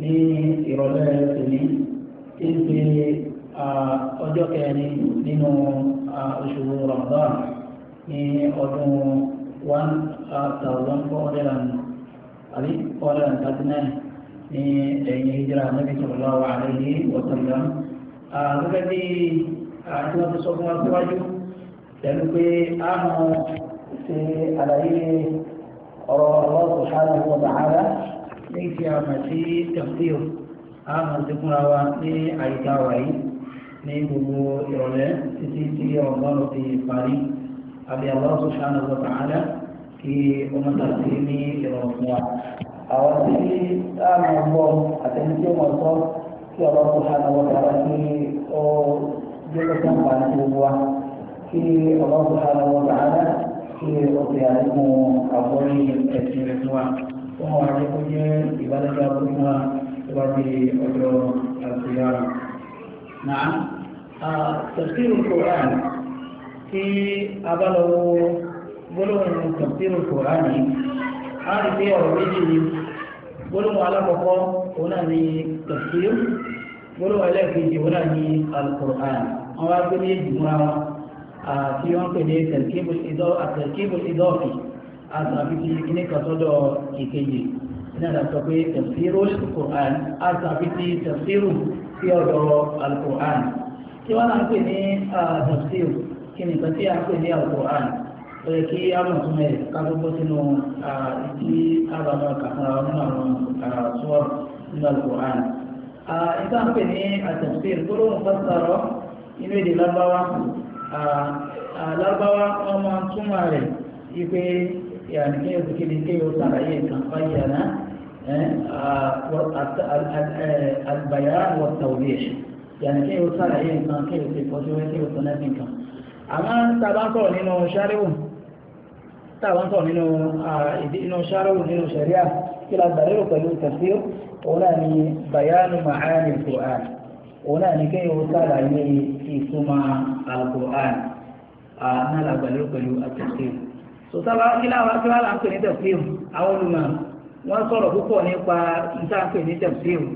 ní ìrọ̀lẹ́ tòní tí ń pe ọjọ́ kẹrin nínú oṣù Ramadan ní ọdún one thousand four hundred and àbí four hundred and thirty nine ní ẹ̀yìn hijira Nabi sallallahu alaihi wa sallam. gẹ́gẹ́ bí àti wọn ti sọ fún wa síwájú pẹ̀lú pé a mọ̀ ṣe àlàyé ọ̀rọ̀ Allah subhanahu wa ta'ala ní ti àmà sí tẹ̀kíò àmà sí fúnra wa ní àyíká wa yìí ní gbogbo ìrọ̀lẹ́ títí tí ọ̀gbọ́n ló ti parí àbí Allah subhanahu wa ta'ala kí ọmọ tàbí ní ìrọ̀lẹ́ fún wa. àwọn tí táàmù ọgbọ́ àtẹnudí ọmọ ọ̀tọ́ kí Allah subhanahu wa ta'ala kí ó jẹ́ kó sáǹpà ní gbogbo wa kí Allah subhanahu wa ta'ala kí ó ti àlékún àbọ̀rí ẹ̀sìn rẹ̀ fún wa fún wa jẹ́ kó jẹ́ ìbádọ́jọ́ fún wa tó bá di ọjọ́ àtìyára. Náà tafsir al-Qur'an tí a bá lọ wo gbólóhùn tafsir al-Qur'an yìí a rí pé ọ̀rọ̀ méjì ni gbólóhùn alákọ̀ọ́kọ́ òun náà ni tafsir gbólóhùn ẹlẹ́ẹ̀kejì òun náà ni al-Qur'an wọ́n wá gbé méjì múra wọn àti wọ́n pè ní tẹ̀síkébù ìdọ́ọ̀fì àtàfi ti kíní kan sọ́dọ̀ ìkejì iná ìdá sọ pé tafsiru alukur'an àtàfi ti tafsiru sí ọ̀dọ̀ alukur'an kí wọ́n náà pè ní tafsiru kí ni kan tí a pè ní alukur'an ó yẹ kí amọ̀tún mẹ́rin kájọ bọ́ sínú ìdí àbámọ́ kàkàrà nínú àwọn sọ́ọ̀rọ̀ nínú alukur'an. ìgbà ń pè tafsiru gbólóhùn fásitì inú èdè lágbáwá lágbáwá wọn máa yàrá kí yóò kéde kí yóò sàlàyé nǹkan fáyàrá àgbàyà wọ̀tàwé yàrá kí yóò sàlàyé nǹkan kí yóò ṣe fọ́síwẹ́ kí yóò sọ̀nà nǹkan. àmọ́ tàbá ń sọ̀rọ̀ nínú ṣáréwù tàbá ń sọ̀rọ̀ nínú nínú ṣáréwù nínú ṣẹ̀ríà kí la gbàlérò pẹ̀lú tafsir òun náà ni bayanu ma'ani al-Qur'an òun náà ni kí yóò sàlàyé ìtumọ̀ al-Qur'an náà la gbàlérò pẹ̀lú tafsir sọ̀tàbà kíláwà kí wàá láǹpẹ̀ ní tẹ̀síìmù àwọn olùmọ̀ wọ́n sọ̀rọ̀ púpọ̀ nípa ìtàǹpẹ̀ ní tẹ̀síìmù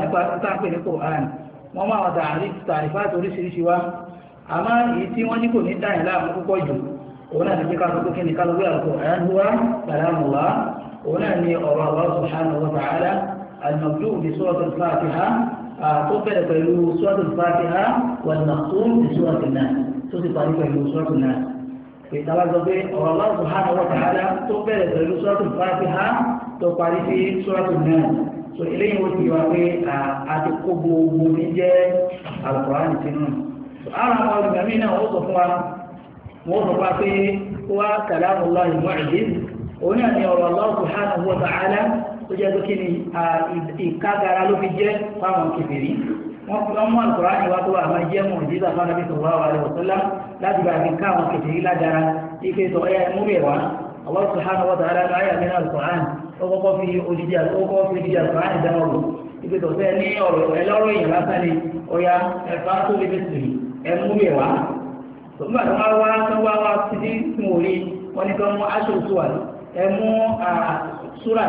nípa ìtàǹpẹ̀ ní kòhán wọ́n máa wọ̀dà tàrífàtì oríṣiríṣi wa àmọ́ èyí tí wọ́n ní kò ní dáhìn láàmú púpọ̀ jù òun náà ní ká lóko kí ni ká lóko àlùkò àyànwá kàlámùwá òun náà ní ọ̀rọ̀ Allah subhanahu wa ta'ala al-mabdu' bi suratul Fatiha tó bẹ̀rẹ̀ pẹ̀lú suratul Fatiha wal maqtum bi suratin Nas tó sì parí pẹ̀lú suratin Nas ìtàlájọ pé ọ̀rọ̀ Allah subhanahu wa ta'ala tó bẹ̀rẹ̀ pẹ̀lú suratul Fatiha tó parí sí suratul Nas so eléyìí wọ́n ti wá pé àti kó gbogbo ní jẹ́ Al-Qur'an sínú so ara àwọn olùgbàmí náà ó sọ fún wa wọ́n sọ fún wa pé wá kàlámù lọ́yìn mu'jiz òun náà ni ọ̀rọ̀ Allah subhanahu wa ta'ala tó jẹ́ pé kí ni ìkágara ló fi jẹ́ fáwọn kìfìrí wọ́n fi ọmọ àlùkòrán ni wá tó wà máa jẹ́ mọ̀ jíza fún anabi sọ̀rọ̀ àwọn àlẹ́ wọ̀sọ́lá láti bá fi ká àwọn kẹsìrì ládàá ike sọ ẹ mú bẹ̀ wá àwọn sùhánù wọ́n tààrà ní àyà mìíràn àlùkòrán ó kọ́kọ́ fi odidi àlùkòrán ìdáwọ̀lù ike sọ fẹ́ ní ọ̀rọ̀ ẹlọ́rọ̀ èèyàn lásán ni ọ̀ya ẹ̀fà tó lè fi ẹ mú bẹ̀ wá. nígbà tó wá wá tó wá wá títí tí mo wọn ni kí mú aṣọ òṣùwà ẹ mú súrà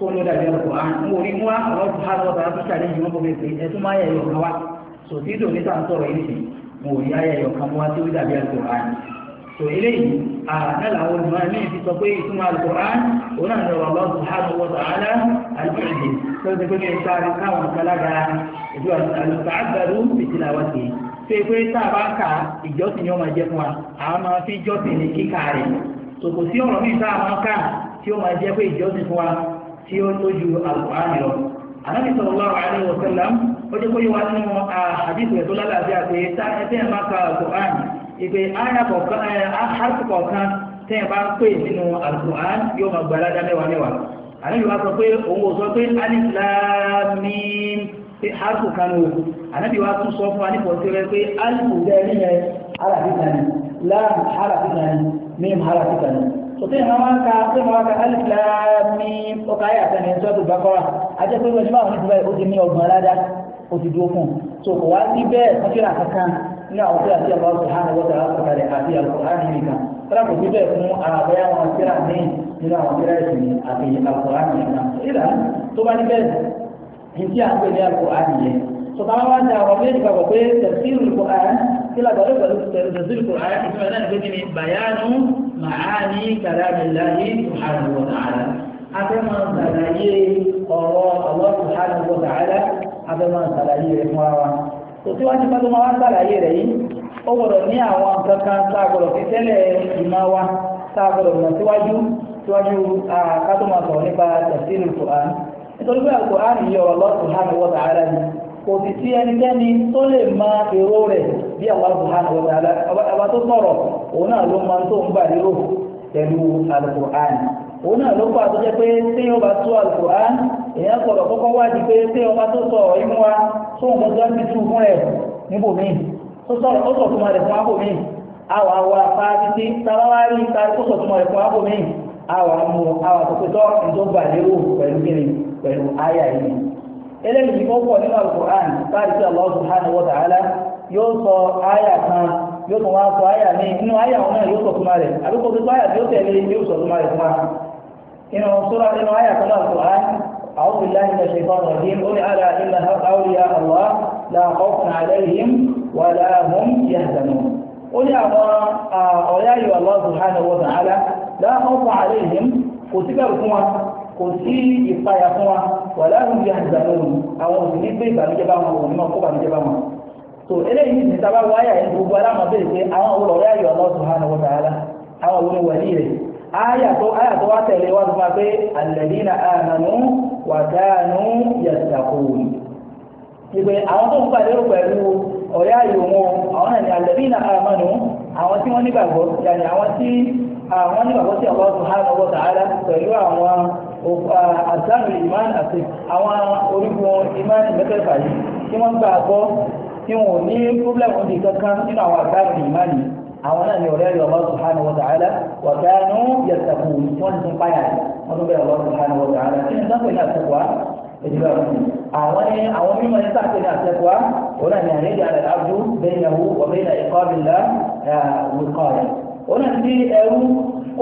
tó ń lọ dàbí ọkọ̀ à ń wò ní mú àwọn ọ̀hún àwọn ọ̀tà áfíríkà ní ìjùmọ̀ bọ̀ bẹ́ẹ̀ ẹ tún máa yẹ ẹ̀yọ̀ kan wá sòtí ìdò níta ń sọ̀rọ̀ yìí nìyí mo ò yá ẹ̀yọ̀ kan wá tó dàbí ọkọ̀ à tò eléyìí àná làwọn olùmọ̀ mi ti sọ pé ìtumọ̀ àlùkò á òun náà lọ́wọ́ lọ́wọ́ sùhánù wọ́n sọ àlá àlùkò èdè tó ti gbé sáré káwọn kálága ìjọ àlùkò àgbàdo fìtìlà wá sí i tó yẹ pé tá a bá kà ìjọsìn ni wọ́n máa jẹ́ fún wa àwọn máa fi jọ́sìn ní kíkà rẹ̀ tòkòsí ọ̀rọ̀ mi tá a máa kà tí ó máa jẹ́ pé ìjọsìn fún wa tí ó tójú àlùkùránì lọ ànábì sallallahu alaihi wa sallam ó jẹ́ kó yẹ wá nínú àdìsí rẹ̀ tó lálàáfíà pé tá ẹ tẹ́ ẹ̀ máa ka àlùkùránì ìpè àhàrùkù kọ̀ọ̀kan tẹ́ ẹ̀ bá ń pè nínú àlùkùránì yóò máa gbàlá dá mẹ́wàá mẹ́wàá ànábì wá sọ pé òun ò sọ pé alif lam mim kan ló ànábì wá tún sọ fún wa nípa ọ̀sẹ̀ pé alùpùpù rẹ̀ ní ẹ̀ hàràfíkà ni láàmù hàràfíkà ni òfin máa wá ka òfin máa wá ka alifilami ọkà ayé àtàlẹ sọ́ọ̀tù bàkọ́rà àjẹpẹ́ ìwé ìṣúná òní ìdúbà ó ti ní ọgbọ̀n aládá ó ti dúró fún un so kò wá sí bẹ́ẹ̀ wọ́n ti rà kankan ní àwọn tó yàtí àwọn ọ̀sán àwọn ọ̀sán àwọn ọ̀sán àti àlùkòrán nìkan fúnra kò sí bẹ́ẹ̀ fún àbẹ́yà wọn síra ní nínú àwọn síra ẹ̀sìn àti àlùkòrán nìkan ìlànà tó bá ní bẹ́ẹ̀ sọ̀tàwá wá ní àwọn méjì papọ̀ pé tẹ̀síìrì Kùránì kí làgbàdo pẹ̀lú tẹ̀síìrì Kùránì ìtumọ̀ náà ní pé kí ni bàyánú màání kàdámìláyé subhanahu wa ta'ala afẹ́mọ̀ sàlàyé ọ̀rọ̀ Allah subhanahu wa ta'ala afẹ́mọ̀ sàlàyé rẹ̀ fún wa. kò tí wọ́n ti pẹ́ tó máa wá sàlàyé rẹ̀ yìí ó gbọ́dọ̀ ní àwọn kankan tá a ìmọ̀ wa tá kò ẹnikẹ́ni tó lè ma èrò rẹ̀ bí àwọn Subhanahu wa ta'ala ọba tó sọ̀rọ̀ òun náà ló máa tó ń gbà lérò pẹ̀lú al òun náà ló tó jẹ́ pé téèyàn ọba tó al èèyàn sọ̀rọ̀ kọ́kọ́ wájú pé tó wa tó ń fún rẹ̀ tó sọ̀rọ̀ tó sọ̀tún rẹ̀ fún àwọn awọ tó sọ̀tún rẹ̀ fún àwọn amú àwọn ìjọba lérò pẹ̀lú kíni pẹ̀lú áyà yìí eléyìí ó pọ̀ nínú alukur'an báyìí sí Allah subhanahu wa ta'ala yóò sọ àyà kan yóò tún wá sọ àyà mi nínú àyà wọn náà yóò sọ fún rẹ̀ àbí kò tó àyà tí ó tẹ̀lé yóò sọ fún rẹ̀ fún wa. inú sura inú àyà kan náà alukur'an àwọn billahi minash shaitanir rajim ó ní àlà inna awliya Allah la khawfun alayhim wa la hum yahzanun. ó ní àwọn ọ̀rẹ́ àyè Allah subhanahu wa ta'ala la khawfun alayhim kò sí kò sí ìpayà fún wa wà láàrin ìyá àgbà lóru àwọn òsì ní gbé ìbànújẹ́ bá wọn òní máa kó ìbànújẹ́ bá wọn. tó eléyìí ní ìsìn sábà wáyà yẹn gbogbo alámọ̀bẹ̀ pé àwọn òwúrọ̀ ọ̀rẹ́ ayọ̀ Allah subhanahu wa ta'ala àwọn òwúrọ̀ wẹ̀lí rẹ̀ áyà tó wá tẹ̀lé wá fún pé alladhina amanu wa kanu yattaqun. àwọn nígbàgbọ́ tí àwọn nígbàgbọ́ sí Allah subhanahu pẹ̀lú àwọn àtàmì ìmáàlì àti àwọn orígun ìmáàlì mẹ́tẹ̀ẹ̀fà yìí tí wọ́n gbà gbọ́ tí wọn ò ní púrọ́blẹ̀mù di kankan nínú àwọn àtàmì ìmáàlì àwọn náà ní ọ̀rẹ́ rẹ̀ Allah subhanahu wa ta'ala wa kanu yattaqun wọ́n ti tún wọ́n tún bẹ̀rẹ̀ Allah subhanahu wa ta'ala kí ni sáfẹ́ ní àtẹ̀kọ́ ìdílé ọ̀sìn àwọn ní àwọn mímọ̀ ní sáfẹ́ ní àtẹ̀kọ́ òun náà ní àlejò àlẹ́ abdu baynahu wa bayna iqamillah eh, wíkọ́ rẹ̀ òun náà ti ẹrú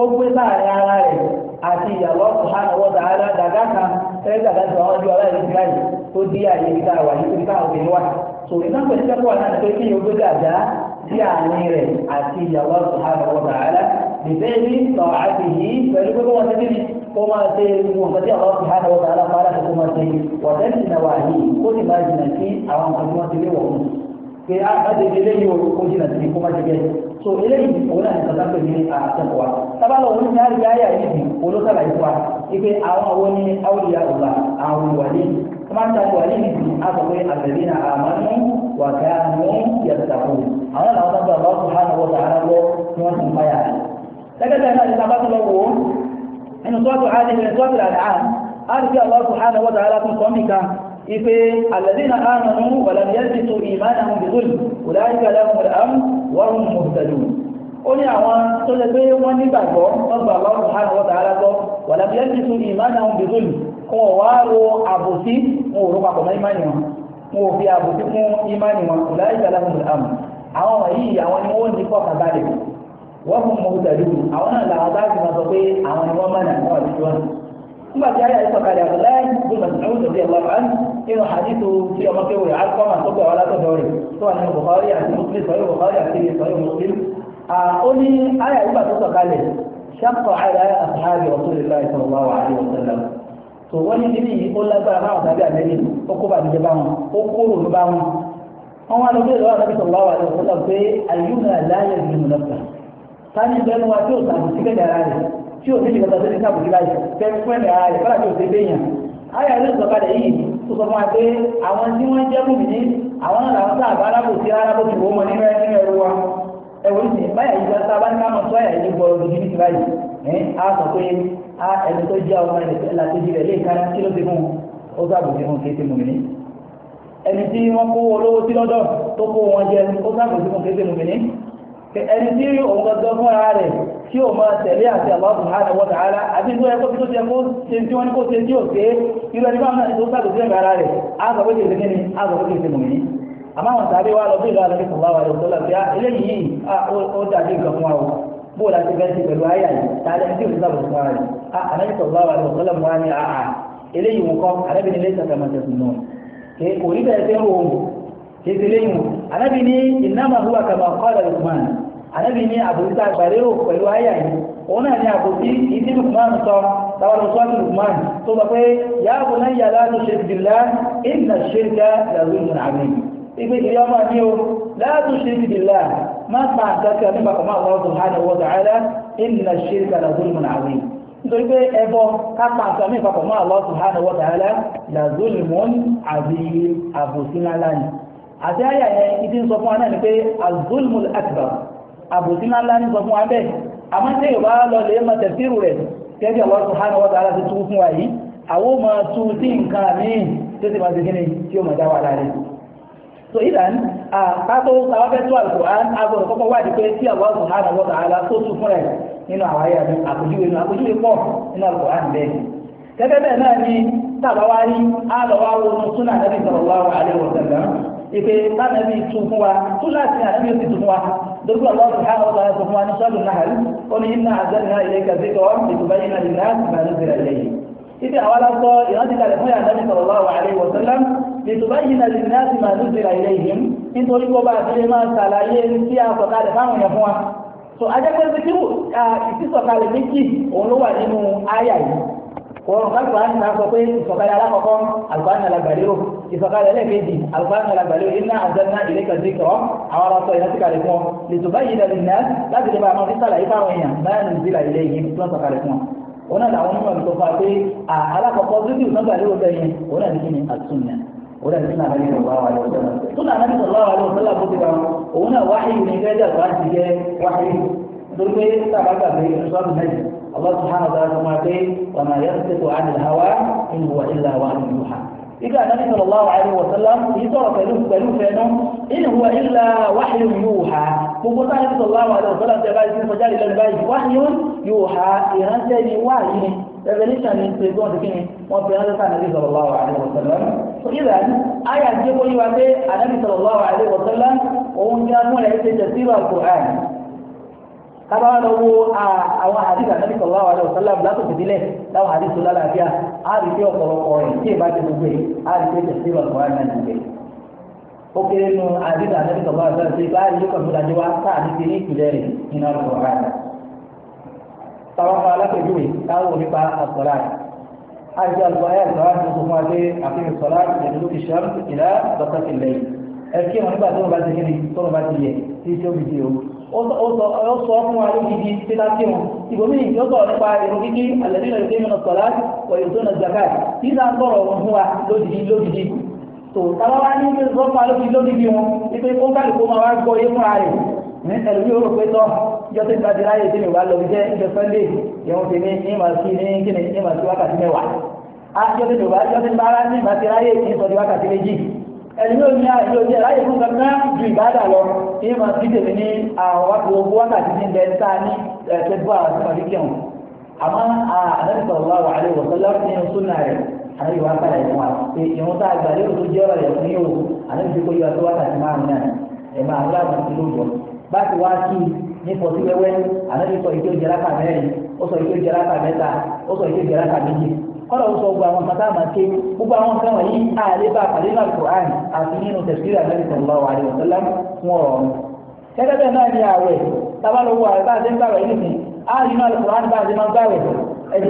ó gbé láàrin ara rẹ̀ àti ìyàwó ọ̀sán àwọn dàda dàda kan fẹ́ẹ́ dàda tó àwọn ọjọ́ aláìsí báyìí tó dí àyè ibi tá a wà yìí ibi tá a obìnrin wà tò ìdáhùn pẹ̀lú sẹ́kọ̀ọ́ náà ni pé kí yóò gbé dàda sí àárín rẹ̀ àti ìyàwó ọ̀sán àwọn dàda bìbẹ́ẹ̀ni tọ̀ àti yìí pẹ̀lú pé wọ́n ti dé kọ́má ṣe máa ṣe wọ̀tẹ́ẹ̀sì náà wà yìí kó sì pé àgbàdo eléyìí o kò jìnnà sí kó má ti bẹ́ẹ̀ so eléyìí òun náà ní sọ́tà pé ní àtẹ̀kọ́ wa sábàlọ́ òun ní àríyá ayà yìí ni olóṣàlà yìí wa ipe àwọn owó ní awúlíyà ọ̀la àwọn ìwàlẹ̀ tọ́mátà ìwàlẹ̀ yìí ni a sọ pé wà ká mú yàtàkù àwọn làwọn sábà bá sọ hàn wọ́n sọ lọ ní wọ́n ti fáyà lẹ́gẹ̀dẹ̀ náà ìta bá tọ́lọ wò nínú sọ́ọ̀tù ipe alẹ́dínà ánàmú wàlàbíyẹ́sì tó ìmáàdà àwọn bìtòlù òláyíká láwọn ọ̀dàm wọ́n mú tẹ̀lú. ó ní àwọn tó lè pé wọ́n nígbàgbọ́ wọ́n gbà wọ́n mú hàn wọ́n tààrà gbọ́ wàlàbíyẹ́sì tó ìmáàdà àwọn bìtòlù kó wọ́n wá ro àbòsí wọn ò papọ̀ mọ́ ìmáàni wọn wọn ò àbòsí fún ìmáàni wọn òláyíká láwọn ọ̀dàm àwọn wọ̀nyí àwọn ni wọ́n ní kọ́kànbalẹ̀ wọ́n mú mú tẹ̀lú àwọn náà làwọn bá ti máa sọ pé àwọn ni wọ́n mọ̀nà wọn àti مسعود رضي الله عنه إنه حديثه في أمكة ويعلقه عن صدق ولا تدوري طبعا البخاري عن مسلم صحيح البخاري عن صحيح مسلم أقولي آية يبقى تصدق عليه شق على أصحاب رسول الله صلى الله عليه وسلم tó wọ́n ní níbi yìí ó lágbára máa tàbí àlẹ́lì ó kó bá níjẹ bá wọn ó kó rò ló bá wọn. wọ́n wá lọ bí ìlú àtàbí sọ̀rọ̀ wà lọ sọ́dọ̀ pé àyùnà láyé ìlú mọ̀lọ́pàá tani bẹnu wa tí ò sàbò kẹ́kẹ́ ara rẹ̀ tí ò ní ìgbàgbọ́ sí sàbò sí láyé fẹ́ fẹ́ ara rẹ̀ fọ́nà tí ò sí bẹ́yàn ayé àlọ́ ìsọ̀kalẹ̀ yìí tó sọ fún wa pé àwọn tí wọ́n jẹ́ mùmí ní àwọn náà làwọn sáà bá alábòsí alábòsí wọ́n mọ nínú ẹni ẹrú wa ẹwọ ní sìn báyà yìí lọ́sà bá ní ká mọ̀ tó àyà yìí gbọ́ ọdún yìí báyìí ẹ̀ á sọ pé á ẹni tó jẹ́ ọmọ ẹ̀ làtẹ́jì rẹ̀ léèká kí ló ti fún ó sàbòsí fún kété mùmí ní ẹni tí wọ́n kó olówó sí lọ́dọ̀ tó kó wọn jẹ ó sàbòsí fún kété mùmí ní ẹni tí òun gbọ́dọ̀ fúnra rẹ̀ tí ó máa tẹ̀lé àti Allah subhanahu wa ta'ala àbí tó ẹ̀kọ́ tó jẹ kó ṣe tí wọ́n ní kó ṣe tí ó ṣe irú ẹni báwọn náà tó sàgbé sí ẹ̀ka ara rẹ̀ àgbà pé ṣe ní àgbà pé kìí ṣe mọ̀ àmọ́ àwọn tàbí wa lọ bí ìlú alẹ́ kò bá wà lọ́wọ́ lọ́la bíá eléyìí ah, ó dàbí nǹkan fún wa o bó láti fẹ́ ṣe pẹ̀lú ayà yìí tàbí tí o ti sàgbé ara rẹ̀ ah, alẹ́ ah, kò ànábì ní àbòsí àgbàlérò pẹ̀lú àyà yìí òun náà ní àbòsí ìdí lukman sọ táwọn lọ lukman tó sọ pé yàgò náà yàrá tó ṣe bìlá ìnà ṣèkà làwọn ìmùnà àmì ìgbé ìyá ọmọ mi o láàtò ṣe bìlá má pa àtàkà nípa kọ́mọ́ àwọn ọ̀dọ̀ hàn wọ́n tààlà ìnà ṣèkà làwọn ìmùnà àmì nítorí pé ẹbọ kápá àtàmì ìpapọ̀ mọ́ Allah subhanahu wa ta'ala làzó lèmọ́n àbí àbòsí ńlá ni àti àyà yẹn ìdí ń sọ fún wa náà ni pé az akbar àbòsí ńlá ńlá ní sọ fún wa bẹ́ẹ̀ àmọ́ tí yorùbá lọ lè mọ tẹ̀síìrù rẹ̀ gẹ́gẹ́ Allah subhanahu wa ta'ala ti tú fún wa yìí àwọn ọmọ tú sí nǹkan míì tó ti máa ṣe kíni tí ó máa dá wa láre. so ìdán àpapọ̀ àwọn fẹ́ tó àlùkò agbọ̀dọ̀ kọ́kọ́ wádìí pé tí Allah subhanahu wa ta'ala tó tú fún rẹ̀ nínú àwọn ayé àbí àpèjúwe ìpè bánàbí tún fún wa tún láti ànábì ó sì tún fún wa lórí ọlọ́run ti hàn ọ́ta tún fún wa ní sọ́ọ̀lù náà rí ó ní iná àzẹ́nìyàn ilé kàdé kọ́ ìtùbáyé náà ìlà ìbànú bẹ̀rẹ̀ lẹ́yìn. ibi àwọn alákọ̀ ìrántí kalẹ̀ fún yàrá nàbì sallallahu alaihi wa sallam ìtùbáyé náà ìlà ìbànú bẹ̀rẹ̀ lẹ́yìn nítorí kó bá a tilẹ̀ máa ṣàlàyé tí a sọ̀ kalẹ̀ fáwọn yẹn fún wa. so ajẹ́pẹ́ zikiru ìsísọ̀kalẹ̀ méjì òun ló wà nínú áyà yìí kọ̀ọ̀rọ̀ kálífà ní ká sọ pé ìsọ̀kalẹ̀ alákọ̀ọ́kọ́ alùpàá nàlà gbàlérò ìsọ̀kalẹ̀ ẹlẹ́ẹ̀kejì alùpàá nàlà gbàlérò iná àzẹ́nà ìlẹ́kà zikọ̀ àwọn aláṣọ ìlẹ́sìkàlẹ̀ fún ọ lètò báyìí lẹ́nu ìná láti lè bá àwọn fífàlà yìí fáwọn èèyàn báyà ní ìdílà ilé yìí tó ń sọ̀kalẹ̀ fún ọ wọn náà làwọn onímọ̀ tó fa pé alákọ̀ọ́kọ́ tó dìbò sọ́gbà lérò bẹ́ẹ̀ yẹn wọn náà ní kí ni àtúnyà wọn náà ní kí ni àbáyé sọ̀rọ̀ wá wàlẹ̀ ọ̀sẹ̀ náà tó náà ní sọ̀rọ̀ wá wàlẹ̀ ọ̀sẹ̀ náà Allah subhanahu wa ta'ala sọ máa pé wa ma yantiqu anil hawa in huwa illa wahyun yuha ibi àná nípa sallallahu alaihi wa sallam yìí sọ̀rọ̀ pẹ̀lú pẹ̀lú fẹ́nu in huwa illa wahyun yuha gbogbo sáà nípa sallallahu alaihi wa sallam tẹ báyìí sísọ jáde lẹ́nu báyìí wahyun yuha ìránṣẹ́ ni wáyé ni revolution ni pé bí wọ́n ti kí ni wọ́n fi ránṣẹ́ sáà nípa sallallahu alaihi wa sallam إذا آية جيبوا لي وعدي النبي صلى الله عليه وسلم وهم كانوا يتجسير القرآن tábàá lọ wo àwọn àdìsí àtàlí sọ̀rọ̀ àwọn àdìsí ọ̀sán látòkè délẹ̀ láwọn àdìsí lálàáfíà á rí pé ọ̀pọ̀lọpọ̀ rẹ̀ tí èèbá ti gbogbo yìí á rí pé tẹ̀sí ìwà kọ̀ọ̀rọ̀ náà ti gbé. ó kéré nu àdìsí àtàlí sọ̀rọ̀ àwọn àdìsí bá rí yóò kọ̀ọ̀tún dájú wa tá àdìsí ní ìpìlẹ̀ rẹ̀ nínú ọ̀rọ̀ ọ̀rọ̀ àdà. táwọn kan alápèjúwe táwọn onípa àsọ̀rọ̀ àti àlùbáyà ìsọ̀rọ̀ àti oṣù fún adé àfihàn ìsọ̀rọ̀ àti ìdúró ìṣẹ́ ìlà lọ́sọ̀kì lẹ́yìn. ẹ kí wọn nígbà tó ń bá ti kí tó ń bá ti yẹ tí tí ó fi di òun ó sọ fún wa níbi títàkì wọn ìbomi ìjọsọ nípa èrò kíkí àlẹ́bí náà yóò mọ̀ sọ̀lá wọ̀nyí tó nà zaka tí náà sọ̀rọ̀ wọn fún wa lódìdí lódìdí tó tábà wá ní ìjọsọ lódìdí lódìdí wọn wípé ó bá lùkọ́ máa wá gbọ́ yé fúnra rẹ̀ ní ẹlòmí ó rò pé tọ́ ìjọsọ ìgbàdì láyé tí mi wá lọ jẹ́ ìjọ sunday ìyẹn ti ní ní màá sí ní kíni ní màá sí wákàtí mẹ́wàá ẹni yóò ní àìyí ojú ẹ láyé fún kankan ju ìbádà lọ ní ma fi tèmi ní àwọn gbogbo wákàtí ní ilẹ̀ ńta ní ẹ̀ẹ́dẹ́gbà àti kẹwọn àmọ́ àdàbí sọ̀rọ̀ wà lè wọ̀ sọ́lá ní súnà rẹ̀ àdàbí wà kàlà ìfún wa pé ìwọ̀n tá a gbà lérò tó jẹ́ ọ̀rọ̀ rẹ̀ fún yóò àdàbí fi kó yọ tó wákàtí máa nà ẹ̀ máa ń láàbù sí lóòjọ́ bá ó sọ ìjọ jẹ́ráka mẹ́ta ó sọ ìjọ jẹ́ráka méjì kọ́lọ̀ ń sọ gbogbo àwọn kan tá a máa ké gbogbo àwọn kan wọ̀nyí àlè bá àpàdé náà Kùránì àti nínú tẹ̀síìrì àlẹ́ sallallahu alaihi wasallam fún ọ̀rọ̀ ọ̀hún. gẹ́gẹ́ bẹ́ẹ̀ náà ni àwẹ̀ tábàlówó àrẹ bá a ṣe ń gbàwẹ̀ yìí nìsín ààrùn inú àlùkò àti bá a ṣe máa ń gbàwẹ̀ ẹ̀dí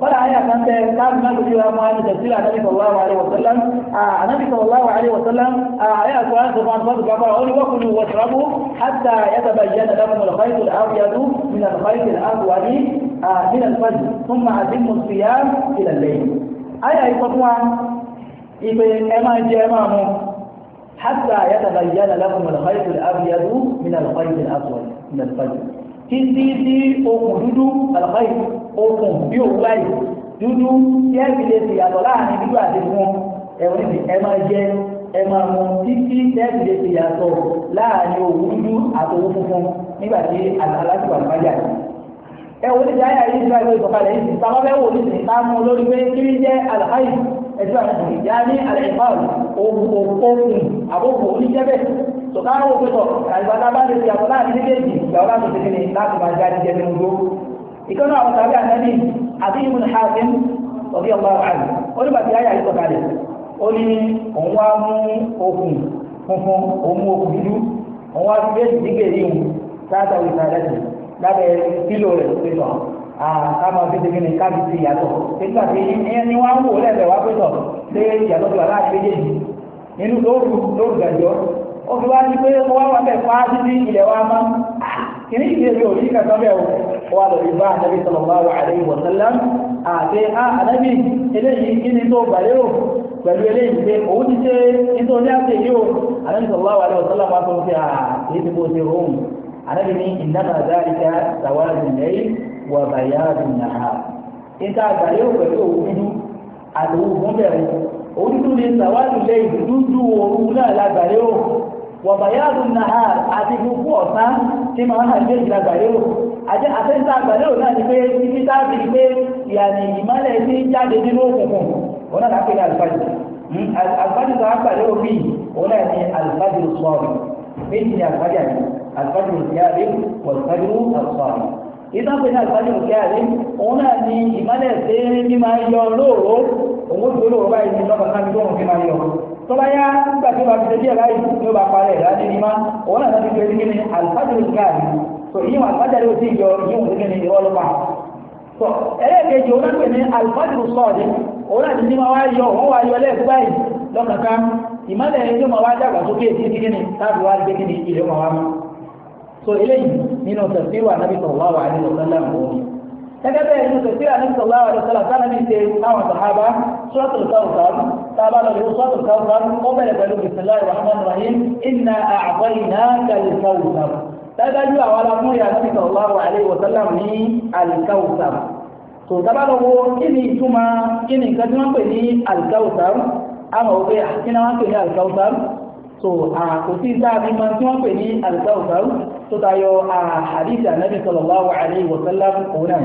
kọ́lá ayé àkàntẹ káàdì náà lójú ọmọ ayé tẹ̀sílẹ̀ anábì sallallahu alaihi wasallam anábì sallallahu alaihi wasallam ayé àkùrá ń sọfọ́n fọ́ọ̀tù kápára ó ní wọ́n kúlù wọ́n sọ́rọ́bù hátà yàtàbà ìyàtà lákùnmọ̀ lọ́fàìtì àwùyàdù nínú lọ́fàìtì àwùwàdì nínú lọ́fàìtì fún máa dín mọ̀ sí yá ilẹ̀ lẹ́yìn. ayé àyíkọ́ fún wa ìpè ẹ máa jẹ ẹ máa mu hátà yàtàbà ìyàtà lákùnmọ̀ lọ́fàìtì àwùyàdù nínú lọ́fàìtì àwùwàdì nínú lọ́fàìtì okùn bí òkú báyìí dúdú tí ẹ fi lè ṣèyàtọ̀ láàrin dúdú àti fún ẹ̀wọ̀n níbi ẹ máa jẹ ẹ máa mu títí tẹ́ fi lè ṣèyàtọ̀ láàrin òwú dúdú àti òwú funfun nígbà tí aláṣẹ wà lọ́jà ẹ̀wọ̀n níbi ayé ayé ìṣúra ìwé ìsọ̀kalẹ̀ yìí sàmọ́ fẹ́ wò ní sìn ká mú lórí pé kí ni jẹ́ àlàkáyì ẹ̀sùn àwọn ìjà ní àlẹ́ ìfáàlù òkun àbókò oníjẹ́bẹ̀ sọ̀tàn àwọn òkútọ̀ àgbàdàbà lè ṣe àbọ̀lá àti nígbèjì ìgbà wọn láti ṣe kí ni láti máa jáde jẹ́ ìkànnì àwọn tàbí ànábì àti ibùn hasim ọ̀bí ọba àrùn ó ní bàtí ayà ìtọ̀ kalẹ̀ ó ní òun wá mú okùn funfun òun mú okùn dúdú òun wá fi bẹ́ẹ̀ sí kéde ìhùn sáàtà ìsàlẹ̀sì lábẹ́ kílò rẹ̀ pẹ̀tọ̀ àkàmọ́ fídíkì ní káàbì sí ìyàtọ̀ nígbà tí ẹni wá ń wò lẹ́ẹ̀bẹ̀ wá pẹ̀tọ̀ lé ìyàtọ̀ tó aláàbẹ̀jẹ̀ nínú lóru lóru gàjọ́ ó fi wá ní pé ó wá wà bẹ́ẹ̀ fún ájú ní ilẹ̀ wa máa kìíní ìdílé mi ò ní kàtọ́ bẹ́ẹ̀ o wà lórí bá ànábì sallallahu alaihi wa sallam àti ànábì eléyìí kí ni tó bàlẹ́ o pẹ̀lú eléyìí pé òun ti ṣe nítorí ní àti èyí o ànábì sallallahu alaihi wa sallam máa tó fi àà èyí ti bó ṣe rome ànábì ní innama dhalika sawadul lẹ́yìn dúdú òru wọ̀bàyáàdù nàá àti gbogbo ọ̀sán tí máa ń hàjẹ́ ìlà gbàlérò àjẹ́ àtẹ́ńtà gbàlérò náà ni pé ibi tá a fi pé ìyàní ìmọ́lẹ̀ ti ń jáde nínú òkùnkùn òun náà lápẹ́ ní alifájì alifájì hmm, tó a gbàlérò bí òun náà ni alifájì sọ̀rọ̀ méjì ni alifájì àti alifájì òkèèrè wọ̀lifájì sọ̀rọ̀ ìtàkùn ní alifájì òkèèrè òun náà ni ìmọ́lẹ̀ tọ́ba yá nígbà tí ó bá fi ṣe díẹ̀ báyìí ni ó bá parẹ́ ẹ̀ láti ní ma òun náà ti fi ní alifájúrò gáàrí tó ìyẹn wọn alifájúrò yóò ti yọ ìyẹn wọn ní ìwọ ló pa. tó ẹlẹ́ẹ̀kejì òun náà pè ní alifájúrò sọ̀ọ̀dì òun náà ti ní ma wá yọ òun wá yọ lẹ́ẹ̀kú báyìí lọ́kànkan ìmọ̀lẹ̀ yóò máa wá dàgbà sókè sí kíkíní láti wá gbé kíní ilé máa wá mọ́. so eléyìí nínú tafsiru ànábì sallallahu alaihi wa sallam òní. gẹ́gẹ́ bẹ́ẹ̀ nínú tafsiru ànábì sallallahu alaihi wa sallam tábà lọ lórí sọ́ọ̀tù káwùsàr ó bẹ̀rẹ̀ pẹ̀lú bisimilahi rahman rahim inna àgbáyìnà kàlíkàwùsàr dájú àwọn aláfún ìyá nàbí sallallahu alaihi wa sallam ní àlíkàwùsàr tó tábà lọ wo kí ni ìtumọ̀ kí ni nǹkan tí wọ́n pè ní àlíkàwùsàr àmọ́ wọ́n pè kí ni wọ́n pè ní àlíkàwùsàr so àkòtí dáàbí máa tí wọ́n pè ní àlíkàwùsàr tó tayọ àhàdíjà nàbí sallallahu alaihi wa sallam òun náà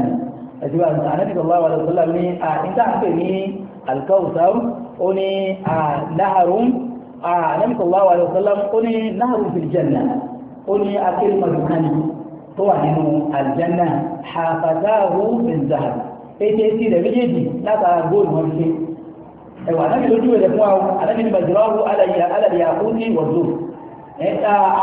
ẹ̀sìn bá ànábì sallallahu alaihi wasallam ní níta pè ní alkausar ó ní naharun ànábì sallallahu alaihi wasallam ó ní naharun fil janna ó ní akéwì madukani tó wà nínú aljanna hafatahu min zahab ètè etí rẹ̀ méjèèjì látara góòlù wọn ṣe ẹ̀wọ̀n ànábì lójú rẹ̀ fún àwọn ànábì ní bàjẹ́wàá alàyè àkúnní wọ̀dùn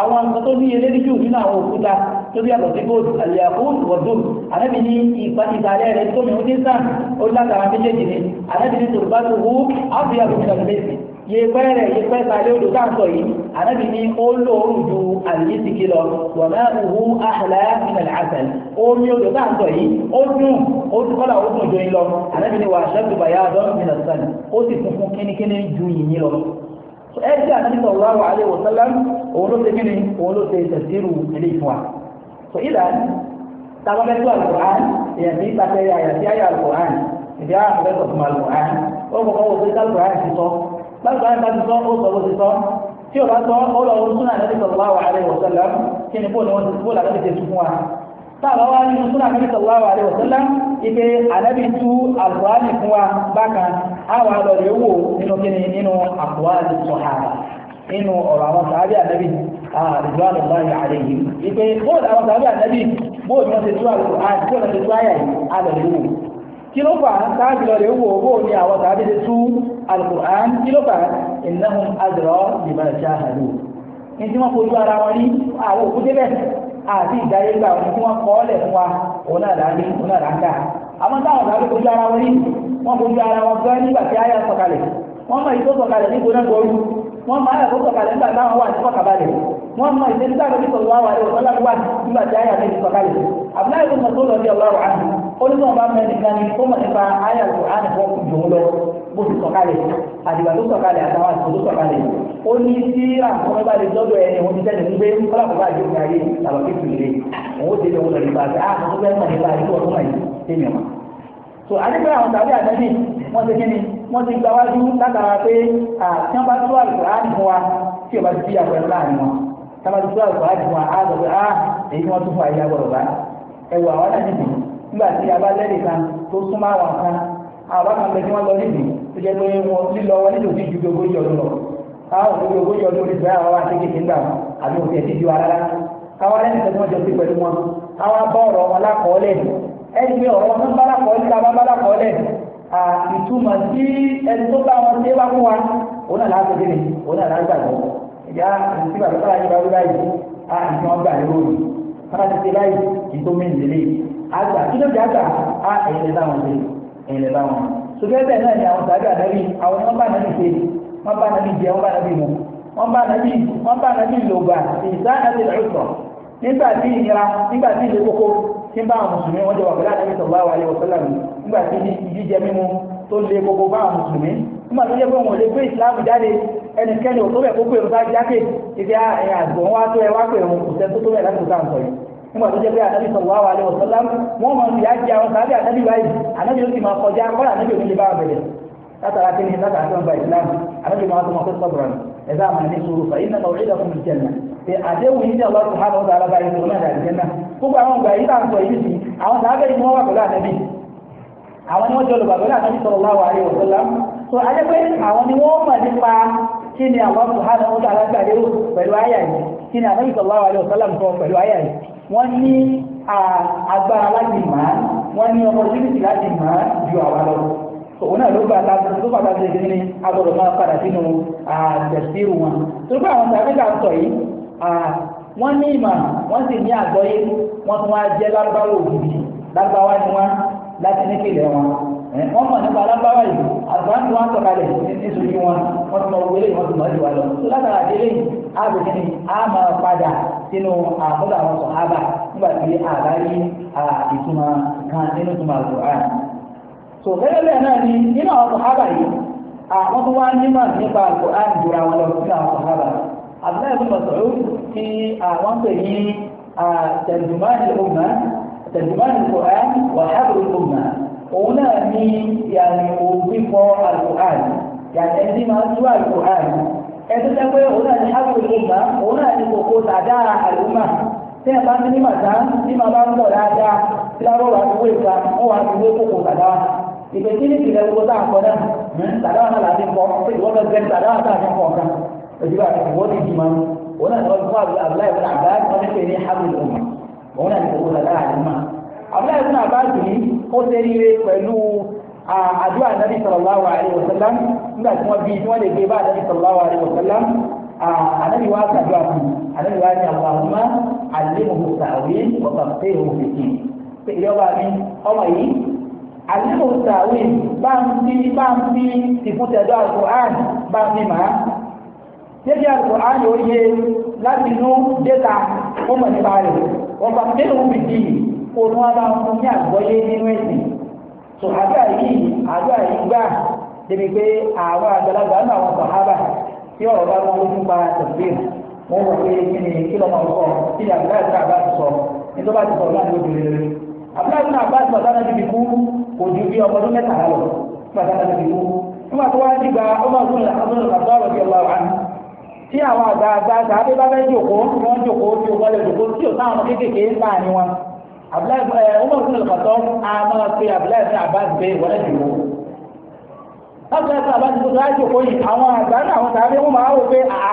àwọn nǹkan tó ní nínú àwọn òkúta tó bí àtọ̀sí gold àlìyàkùn wọ̀dùn ànábì ní ìpa ìsàlẹ̀ rẹ̀ tó mi ń dé sàn ó lágbára méjèèjì ni ànábì ní tòlùbá tó wú áfíà tó kìlọ̀ méjì yèpẹ́ rẹ̀ yèpẹ́ sàlẹ̀ odò káàkọ̀ yìí ànábì ní ó lóorùn ju àlìyísìkì lọ wọ̀nà ìwú àhàlà ìnàlẹ̀ àtẹ̀l omi odò káàkọ̀ yìí ó dùn ó kọ́là ó dùn joyin lọ ànábì ní wàá ṣẹ́kù bàyá dọ́n ìnà sàn ó sì òun ló ṣe kíni òun ló ṣe tẹ̀síìrù ilé ìfún so ìlà táwọn bẹ́ẹ̀ tó alukur'an èèyàn ti pàṣẹ yàyà sí àyà alukur'an ìdí àwọn àmọ́ bẹ́ẹ̀ tó fún alukur'an ó kọ́kọ́ wò sí alukur'an ti sọ alukur'an bá ti sọ ó sọ bó ti sọ tí o bá sọ ó lọ wọn súnà nàbí sallallahu alaihi wasallam kí oh, ni bó ni wọn ti bó làbẹ́ ti tún wa táwọn wá nínú súnà nàbí sallallahu alaihi wasallam ipe ànábì tú alukur'an fún wa bákan àwọn àlọ́ rẹ̀ wò nínú kíni nínú àkùwá àti sọ̀hà nínú ọ̀rọ̀ àwọn àdìgbàlù báyìí àlejò ìpè bóòlù àwọn tàbí ànábì bóòlù wọn ti tú àlùkò àti bóòlù wọn ti tú àyà yìí àlọ́lẹ̀ wò kí ló fà á sáájú lọ rèé wò bóòlù ni àwọn tàbí ti tú àlùkò àn kí ló àti ìdáyé gbà wọn tí wọ́n kọ́ ọ́ lẹ̀ wa òun náà láàrin òun náà láǹkà àmọ́ táwọn tàbí fojú ara wọn ní wọ́n fojú ara wọn gan nígbà tí àyà sọ̀kalẹ̀ wọ́n mọ̀ ìtó sọ̀kalẹ̀ nígbóná gbọ́rú wọ́n mọ̀ àyà tó sọ̀kalẹ̀ nígbà táwọn wà ní sọ̀kabalẹ̀ wọ́n mọ ìṣẹ́jú tá a lọ́dún sọ̀rọ̀ wá rẹ̀ wọ́n lágbà nígbà tí àyà méjì sọ̀kalẹ̀ abdullahi bin masoud lọ́dí ọlọ́rọ̀ àti onímọ̀ bá mẹ́rin nìkan ni ó mọ̀ nípa àyà tó á nìkan kù jòun lọ bó ti sọ̀kalẹ̀ àdìgbà tó sọ̀kalẹ̀ àtàwọn àti tó sọ̀kalẹ̀ ó ní tí àkọ́kọ́ bá lè dọ́dọ̀ ẹni òun ti tẹ́lẹ̀ gbé kọ́lákọ́lá àjọ ìgbà yé làwọn kékeré rẹ̀ òun ó délé òun lọ nípa àti àkọ́kọ́ bẹ́ẹ̀ mọ̀ nípa àdìgbà tó mọ̀ yìí tẹ́lẹ̀ mọ̀ so adigun àwọn tàbí àtẹ́bí wọ́n ti kíni wọ́n ti gbáwájú látara pé àti bá tó àlùkò láàrin wa tí o bá ti bí àpẹẹrẹ láàrin wọn sábàtì tó àgbà á ti wọn á lọ pé á ah, èyí ni wọ́n tún fún àyè agbọ̀dọ̀ bá ẹwà àwọn náà nìyí nígbà tí a bá lẹ́rìí kan tó súnmọ́ àwọn kan àwọn kan bẹ kí wọ́n lọ níbi tó jẹ́ pé wọn lílọ wọn nílò sí ju ogójì ọdún lọ káwọn òbí ogójì ọdún olùgbé àwọn wa kékeré ń gbà àbí òfin ẹ̀sìn ju ara káwọn lẹ́yìn tẹ́tí wọ́n jọ sí pẹ̀lú wọn káwọn bá ọ̀rọ̀ wọn lákọọ́lẹ̀ ẹni pé ọ̀rọ̀ wọn bá lákọọ́lẹ̀ ká bá lákọọ́lẹ̀ ìtumọ̀ sí ẹni tó bá wọn ṣe wá fún wa òun náà lágbàgbọ́ ìyá àti bàbá tó láyé báwí báyìí á àti wọn gbà lérò mi bàbá ti ṣe báyìí ìtò mi ìdílé àgbà kí ló dé àgbà á ẹ̀yìn lè láwọn lè ẹ̀yìn lè láwọn. sọgbẹ́ bẹ́ẹ̀ náà ni àwọn sàbí ànábì àwọn ni wọ́n bá ṣe wọ́n bá ànábì jẹ wọ́n bá ànábì mu wọ́n bá ànábì wọ́n bá ànábì lògbà ìsá nígbà tí ìnira nígbà tí kókó nígbà tó yẹ pé wọn ò lè gbé ìsìláàmù jáde ẹnikẹ́ni òtó bẹ̀ kó pè ọ́n bá jáde ibi àgbọ̀n wa tó ẹ wá pè ọ́n kò sẹ́ni tó tó bẹ̀ láti ọ̀tá nǹkan yìí nígbà tó jẹ́ pé ànábì sallallahu alaihi wasallam wọ́n máa ń fi ájá wọn sábẹ́ ànábì báyìí ànábì ó sì máa kọjá kọ́lá ànábì òní lè bá bẹ̀rẹ̀ látara kí ni látara tó ń gba ìsìlámù ànábì máa tó máa fẹ́ sọ́bùrà ẹ̀dá àmà ní sùúrù fà iná kàwé ìdá fún ìjẹ̀nà pé àdéhùn yìí ní Allah subhanahu wa ta'ala báyìí tó náà dàbí jẹ́nà gbogbo àwọn ìgbà yìí náà sọ èyí sí àwọn sábẹ́ yìí wọ́n wà pẹ̀lú ànábì àwọn ni wọ́n jọ lùgbàgbọ́ láti sallallahu alaihi so ajẹ́ pé àwọn ni wọ́n mọ̀ nípa kí ni àwọn buhari ọ̀dọ́ alágbàdéró pẹ̀lú àyà yìí kí ni àwọn ìsọ̀lá wa lọ sọ́lá nǹkan pẹ̀lú àyà yìí wọ́n ní agbára láti mọ̀ án wọ́n ní opportunity láti mọ̀ án ju àwa lọ òun náà ló bàtà ló bàtà ṣe ní agbọ̀dọ̀ máa padà sínú àtẹ̀síru wọn tó bá àwọn sàfíkà ń sọ yìí wọ́n ní ìmọ̀ wọ́n sì ní àgbọ́yé wọ́n tún wá jẹ́ lárúbáwò òbí lárúbáwá ni wọ́n láti nípìnlẹ̀ wọn ẹ eh, wọ́n mọ̀ nípa alábáwá yìí àgbáńtò wọn sọ̀kalẹ̀ nítorí wọn wọ́n ti mọ owó eléyìí wọ́n ti mọ wa lọ látara délé àbẹ̀kẹ́ ni a máa padà sínú àkọ́dọ̀ àwọn sọ̀hábà nígbà tí àbá yí ìtumọ̀ kan nínú ìtumọ̀ so gẹ́gẹ́ bẹ́ẹ̀ náà ni nínú àwọn sọ̀hábà yìí àwọn tó wá nímọ̀ nípa àlùkùránì jura wọn lọ sí àwọn sọ̀hábà òun náà ní yàrá òbí kọ́ alukur'an ẹni máa tú alukur'an ẹni tó pé òun náà ní agbègbè òun náà ní tàdá tí a bá ní nímà tá ní bá ń bọ̀ dáadáa tí a rọrùn àdúgbò ìta wọn wà wé tàdá wa ní ìpìlẹ̀ gbogbo tá à ń náà tàdá hmm? wa náà láti pé ìwọ́n bẹ gbẹ́ni tàdá wa tá à ń ọ̀kan abdullahi ibn abbas yìí ó ṣe rire pẹ̀lú àdúrà nàbí sallallahu alaihi wasallam nígbà tí wọ́n bí tí wọ́n lè gbé bá nàbí sallallahu alaihi wasallam ànábì wa sàdúrà fún ànábì wa ní Allahumma allimhu ta'wil wa faqihhu fid-din ìjọba mi ọmọ yìí àlùkò tàwé bá ń fi bá ń fi ìfúntẹ̀dọ́ alukur'an bá ń fi màá débi alukur'an yóò yé láti inú déta ó mọ̀ rẹ̀ wọ́n bá ń fi kó ní wọn bá ń fún ní àgbọ́yé nínú ẹ̀sìn tó àdúrà yìí àdúrà yìí gbà débi pé àwọn àgbàlagbà náà àwọn tí ọ̀rọ̀ bá wọn lójú pa wọn wọ pé kí ni kí lọ́mọ sọ kí ni ti sọ ní tó bá ti sọ náà bá ti sọ níbi kú kò ju bí ọmọ ọdún lọ nígbà abdullahi ẹ eh, umar bin al-khattab a máa pe abdullahi bin abbas bẹ́ẹ̀ wọlé jùlọ abdullahi bin abbas tó dájú kó yìí àwọn àgbà náà àwọn tàbí wọn máa wò pé àá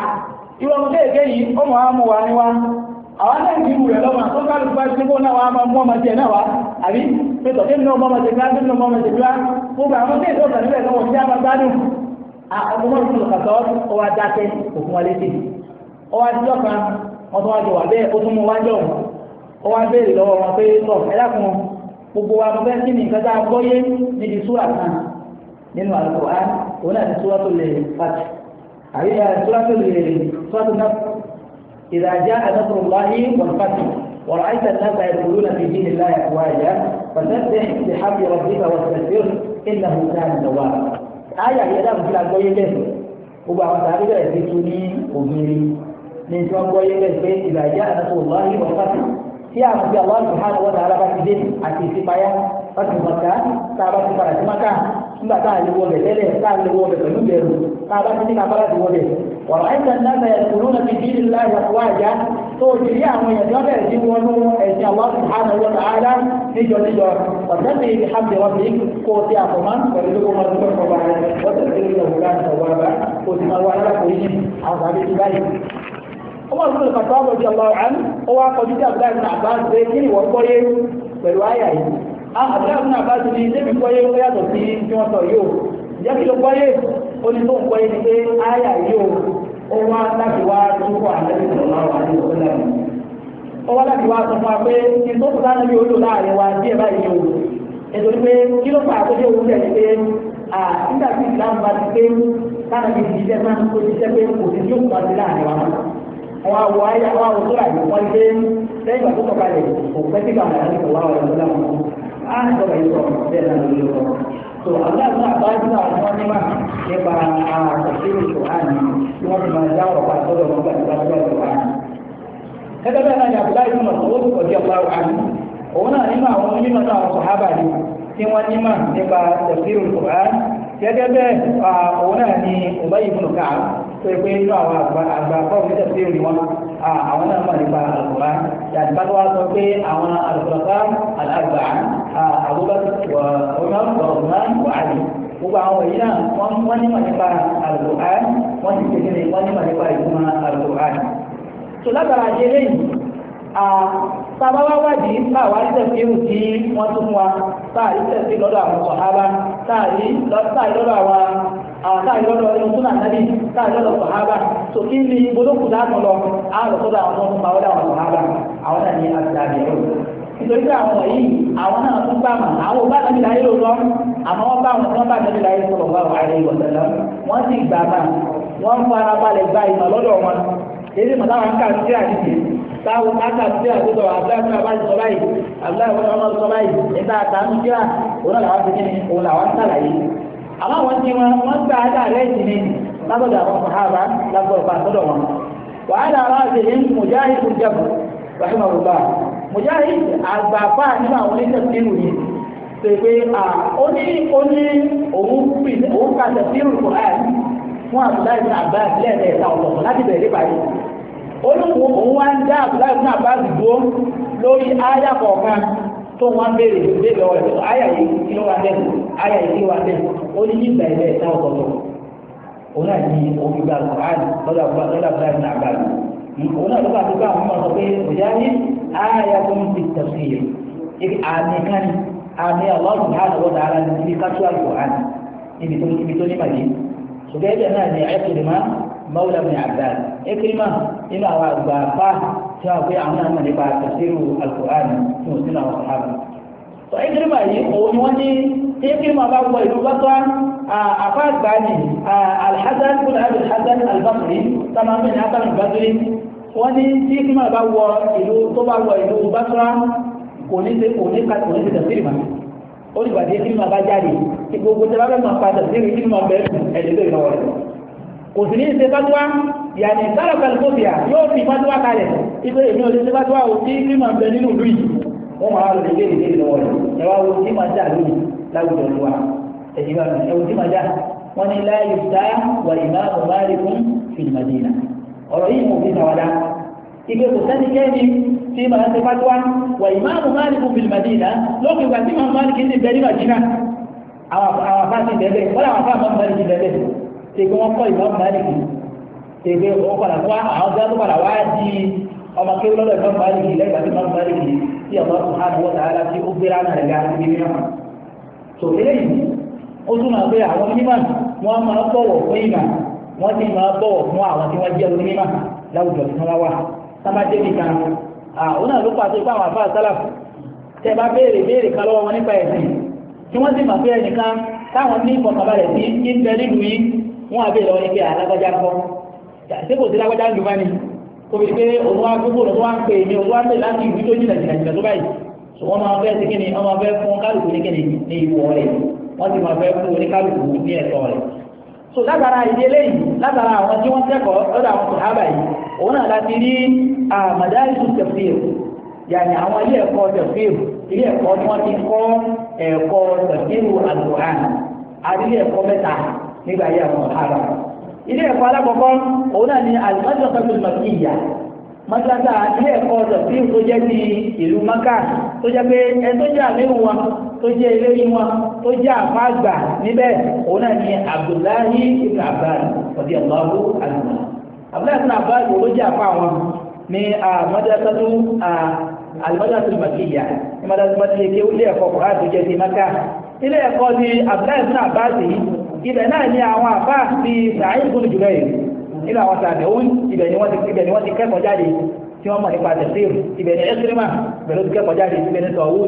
irú ọmọ kéèké yìí ó máa mú wa ní wa àwọn náà ti wùrẹ̀ lọ́mọ tó ká lùkú àti kó náà wàá máa mú ọmọ tiẹ̀ náà wá àbí pé tọ̀kẹ́ mi náà mú ọmọ tẹ̀gbá tó mi náà ọmọ tẹ̀gbá gbogbo àwọn kéèké ọ̀sán níbẹ̀ lọ́wọ́ sí àwọn gbádùn àkọ́kọ́ bin al-khattab ó wá dákẹ́ òkun wa létí ó wá díjọ́ kan wọ́n wá jọ wà bẹ́ẹ̀ ó tún mú wájọ́ òun ó wá béèrè lọ́wọ́ wọn pé tọ̀ ẹ dákun gbogbo wa mo fẹ́ kí ni nǹkan tá a gbọ́ yé níbi súrà kan nínú Al-Qur'an òun náà ti súrà tó lè fàtì àbí súrà tó lè súrà tó náà idha ja'a nasrullahi wal fath ورأيت الناس يدخلون في دين الله أفواجا فسبح بحمد ربك واستغفره إنه كان توابا آية هي dáhùn sí agbóyé bẹ́ẹ̀ gbogbo àwọn tàbí bẹ̀rẹ̀ sí tún ní ògiri ní tí wọ́n gbóyé bẹ́ẹ̀ pé ìgbà ìyá àtàkùn ọ̀gbọ́n yìí wọ́n fàtì tí a mọ̀ sí àwọn subhanahu wa ta'ala bá ti dé àti ìsìpayá láti mọ̀ká tá a bá ti boleh sí mọ́ká nígbà tá a lè wọ bẹ̀ tẹ́lẹ̀ tá a lè wọ bẹ̀ pẹ̀lú bẹ̀rù tá a bá ti ní ká bára ti wọ bẹ̀. wàrà ẹ̀ka náà di ìlà ìyàtọ̀ àjá subhanahu wa ta'ala níjọ níjọ ọ̀sẹ̀ ti ní hàbí wọn fi kó o ti àkọ́mọ́ pẹ̀lú tó kó máa dúpẹ́ kọ́ bá rẹ̀ wọ́n tẹ̀lé ìlú ọ̀gbọ́n àti ọ̀gbọ́n àbá kó o ti Ọ bin Khattab radiyallahu anhu ó wá kọjú sí Abdullahi bin Abbas pé kí ni wọ́n kọ́yé pẹ̀lú àyà yìí ah, Abdullahi bin Abbas kọ́yé ó yàtọ̀ sí tí wọ́n sọ yóò ìjẹ́ kí ló kọ́yé ó ní tó ń kọ́yé ni pé àyà yóò ó wá láti wá túbọ̀ ó wá láti wá sọ fún wa pé kí n tó olú láàrin wa àwọn àwọ̀ ayé àwọn àwọ̀ tó rà yìí wọ́n dé lẹ́yìn ìgbà tó tọ̀ kalẹ̀ kò pẹ́ sí kàwọn àti kò wá wọ̀ lọ́dọ̀ àwọn á sọ̀rọ̀ yìí sọ bẹ́ẹ̀ náà ló lọ. tó aláàbò àbájú àwọn ọmọ níwà nípa àkọsílẹ̀ ìṣòhánì tí wọ́n fi máa dá ọ̀rọ̀ pa àtọ́jọ́ wọn gbà nípa tó ọ̀rọ̀ wa. gẹ́gẹ́ bẹ́ẹ̀ náà ni àbúláyé fún ọ̀sán ó ti kọjú ọ̀pá àmì òun náà nínú àwọn onímọ̀ náà àwọn sọ̀hábà ni tí wọ́n nímọ̀ nípa tẹ̀síìrì ìṣòhánì gẹ́gẹ́ bẹ́ẹ̀ òun náà ni òbáyé fún ọ̀ká tó yẹ pé inú àwọn àgbà fọ́ọ̀mù níta sí òní wọn àwọn náà mọ̀ nípa àlùkùrá yàtí bá wá sọ pé àwọn àlùkùrá àlàgbà àbúbákà ọmọ ọmọ wàhálì gbogbo àwọn èyí náà wọ́n wọ́n nímọ̀ nípa àlùkùrá wọ́n ti tẹ̀lé wọ́n nímọ̀ nípa ìtumọ̀ àlùkùrá. tó lágbára ajé lẹ́yìn tàbá wá wádìí táwa rí tẹ̀síwù tí wọ́n tún wa táàrí tẹ̀sí lọ́dọ̀ àwọn sọ̀hábà táàrí lọ́dọ̀ àwọn táàrí lọ́dọ̀ ẹnu súnà nábì táàrí lọ́dọ̀ sọ̀hábà tó kí ni bolókù dáàtọ̀ lọ àárọ̀ sọ́dọ̀ àwọn ọmọ ọmọ ọdọ̀ àwọn sọ̀hábà àwọn náà ní àtìláàbì ẹ̀rọ nítorí pé àwọn yìí àwọn náà tún bá mà àwọn ò bá nàbí láyé ló lọ àmọ́ wọ́n bá wọn tí wọ́n bá nàbí láyé sọ̀rọ̀ wá wà lẹ́yìn ọ̀sẹ̀lẹ̀ wọ́n sì gbà mà wọ́n fara gba ìmọ̀ lọ́dọ̀ wọn èyí mọ̀ táwọn ń kà sí àdìsí táwọn káàkà sí àgbẹ̀tọ̀ abúláyé bá ti sọ báyìí abúláyé bá ti sọ báyìí níta àtàánú kíra òun làwọn ti kíni òun làwọn sàlàyé. àmọ́ wọ́n ti wọn wọ́n gbà á dàrẹ́ ìdílé lábọ̀dọ̀ àwọn sàhábà lábọ̀dọ̀ bá sọ́dọ̀ wọn. wàhálà ara ṣe ní mujahid jabu rahimahullah mujahid àgbàfà nínú àwọn oníṣẹ́ sínú yìí ṣe pé ó ní ó ní òun pè òun kà tẹ̀síìrù kò fún àbúláyé àgbà ìbílẹ̀ ẹ̀ta ọ̀tọ̀ láti bẹ̀rẹ̀ báyìí olùkọ́ òun wá ń dá àbúlá ìbúná àbáàzì dúró lórí áyà kọ̀ọ̀kan tó wọ́n béèrè áyà yìí kí ló áyà yìí kí ló ó ní òun náà ní omi gba àlùkùránì lọ́dọ̀ àbúlá ìbúná àbáàzì òun náà ló bá ti àwọn ọmọ sọ pé òjá ní áyà tó ń ti tẹ̀sí yìí àmì kan ní àmì ọlọ́run náà lọ́wọ́ dáadáa mawla bin abdal ekrima nínú àwọn àgbà fa tí wọn pe àwọn àmọ nípa tafsiru alukur'an tí wọn sínú àwọn sàhábà. sọ ekrima yìí òun ni wọn ní tí ekrima bá wọ ìlú bàtà àfa àgbà ni alhassan kúlẹ̀ abu alhassan albasri tamami ní hasan albasri wọn ní tí ekrima bá wọ ìlú tó bá wọ ìlú bàtà kò ní ṣe kò ní ká kò ní ṣe tafsiri ma ó ní gbàdé ekrima bá jáde gbogbo tí wọn bá fẹ́ máa pa tafsiri ekrima bẹ́ẹ̀ ẹ̀dẹ́gbẹ̀rún ọ̀rẹ́ kò sì ní ṣe fatuwa yàní sára kalifosia yóò fi fatuwa kalẹ̀ ibi èmi ò lè ṣe fatuwa o tí kí máa bẹ nínú ìlú yìí wọ́n máa lò lè lé ìdílé lọ́wọ́ rẹ̀ ẹ wá wo tí máa dà lóyún láwùjọ ló wa ẹ̀jẹ̀ bá mi ẹ̀wù tí máa dà wọ́n ní láàyè sá wà ìmá ọ̀báàrí fún fìlìmọ̀dìnà ọ̀rọ̀ yìí mo fi sàwádà ìgbé kò sẹ́ni kẹ́ni tí máa ṣe fatuwa wà ìmá ọ̀báàrí fún fìlìmọ̀dìnà lókè tèmi wọn kọ́ ìmọ̀ màálìkì tèmi wọn padà wá àwọn tí wọn padà wá di ọmọ kéwù lọ́dọ̀ ìmọ̀ màálìkì lẹ́gbàá tí ìmọ̀ màálìkì tí ọ̀dọ́ tó hàn wọ́n tààrà tí ó gbéra náà rẹ̀ ga níbi mìíràn. tó eléyìí ó tún máa pé àwọn onímọ̀ wọn máa bọ̀wọ̀ fún ìmọ̀ wọn sì máa bọ̀wọ̀ fún àwọn tí wọ́n jẹ́ onímọ̀ láwùjọ tí wọ́n wà sábàjẹ́ nìkan àwọn náà ló pàṣẹ pé àwọn àfáà sálà tẹ bá béèrè béèrè kan lọ́wọ́ wọn nípa ẹ̀sìn tí wọ́n sì mọ̀ pé ẹnìkan táwọn ní ìfọ̀kànbalẹ̀ sí ń bẹ nílùú yìí wọn àbí ìlọ ní pé alágbájá kọ́ ṣé kò sí lágbájá ń dùn báni kò fi pé òun wá gbogbo òun wá ń pè mí òun wá ń pè láti ìlú tó jìnnà jìnnà jìnnà tó báyìí sọ wọn máa fẹ́ sí kíni wọn máa fẹ́ fún kálukú ní kíni ní ìwọ rẹ̀ wọn sì máa fẹ́ fún oníkálukú ní ẹ̀tọ́ rẹ̀ so látara ìdílé yìí látara àwọn tí wọ́n tẹ́kọ̀ọ́ lọ́dọ̀ àwọn sòhábà yìí òun náà láti rí àmàdáìsù tafsir yàní àwọn ilé ẹ̀kọ́ tafsir ilé ẹ̀kọ́ tí wọ́n ti kọ́ ẹ̀kọ́ tafsiru àlùhàn àdílé ẹ̀kọ́ mẹ́ta nígbà yẹ àwọn ọ̀hárà ilé ẹ̀kọ́ alákọ̀ọ́kọ́ òun náà ni alimọ́sọ̀tọ́tò màkìyà mọ́tàtà ilé ẹ̀kọ́ tọ̀sí tó jẹ́ ti ìlú maka tó jẹ́ pé ẹ tó jẹ́ àmì wọn tó jẹ́ eléyìí wọn tó jẹ́ àfáàgbà níbẹ̀ òun náà ni abdullahi ibn abbas ọ̀dí ọ̀lọ́wọ́ àlùmọ́ abdullahi ibn abbas ló jẹ́ àfáà wọn ní mọ́tàtàtò alimọ́tàtò màkìyà ní mọ́tàtà ilé ẹ̀kọ́ kọ̀ọ̀kan tó jẹ́ ti maka ilé ẹ̀kọ́ ti abdullahi ibn abbas ibẹ̀ náà ni àwọn àbá àti sàáyé ìgbóni jùlọ yìí nínú àwọn sàbẹ̀wò ibẹ̀ ni wọ́n ti ibẹ̀ ni wọ́n ti kẹ́kọ̀ọ́ jáde tí wọ́n mọ̀ nípa tẹ̀síìr ibẹ̀ ni ẹ́sìrìmà ibẹ̀ ló ti kẹ́kọ̀ọ́ jáde ibẹ̀ ni tọ̀wù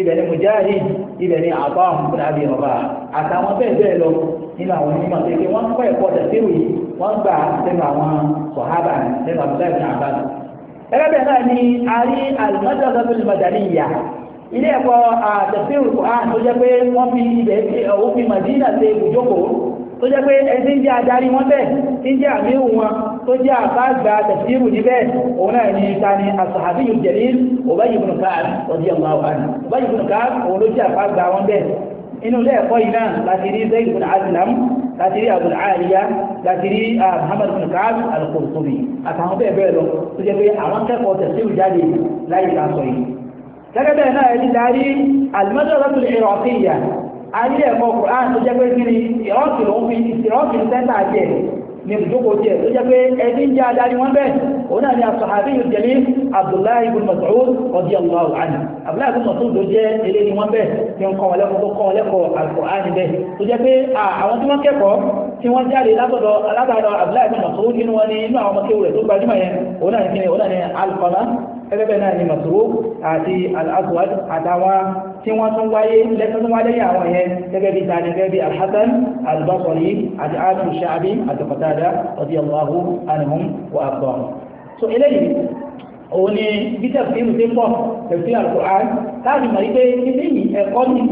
ibẹ̀ ni mujahid ibẹ̀ ni àbáwọn fún àbí ọba àtàwọn bẹ́ẹ̀ bẹ́ẹ̀ lọ nínú àwọn onímọ̀ tó ṣe wọ́n kọ́ ẹ̀kọ́ tẹ̀síìr yìí wọ́n gbà lẹ́nu àwọn sọ̀hábà lẹ́nu àbúlá ìbùnà ilé ẹ̀kọ́ àtẹ̀sí Al-Qur'an tó jẹ́ pé wọ́n fi ibẹ̀ ó fi Madina ṣe ibùjókòó tó jẹ́ pé ẹni tí ń jẹ́ adarí wọn bẹ́ẹ̀ tí ń jẹ́ àmírù wọn tó jẹ́ àbágbà tẹ̀síìrù níbẹ̀ òun náà ní tani as-sahabiyyu al-jalil Ubay ibn Ka'b radiyallahu anhu Ubay ibn Ka'b òun ló jẹ́ àbágbà wọn bẹ́ẹ̀ inú ilé ẹ̀kọ́ yìí náà láti rí Zayd ibn Aslam láti rí Abul Aliya láti rí Muhammad ibn Ka'b al-Qurtubi àtàwọn bẹ́ẹ̀ bẹ́ẹ̀ lọ tó jẹ́ pé àwọn kẹ́kọ̀ọ́ tẹ̀síìrù jáde láyé ká sọ yìí gẹ́gẹ́ bẹ́ẹ̀ náà ẹni darí al-madrasatul iraqiyya ayé ẹ̀kọ́ Qur'an tó jẹ́ pé kí ni ìrọ́ọ̀kì ló ń fi ìrọ́ọ̀kì sẹ́ńtà jẹ́ ní ìjókòó jẹ́ tó jẹ́ pé ẹni ń jẹ́ adarí wọn bẹ́ẹ̀ òun náà ni as-sahabi al-jalil abdullahi ibn mas'ud radiyallahu anhu abdullahi ibn mas'ud ló jẹ́ eléyìí wọn bẹ́ẹ̀ tí ń kọ́ wọn lẹ́kọ̀ọ́ tó kọ́ wọn lẹ́kọ̀ọ́ al-Qur'an bẹ́ẹ̀ gẹ́gẹ́ náà ni Masruq àti Al-Aswad àtàwọn tí wọ́n tún wáyé lẹ́tọ́tún wáyé àwọn yẹn gẹ́gẹ́ bí tani gẹ́gẹ́ bí Al-Hasan Al-Basri àti amiru sha'abi àti Qatada radiyallahu anhum wa abdul so eléyìí òun ni bíjẹ́ fíìmù tí pọ̀ tẹ̀sí al láti mọ̀ wípé ilé yìí ẹ̀kọ́ ni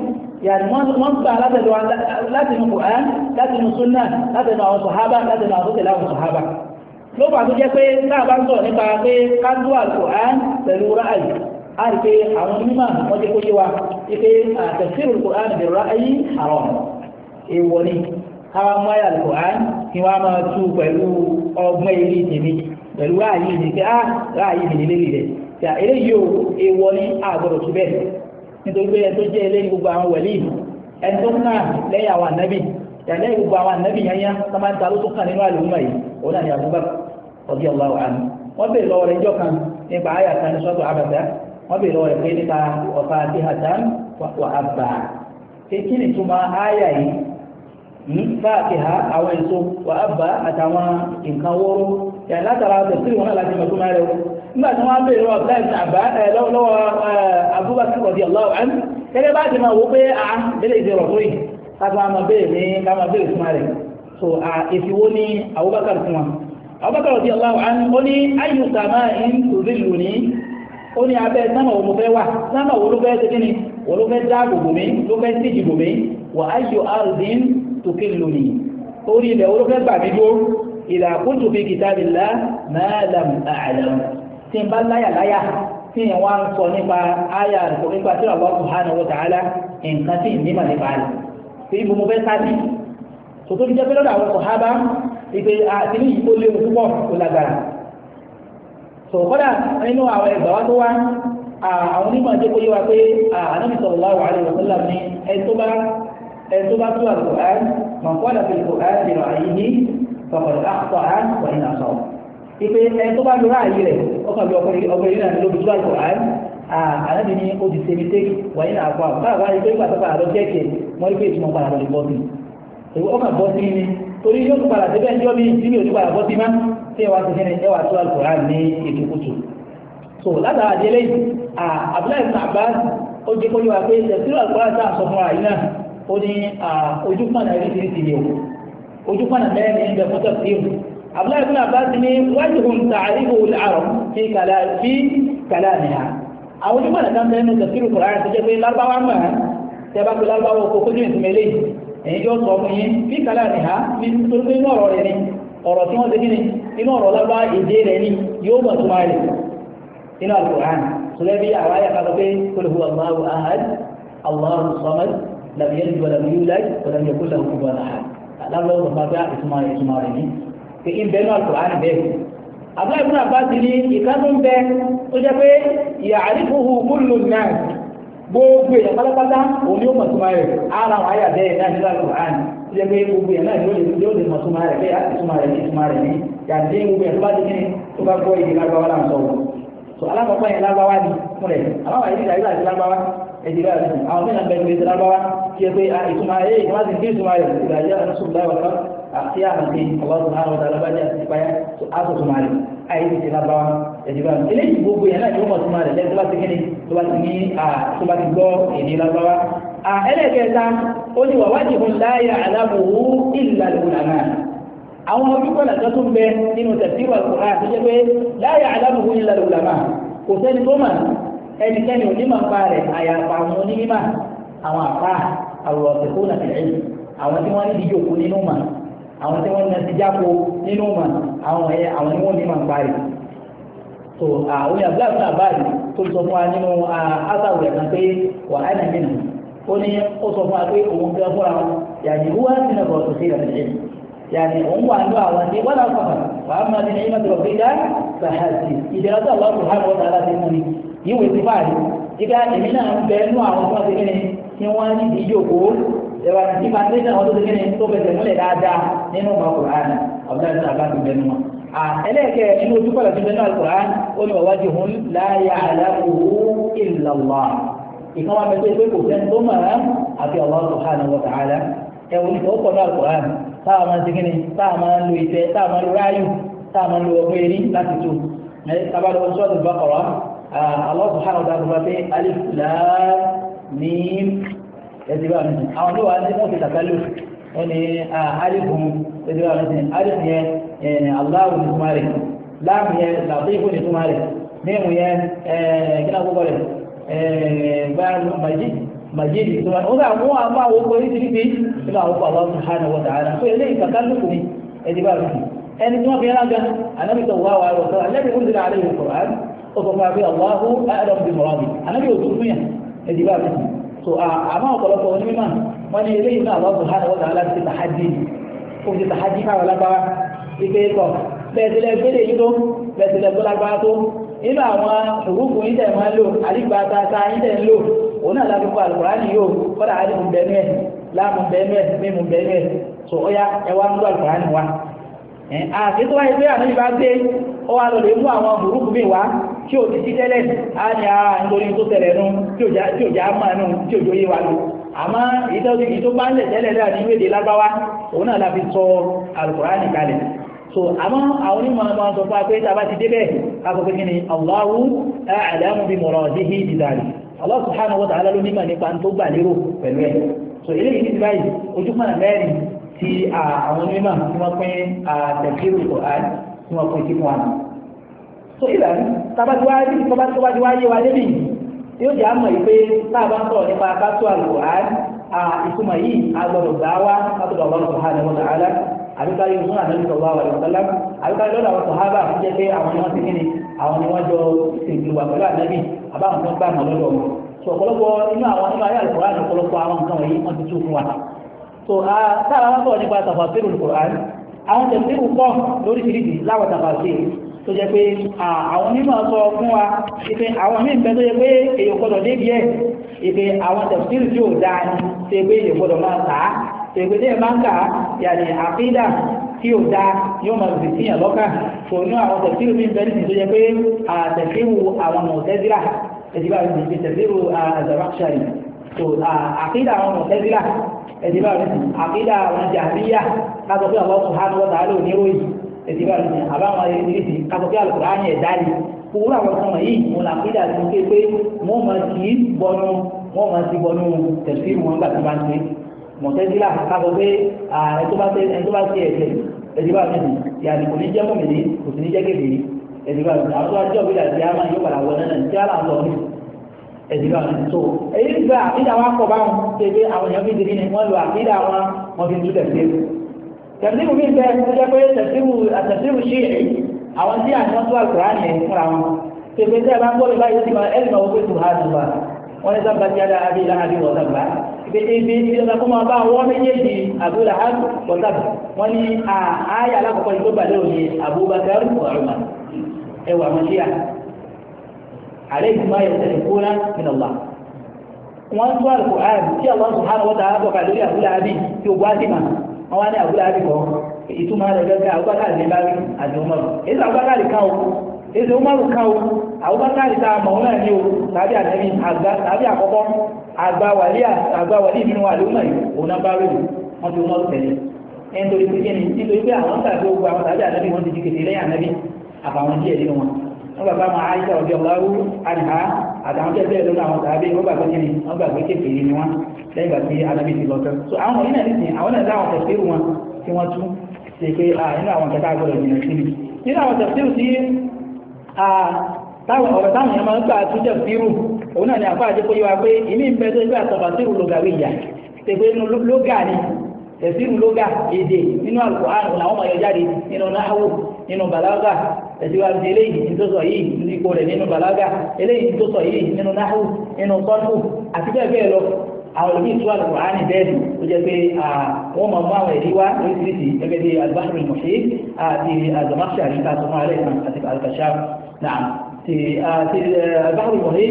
yàtí wọ́n gbà látẹnu Qur'an látẹnu Sunnah látẹnu àwọn sọ̀hábà àwọn tó tẹ̀lé àwọn sọ̀hábà ló bá tó jẹ́ pé náà bá ń sọ̀rọ̀ nípa pé kájú Al-Qur'an pẹ̀lú ráàyè a rí pé àwọn onímọ̀ wọ́n jẹ́ kó yé wa pé àtẹ̀sírù Al-Qur'an pẹ̀lú ráàyè haram èèwọ̀ ni káwá mú ayé Al-Qur'an kí wọ́n á máa tú pẹ̀lú ọgbọ́n eré tèmi pẹ̀lú ráàyè ni pé á ráàyè ni lélẹ̀ rẹ̀ tí a eléyìí o èèwọ̀ ni a gbọ́dọ̀ tú bẹ́ẹ̀ nítorí pé ẹni tó jẹ́ eléyìí gbogbo àwọn wẹ̀lí ẹni tó kàn lẹ́yìn àwọn ànábì yàtọ̀ gbogbo àwọn ànábì yányá tó máa ń ta ló tó kàn nínú àlùmọ́ yìí òun náà ni Abubakar ọdí ọlá wa ni wọ́n bèèrè lọ́wọ́ rẹ̀ ìjọ kan nípa àyà kan ní sọ́tọ̀ abàtà wọ́n bèèrè lọ́wọ́ rẹ̀ pé nípa ọ̀fà àti hàtàn wà àbà kí ni túmọ̀ àyà yìí ní fáàkì ha àwọn èso wà àbà àtàwọn nǹkan wóró yà látara tẹ̀sírì wọn láti mọ̀ túmọ̀ rẹ̀ o nígbà tí wọ́n bèèrè lọ́wọ́ abdullahi àbá lọ́wọ́ Abubakar ọdí ọlá wa ni gẹ́gẹ́ bá ti ah, máa wọ pé à so èsì wo ni Abubakar fún wa Abubakar rọ̀bí aláwọ̀ á ní ó ní ayù sàmà ń tòbí lù ní ó ní abẹ́ sámà wo mo fẹ́ wà sámà wo ló fẹ́ ṣe kíni wo ló fẹ́ dá gbogbo mi ló fẹ́ sí ìdìbò mi wà ayù àrùdín tòkè lù ní orí ilẹ̀ wo ló fẹ́ gbà mí dúró ìlà kúntù fi kitabillah máa làm àlàm tí n bá láyà láyà tí n wá ń sọ nípa àyà àdìpọ̀ nípa tí Allah subhanahu wa ta'ala nǹkan tí ì kò tó fi jẹ́ pé lọ́dọ̀ àwọn sọ̀hábà ìpè àtìlí yìí ó léwu púpọ̀ kó lágbára tó kọ́dà nínú àwọn ẹgbà wa tó wá àwọn onímọ̀ jẹ́ kó yé wa pé ànábì sallallahu alaihi wasallam ni ẹ tó bá ẹ tó bá tó al-Qur'an man qala fil-Qur'an bi ra'yihi faqad akhta'a wa in asaba ìpè ẹ tó bá lóra àyè rẹ̀ ọkàn bí ọkùnrin ọkùnrin náà ló fi tó al-Qur'an ànábì ni ó ti ṣe mi tẹ́kì wà ní àpá àwọn àwọn àyè pé pàtàkì àlọ́ èwo ọmọ àbọ̀ sí ni torí yóò tún padà síbẹ̀ ní ọmọ ìdílé òní padà bọ́ sí má tí ẹ wá ti sẹ́ni ẹ wá tó alukóra ní ètòkùtù. so látara àdìẹ lẹ́yìn à Abdullahi ibn Abbas ó jẹ́ kóyọ wa pé tẹ̀síwò alukóra tá a sọ fún wa yìí náà ó ní ojú pọ̀nà ẹ̀rí ti ti o ojú pọ̀nà mẹ́rin ní ẹgbẹ́ fọ́tọ̀ sí o Abdullahi ibn Abbas ní wájú hun tààríbù al-arab fi kàlà fi kàlà nìyà àwọn ojú pọ̀nà kan fẹ́ẹ́ ní tẹ̀síwò alukóra ti jẹ́ pé lárúbáwá mọ̀ ẹ́ tẹ́ ẹ̀yin jọ sọ fún yín bí kálá ni ha bí torí pé inú ọ̀rọ̀ rẹ̀ ni ọ̀rọ̀ tí wọ́n ṣe kíni inú ọ̀rọ̀ lábá èdè rẹ̀ ni yóò mọ̀ tó máa rẹ̀ inú alukur'an sọlẹ́ bí àwa yà kàtó pé qul huwa Allahu ahad Allahu samad lam yalid wa lam yulad wa lam yakul lahu kufuwan ahad aláwọ̀ ọ̀sán gbogbo èèyàn pátápátá òun ni ó mọ̀ súnmọ́ rẹ̀ ara àwọn àyà bẹ́ẹ̀ náà nígbà tó hàn tí ẹ pé gbogbo èèyàn náà yóò lè yóò lè mọ̀ súnmọ́ rẹ̀ bẹ́ẹ̀ àti súnmọ́ rẹ̀ ní súnmọ́ rẹ̀ ní yàtí gbogbo èèyàn tó bá ti kíni tó bá gbọ́ èdè lágbáwá là ń sọ so alákọ̀ọ́kọ́ yẹn lágbáwá ni fún rẹ̀ àwọn àyè ìdàgbà àti lágbáwá ẹ̀dì rẹ̀ àwọn mẹ́ta bẹ̀rẹ̀ àti àmàdé ọlọ́dún náà ọ̀dà alábàjẹ́ àti ìpayà tó àtúntò máa rẹ̀ ayé ti ti lábáwá ẹ̀dìbà eléyìí gbogbo yẹn láti ọmọ túmọ̀ rẹ̀ lẹ́tọ́ bá ti kíni tó bá ti ní tó bá ti gbọ́ èdè lábáwá. ẹlẹ́kẹta ó ní wàwádìí fún láyà aláàbòwò ìlà lùnàmà àwọn olùkọ́ làtọ́ tó ń bẹ nínú tẹ̀síwà àwọn tí wọ́n ní ìdíje òkú nínú mà àwọn tí wọ́n na ti jáko nínú mà àwọn ẹ̀ àwọn ni wọ́n ní mà ń parí so àwọn yàrá bíi àbúrò àbáàdì tó sọ fún wa nínú asáwò rẹ̀ kan pé wà á nà mìíràn ó ní ó sọ fún wa pé òun gbé fúnra wọn yàrá ìwú wá sí nàbọ̀ tó sí ìrẹ̀lẹ̀ ẹ̀ yàrá òun wà nínú àwọn tí wọ́n làwọn kọ̀ọ̀kan wà á máa ní ẹ̀yìn mọ́tò ọ̀gbìn dá sàhásì ìdẹ̀rẹ̀ ẹwà ní foundation wọn tó ti kéde tó bẹ̀rẹ̀ múlẹ̀ dáadáa nínú ọmọ Qur'an ọ̀bùdá ìṣẹ́ àbá ti bẹnu wọn. ẹlẹ́ẹ̀kẹ́ inú ojú kọ́lá ti bẹnu Al-Qur'an ó ní wàwájú hun la ya'lamuhu illa Allah. ìkan wa mẹ́tọ́ ìpé kò sẹ́ni tó mọ̀ ẹ́ àti Allah subhanahu wa ta'ala ẹ̀wọ̀n ní ìfowópọ̀ náà Al-Qur'an táwọn máa ń segin ní táwọn máa ń lo ìtẹ́ táwọn máa ń lo ráyù táwọn máa ń lo ọgbẹ́ ẹtì bá mi àwọn ló wà ní wọn fi tàkálù wọn ni àríkùn ẹtì bá mi sìn àríkùn yẹn aláwọ ní túmọ̀ rẹ̀ láàmù yẹn làbíyìí ní túmọ̀ rẹ̀ mímu yẹn kí náà kókó rẹ̀ gba màjí màjí ní túmọ̀ rẹ̀ ó sà mú àwọn àwọn okò oríṣiríṣi nínú àwọn okò aláwọ sùhánà wọn tààrà fún eléyìí tàkálù kù ní ẹtì bá mi sìn ẹni tí wọn fi yẹn anabi sọ wàá wàá wọsọ anabi kúndùn ní alẹ́ yìí kọ̀ ọ́ sọ fún wa bí aláwọ àdàbí mọ̀rọ̀ mi anabi ò tún fún yẹn ẹtì bá mi sìn so uh, àmọ́ ọ̀pọ̀lọpọ̀ onímọ̀ wọ́n ní eléyìí náà lọ́sùn hàn wọ́n tàà láti tàhájì fún ti tàhájì káwọn lágbára ìgbé kọ bẹ́ẹ̀sílẹ̀ gbélé yìí tó bẹ́ẹ̀sílẹ̀ tó lágbára tó nínú àwọn òrùkù yìí tẹ̀ máa ń lò àdìgbà tata yìí tẹ̀ ń lò òun náà láti kó àlùkùránì yìí ó kọ́dà àdìmú bẹ́ẹ̀nu ẹ̀ láàmú bẹ́ẹ̀nu ẹ̀ mímú bẹ́ẹ̀nu so ó yá ẹ wá ń lọ àlùkùránì wa. àti tó wáyé pé àná ìbá dé ó wá lọ lè mú àwọn òrùkù tí o ti ti tẹ́lẹ̀ á ní a ah, nítorí tó tẹ̀lẹ̀ nu tí o já máa nu tí o jó yé wa nu àmọ́ ìtọ́jú ìtó bá ń lẹ̀ tẹ́lẹ̀ náà ní ìwéde òun náà la fi sọ kalẹ̀ so àmọ́ àwọn onímọ̀ ọmọ sọ fún wa pé tá a na ti débẹ̀ ká kí ni Allahu a'lamu bi muradihi bi dhalik so ìlà tabati wa ní tọ́ba tọ́ba ti wá yé wa débi yóò jẹ́ àmọ̀ yìí pé táàbà ń sọ̀rọ̀ nípa kátó àlùhàn à ìtumọ̀ yìí agbọ̀dọ̀ gbà wá kátó bàbá ọ̀sán hàn ní wọ́n àlá àbíká yóò fún àdánù sọ̀rọ̀ àwọn ìwọ̀sálá àbíká lọ́dọ̀ àwọn sọ̀hábà tó jẹ́ pé àwọn ni wọ́n ti kí ni àwọn ni wọ́n jọ ìṣègùn wà pẹ̀lú ànábì àbáwọn tó ń gbà mọ́ lọ́dọ̀ wọn so ọ̀pọ̀lọpọ̀ inú àwọn inú ayé àlùkò àti ọ̀pọ̀lọpọ̀ àwọn nǹkan wọ̀nyí wọ́n ti tú fún wa so táàbà tó jẹ́ pé àwọn onímọ̀ sọ fún wa ìpé àwọn míì bẹ tó jẹ́ pé èyàn gbọ́dọ̀ débi ẹ̀ ìpé àwọn tẹ̀síìlì tí ò dáa ni tó jẹ́ pé èyàn gbọ́dọ̀ máa tà á tó jẹ́ pé tí ẹ̀ máa ń tà á yàrá àkídà tí ò dáa yóò máa gbèsè síyàn lọ́kà tó ní àwọn tẹ̀síìlì míì bẹ nìyí tó jẹ́ pé àtẹ̀síìlì àwọn mọ̀tẹ́sílà ẹ̀dìbà ìgbè tẹ̀síìlì àzàbáṣàì tó àkídà àwọn mọ̀tẹ́sílà ẹ̀dìbà àkídà àwọn jàmíyà látọ̀ pé Allah subhanahu wa ta'ala oníròyìn èdè bá lóyún àbáwọn ìrísí kásọ̀kí àlùkò á ní ẹ̀dá yìí òwúrọ̀ àwọn ọ̀sán wọ̀nyí wọn là fídà sí pé pé wọ́n máa ti bọnu wọ́n máa ti bọnu tẹ̀sí wọn gbà tó bá ń ṣe mọ̀tẹ́sílà kásọ̀ pé ẹni tó bá ti ẹ̀sẹ̀ èdè bá lóyún yàrá kò ní jẹ́ mọ̀mìnì kò sì ní jẹ́ kékeré èdè bá lóyún àwọn tó wá jẹ́ òbílà tí a máa yóò padà wọ náà tí a láǹtọ̀ ní èdè bá lóyún tó èyí gba àfídà tẹ̀síwù mi bẹ ṣe pé tẹ̀síwù àtẹ̀síwù ṣì ẹ̀ àwọn tí àìsàn tó àkùrán yẹn fúnra wọn tẹ̀síwù tẹ̀ bá ń gbọ́ mi báyìí ó ti máa ẹ̀rì máa wọ́pẹ́ tó ha tó wa wọ́n ní sábà tí a dá abí ilá abí wọ́n sábà ibi ibi ibi ọ̀sán kó máa bá wọ́n méjèèjì àbúlà ha wọ́n sábà wọ́n ní àáyà alákọ̀ọ́kọ́ yìí tó bàlẹ́ òní Abubakar ọ̀rùmà ẹwà mọ́ṣíà àlẹ́ ìgbìmọ̀ ayẹ̀sẹ̀ ìkóná mìnàlá wọ́n tún wọ́n wá ní àbúrò àbíkọ́ ìtumọ̀ rẹ̀ gẹ́gẹ́ àbúbákàrí ní bárí àti o o tá a mọ̀ ọ́n náà ní o tàbí àtẹ́bí tàbí àkọ́kọ́ àgbà wàlíà àgbà wàlí ìbínú wà lóhùn náà òun náà bá wọ́n ti umaru tẹ̀lé ẹni torí pé kíni nítorí pé àwọn tàbí ogun àwọn tàbí lẹ́yìn ìgbà tí anábì ti lọ tán so àwọn ọmọ yìí náà nìsín àwọn náà dáhùn tẹ̀síìrù wọn tí wọ́n tún ṣe pé nínú àwọn kẹta àgbọ̀dọ̀ jìnnà sí mi nínú àwọn tẹ̀síìrù tí ọ̀rọ̀ táwọn èèyàn máa ń gbà tún tẹ̀síìrù òun náà ni àfa àjẹpọ̀ yìí wá pé ìmí ń bẹ tó gbé àtọ̀fàṣírù lógàwé ìyá tẹ̀gbẹ́ inú lógà ni tẹ̀síìrù lógà èdè nínú Al-Qur'an làwọn ọmọ yẹn jáde nínú náhàwó nínú bàlágà tẹ̀síwájú eléyìí ní tó sọ yìí nínú ipò rẹ̀ nínú bàlágà eléyìí ní tó sọ yìí nínú náhàwó nínú sọ́nù àti bẹ́ẹ̀ bẹ́ẹ̀ lọ àwọn ìlú ìtura lè wàá ní bẹ́ẹ̀ ni ó jẹ́ pé wọ́n máa mú àwọn ẹ̀rí wá lóríṣiríṣi gẹ́gẹ́ bí alibasir mọ̀ṣẹ́ àti azamasi àríkà sọmọ alẹ́ kan àti alukasha náà ti alibasir mọ̀ṣẹ́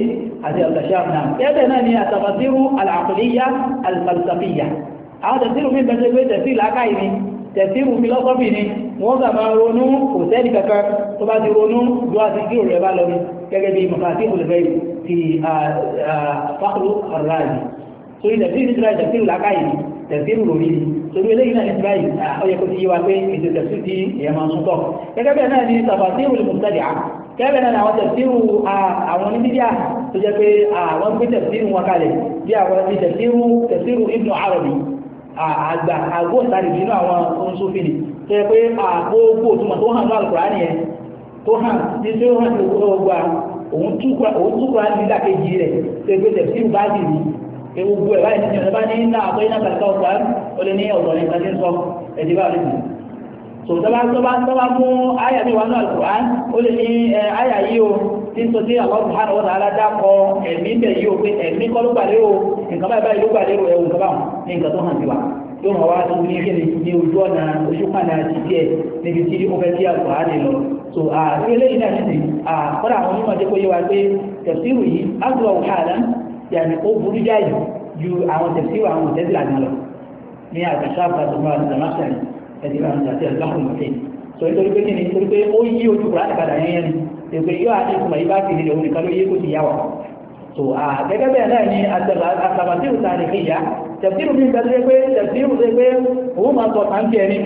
àti alukasha náà. ẹ̀ẹ́dẹ̀ náà ni àtàmọ̀sírù alàkùnléyà alifalisafiyà àwọn tẹ̀síìrù mi bẹ̀rẹ̀ pé tẹ̀síìrù lákàyè ni tẹ̀síìrù fílọ́sọ́fì ni wọ́n kà máa ronú kò sẹ́ni kankan tó bá ti ronú ju àtìkírò rẹ̀ bá lọ gẹ́gẹ́ bí mọ̀fàtí olùfẹ́ ti fáwọn aráàlú torí tẹ̀síìrì ní tíráì tẹ̀síìrì làákàyè tẹ̀síìrì lórí torí eléyìí náà ní tíráì ọyẹ kò ti yé wa pé ètò tẹ̀síìrì ti èèyàn máa ń sún tọ̀ gẹ́gẹ́ bẹ́ẹ̀ náà ní tàfàṣírù lè mùsàdìá gẹ́gẹ́ bẹ́ẹ̀ náà ní àwọn tẹ̀síìrì àwọn oníbídíà tó jẹ́ pé àwọn gbé tẹ̀síìrì wọn kalẹ̀ bí àwọn ti tẹ̀síìrì tẹ̀síìrì Ibnu Arabi àgbà àgbóòtárì nínú àwọn oníṣòfìnì tó yẹ pé àgbóògbò tó hàn ní Al-Kùránì yẹn tó hàn ní tí ó hàn ní gbogbo òun túkúrá nílà kejì pé tẹ̀síìrì bá dì ewu ẹ báyìí nìyẹn bá ní ní àpé iná kàlíkà ọgbà ó lè ní ọ̀dọ̀ ní ìtàdé sọ ẹ̀dí bá rẹ̀ so tọ́ba tọ́ba tọ́ba mú àyà mi wà ní alukur'an ó lè ní àyà yìí o tí n sọ sí àwọn subhanahu wa ta'ala dákọ̀ ẹ̀mí bẹ̀ yìí o pé ẹ̀mí kọ́ ló gbàlẹ́ o nǹkan báyìí báyìí ló gbàlẹ́ o ẹ̀wù nǹkan báwọn ní nǹkan tó hàn sí wa yóò mọ̀ wá tó ní kéde ní ojú ọ̀nà ojú kànáà ti díẹ̀ níbi tí ó fẹ́ kí alukur'an lọ so àti eléyìí náà ti sè àkọ́dà àwọn onímọ̀ yàtọ̀ ó burú jáì ju àwọn tẹ̀sí wa àwọn tẹ̀sí làgbà lọ ní àgbàṣà àgbàṣà àgbàṣà ẹ̀sì àwọn àti àgbàṣà mọ̀tẹ́ sọ nítorí pé kíni nítorí pé ó yí ojú kura ní padà yẹn ni èpè yóò àti ìtumọ̀ yìí bá ti lè òun nìkan ló yé kó ti yá wa so gẹ́gẹ́ bẹ́ẹ̀ náà ni àtàbàtìrù ta ni kéya tẹ̀síìrù mi gbàdúrà pé tẹ̀síìrù ṣe pé òun máa sọ tàǹkì ẹni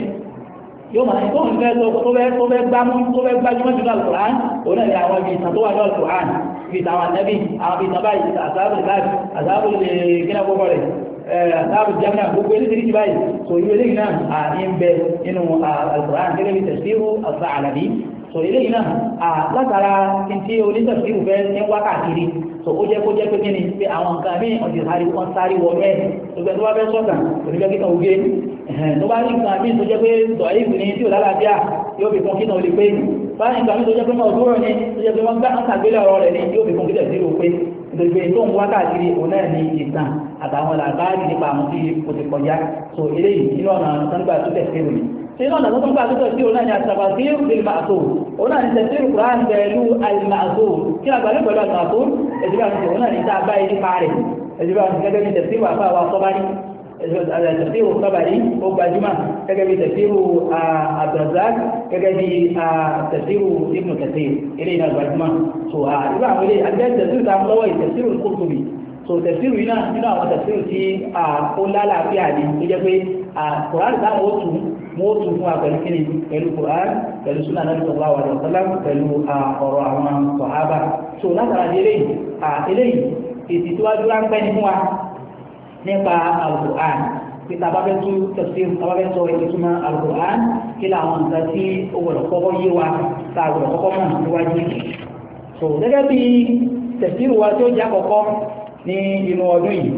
yóò máa tó ń fẹ́ sọ tó fẹ́ gbámú tó fẹ́ gbájúmọ́ jù lọ àlùkùrán òun náà ni àwọn ibi ìtàn tó wà ní àlùkùrán ibi tàwọn ànábì àwọn ibi tàbá yìí àsáàbù láàbì àsáàbù le? kíná gbogbo rẹ̀ àsáàbù jamina gbogbo eléyìí báyìí so irú eléyìí náà à ń bẹ nínú àlùkùrán gẹ́gẹ́ bí tẹ̀síwù àṣà àlàbí so eléyìí náà à látara ntí onítẹ̀síwù fẹ́ ní wákàkiri so ó jẹ́ kó jẹ́ pé kíni pé àwọn nǹkan mí ọ̀dì sáré wọn sáré wọ ẹ̀ gbogbo ẹ̀ tó bá fẹ́ sọ̀tàn oníbẹ̀ kíkan oge tó bá rí nǹkan mí tó jẹ́ pé dọ̀ẹ́yìn ní tí ò lálàáfíà yóò fi kún kíkan ò lè pé báyìí nǹkan tó jẹ́ pé máa dúró ní tó jẹ́ pé wọ́n gbá ọ̀sán àgbélé ọ̀rọ̀ rẹ̀ ní yóò fi fún kílẹ̀ sí ìlú pé gbogbo ètò òun wákàtí òun náà ní ìtàn àtàwọn làbáàdì nípa àwọn tí kò ti kọjá so eléyìí nínú ọ̀nà sọ́ńgbà tó tẹ̀ sí ìròyìn sínú ọ̀nà tó gbà tó tẹ̀sí òun náà ni àtàbàsíru ìlmàtò òun náà ni tẹ̀sí ìkùrán pẹ̀lú àlmàtò kí a gbàlẹ́ pẹ̀lú àlmàtò ẹ̀sìn bá ti òun náà ni tá a bá yìí nípa rẹ̀ ẹ̀sìn tẹ̀síwò sábàrí ó gbajúmọ̀ gẹ́gẹ́ bí tẹ̀síwò abdulrazak gẹ́gẹ́ bí tẹ̀síwò ibnu kathir eléyìí náà gbajúmọ̀ so irú àwọn eléyìí àti tẹ̀síwò tá a mú lọ́wọ́ yìí tẹ̀síwò kúrúkúrú so tẹ̀síwò yìí náà nínú àwọn tẹ̀síwò tí ó lálàáfíà ni tó jẹ́ pé kùránì táwọn ó tù wọ́n ó tù fún àpẹẹrẹ kíni pẹ̀lú kùránì pẹ̀lú súnà náà sọ̀rọ̀ àwọn ọ̀sán pẹ̀lú ọ̀rọ̀ àwọn sọ̀hábà so látara di eléyìí eléyìí èsì tí wàá dúró à ń pẹ́ nípa alukur'an pé tá a bá fẹ́ tú tafsir tá a bá fẹ́ sọ ìtumọ̀ alukur'an kí làwọn nǹkan tí ó wọ̀lọ̀ kọ́kọ́ yé wa tá a wọ̀lọ̀ kọ́kọ́ mọ̀ níwájú. so gẹ́gẹ́ bí tafsir wa tó jẹ́ àkọ́kọ́ ní inú ọdún yìí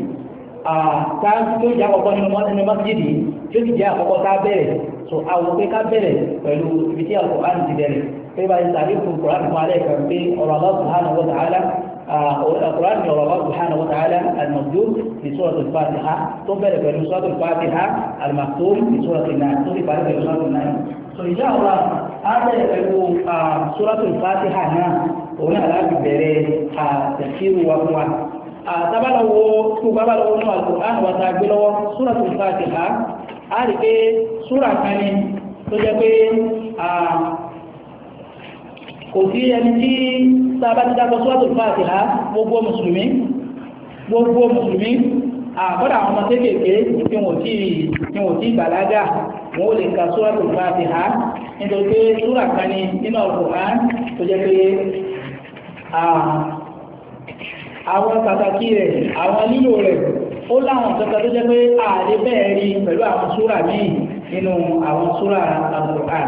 tá tó jẹ́ àkọ́kọ́ nínú mọ́sídìí tó sì jẹ́ àkọ́kọ́ tá a bẹ̀rẹ̀ so àwọn pé ká bẹ̀rẹ̀ pẹ̀lú ibi tí alukur'an ti bẹ̀rẹ̀ pé bá ti sàrí fún alukur'an القرآن من الله سبحانه وتعالى الموجود في سورة الفاتحة ثم بعد في سورة الفاتحة المكتوب في سورة الناس ثم بعد في سورة الناس فإن شاء الله هذا يقول سورة الفاتحة هنا هنا لا ببري تفسير وهو tabalawo tubabalawo nínú alukur'an wa tagbe lọ́wọ́ sura tó fatiha a rí pé kò sí ẹni tí sábà ti dákọ̀ suratul Fatiha gbogbo mùsùlùmí gbogbo mùsùlùmí àkọ́dà àwọn ọmọ kéékèèké tí wọ́n ti tí wọ́n ti bàlágà wọ́n lè ka suratul Fatiha nítorí pé súrà kan ní nínú Al-Qur'an tó jẹ́ pé àwọn pàtàkì rẹ̀ àwọn lílò rẹ̀ ó láwọn kankan tó jẹ́ pé ààrẹ bẹ́ẹ̀ rí pẹ̀lú àwọn súrà míì nínú àwọn súrà Al-Qur'an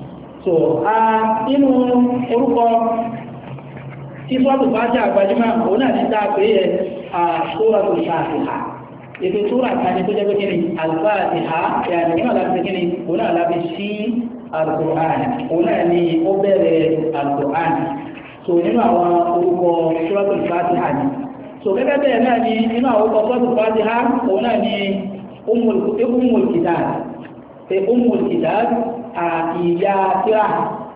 so a nínú orúkọ tí sọ́ọ̀tù bá jẹ́ àgbàjúmọ̀ òun náà ti dáa pé ẹ àṣọ́ọ̀tù ṣàfihà ètò tó rà kan ní tó jẹ́ pé kí ni àlùfáàtìhà ìyàní náà láti ni òun náà láti sí àlùkùránì òun náà ni ó bẹ̀rẹ̀ àlùkùránì so nínú àwọn orúkọ sọ́ọ̀tù ṣàfihà ni so gẹ́gẹ́ bẹ́ẹ̀ náà ni nínú àwọn orúkọ sọ́ọ̀tù ṣàfihà òun ìyá tíra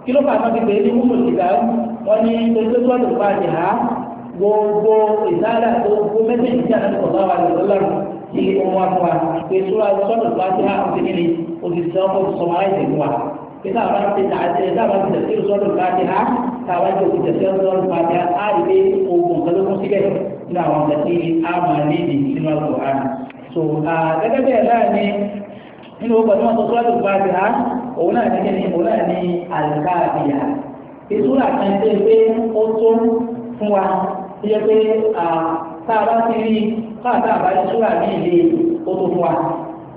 kí ló fàá sọ́kì pé ní múlò ìgbà wọn ní pẹ̀lú tó lò fà jì á gbogbo ìsáàlà tó gbogbo mẹ́tẹ̀ẹ̀dì tí a náà kọ̀ sáwà lè lọ́lọ́rù kí ọmọ wa fún wa pé sọ́ra sọ́dọ̀ fà jì á òsì nílé òsì sọ́kọ̀ sọ́mọ́ àìsàn fún wa pé táwa ti tà á tẹ̀ táwa ti tẹ̀sí sọ́dọ̀ fà jì á táwa ti òsì tẹ̀sí sọ́dọ̀ fà jì á á rí pé oògùn kan ló kún síbẹ̀ nínú àwọn ọ̀sẹ̀ a máa ní ìdí nínú àgbọ̀ òun náà ní kíni òun náà ní àlùkáàbíyà ìtura kan tẹ́ pé ó tó fún wa tí yẹ pé tá a bá ti rí káàtà àbájú ìtura ní ilé ó tó fún wa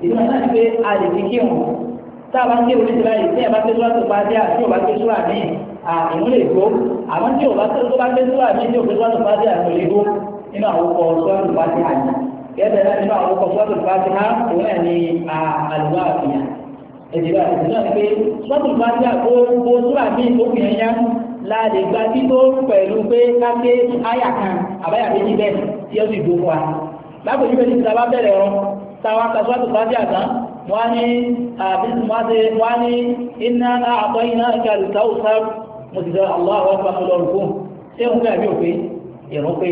ìtura náà ní pé a lè fi kírun tá a bá ń ké orí ìtura yìí tí ẹ bá ké sura tó bá dé àti ò bá ké sura ní ìmúlẹ̀ èkó àmọ́ tí ò tó bá ké sura ní tí ò ké sura tó bá dé àti òlè èkó nínú àwọn ọkọ̀ tó bá dé àná kẹ́tẹ̀ẹ́ nínú àwọn ọkọ̀ tó bá dé àná òun náà ní ẹ̀dìbà ìdìbà pé sọ́ọ̀tù bá dá gbogbo sóra ní ìtòkùn yẹn yá láàlè gba tító pẹ̀lú pé káké áyà kan àbáyà méjì bẹ́ẹ̀ tí ó sì dùn wa. lápòjú bẹ́ẹ̀ ti sábà bẹ̀rẹ̀ ọ táwa ka sọ́ọ̀tù bá dá tán wọ́n ní àbísùmáṣe wọ́n ní iná àpọ̀ iná kàlùkà òsà mo ti sọ àwọn àwọn ọ̀pá mi lọ́rùn fún ṣé òun gbà bí òfin ìrún pé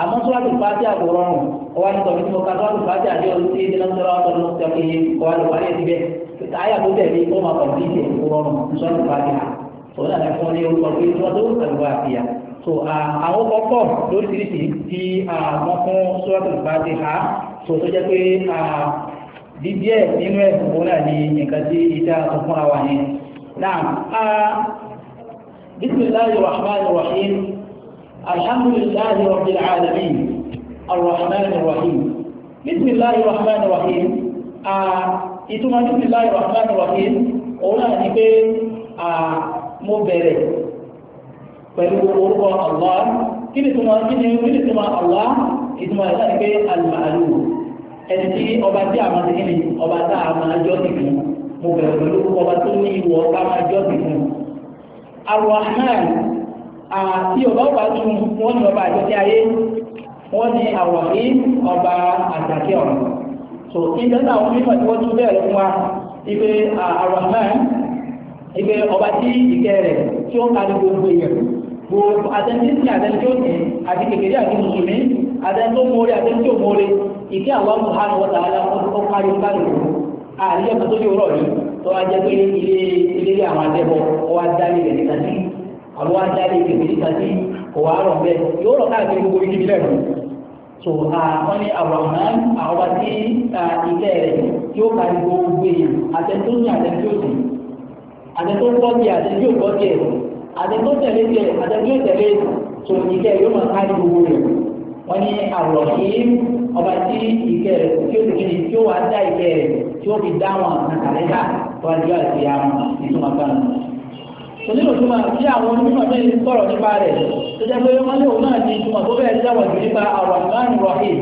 àmọ́ sọ́ọ̀tù bá dá kò rọrùn ọwọ́ ní tọ́jú tí mo ka sọ́ọ̀tù bá dá dé orí àyà tó tẹ̀lé kó máa pọ̀ sí ìṣe ìkó rọrùn sọ́ọ̀tù fàdíhà tó náà lẹ́kọ́ ní orúkọ pé sọ́ọ̀tù àlùbọ̀ àfihà tó àwọn kọ́kọ́ lóríṣiríṣi tí wọ́n fún sọ́ọ̀tù fàdíhà tó tó jẹ́ pé dídíẹ̀ nínú ẹ̀ òun náà ni nǹkan tí ìdá tó fúnra wà yẹn. náà ah, bisimilahi rahman rahim alhamdulilahi rabbil alamin arrahman rahim bisimilahi rahman rahim. Ah, ìtumọ̀ títí láì rahman rahim òun náà ni pé mo bẹ̀rẹ̀ pẹ̀lú orúkọ Allah kí ni ìtumọ̀ kí ni kí ni ìtumọ̀ Allah ìtumọ̀ ẹ̀ láti pé alùmọ̀lù ẹni tí ọba tí a máa ti ọba tá a máa jọ́ sí mo bẹ̀rẹ̀ pẹ̀lú ọba tó ní ìwọ ká máa jọ́ sí fún alùmọ̀lù àti ọba ọba tún wọ́n ní ọba àjọṣe ayé wọ́n ní àwọ̀ yìí ọba àtàkẹ́ ọ̀rọ̀ so ìgbẹ́ náà wọ́n mímọ̀ tí wọ́n tún bẹ́ẹ̀ fún wa ipe Ar-Rahman ipe ọba tí ìkẹ́ rẹ̀ tí ó kárí gbogbo èèyàn gbogbo àtẹnudísìn àtẹnudíòsìn àti kékeré àti mùsùlùmí àtẹnudómọ́ọ́rẹ́ àtẹnudíòmọ́ọ́rẹ́ ìkẹ́ àwọn Subhanahu wa ta'ala ó kárí ó kárí gbogbo àríyá kan tó yọ ọ̀rọ̀ yìí tó wá jẹ́ pé ilé ilé àwọn àtẹ̀bọ̀ ó wá dálé rẹ̀ níta sí àbó wá dálé kékeré níta sí kò wá rọ̀ bẹ́ẹ̀ yóò rọ̀ káàkiri gbogbo ibi lẹ́nu so uh, wọ́n ní Ar-Rahman àwọn tí uh, ilé rẹ̀ yóò ka gbogbo èèyàn àtẹ̀tọ́ ní àtẹ̀tọ́ sí àtẹ̀tọ́ kọ́ tiẹ̀ àtẹ̀tọ́ kọ́ tiẹ̀ àtẹ̀tọ́ tẹ̀lé tiẹ̀ àtẹ̀tọ́ tẹ̀lé so ilé yóò máa ká gbogbo rẹ̀ wọ́n ní Ar-Rahim ọba tí ilé rẹ̀ tí ó tẹ̀lé tí ó wà dá ilé rẹ̀ tí ó fi dá wọn àtàlẹ́ náà wọ́n á àti àwọn ìtumọ̀ kan tòní ló túmọ̀ sí àwọn onímọ̀ bẹ́ẹ̀ ń sọ̀rọ̀ nípa rẹ̀ tó jẹ́ pé wọ́n lé òun náà ti túmọ̀ tó bẹ́ẹ̀ jáwọ̀ jù nípa Ar-Rahman Rahim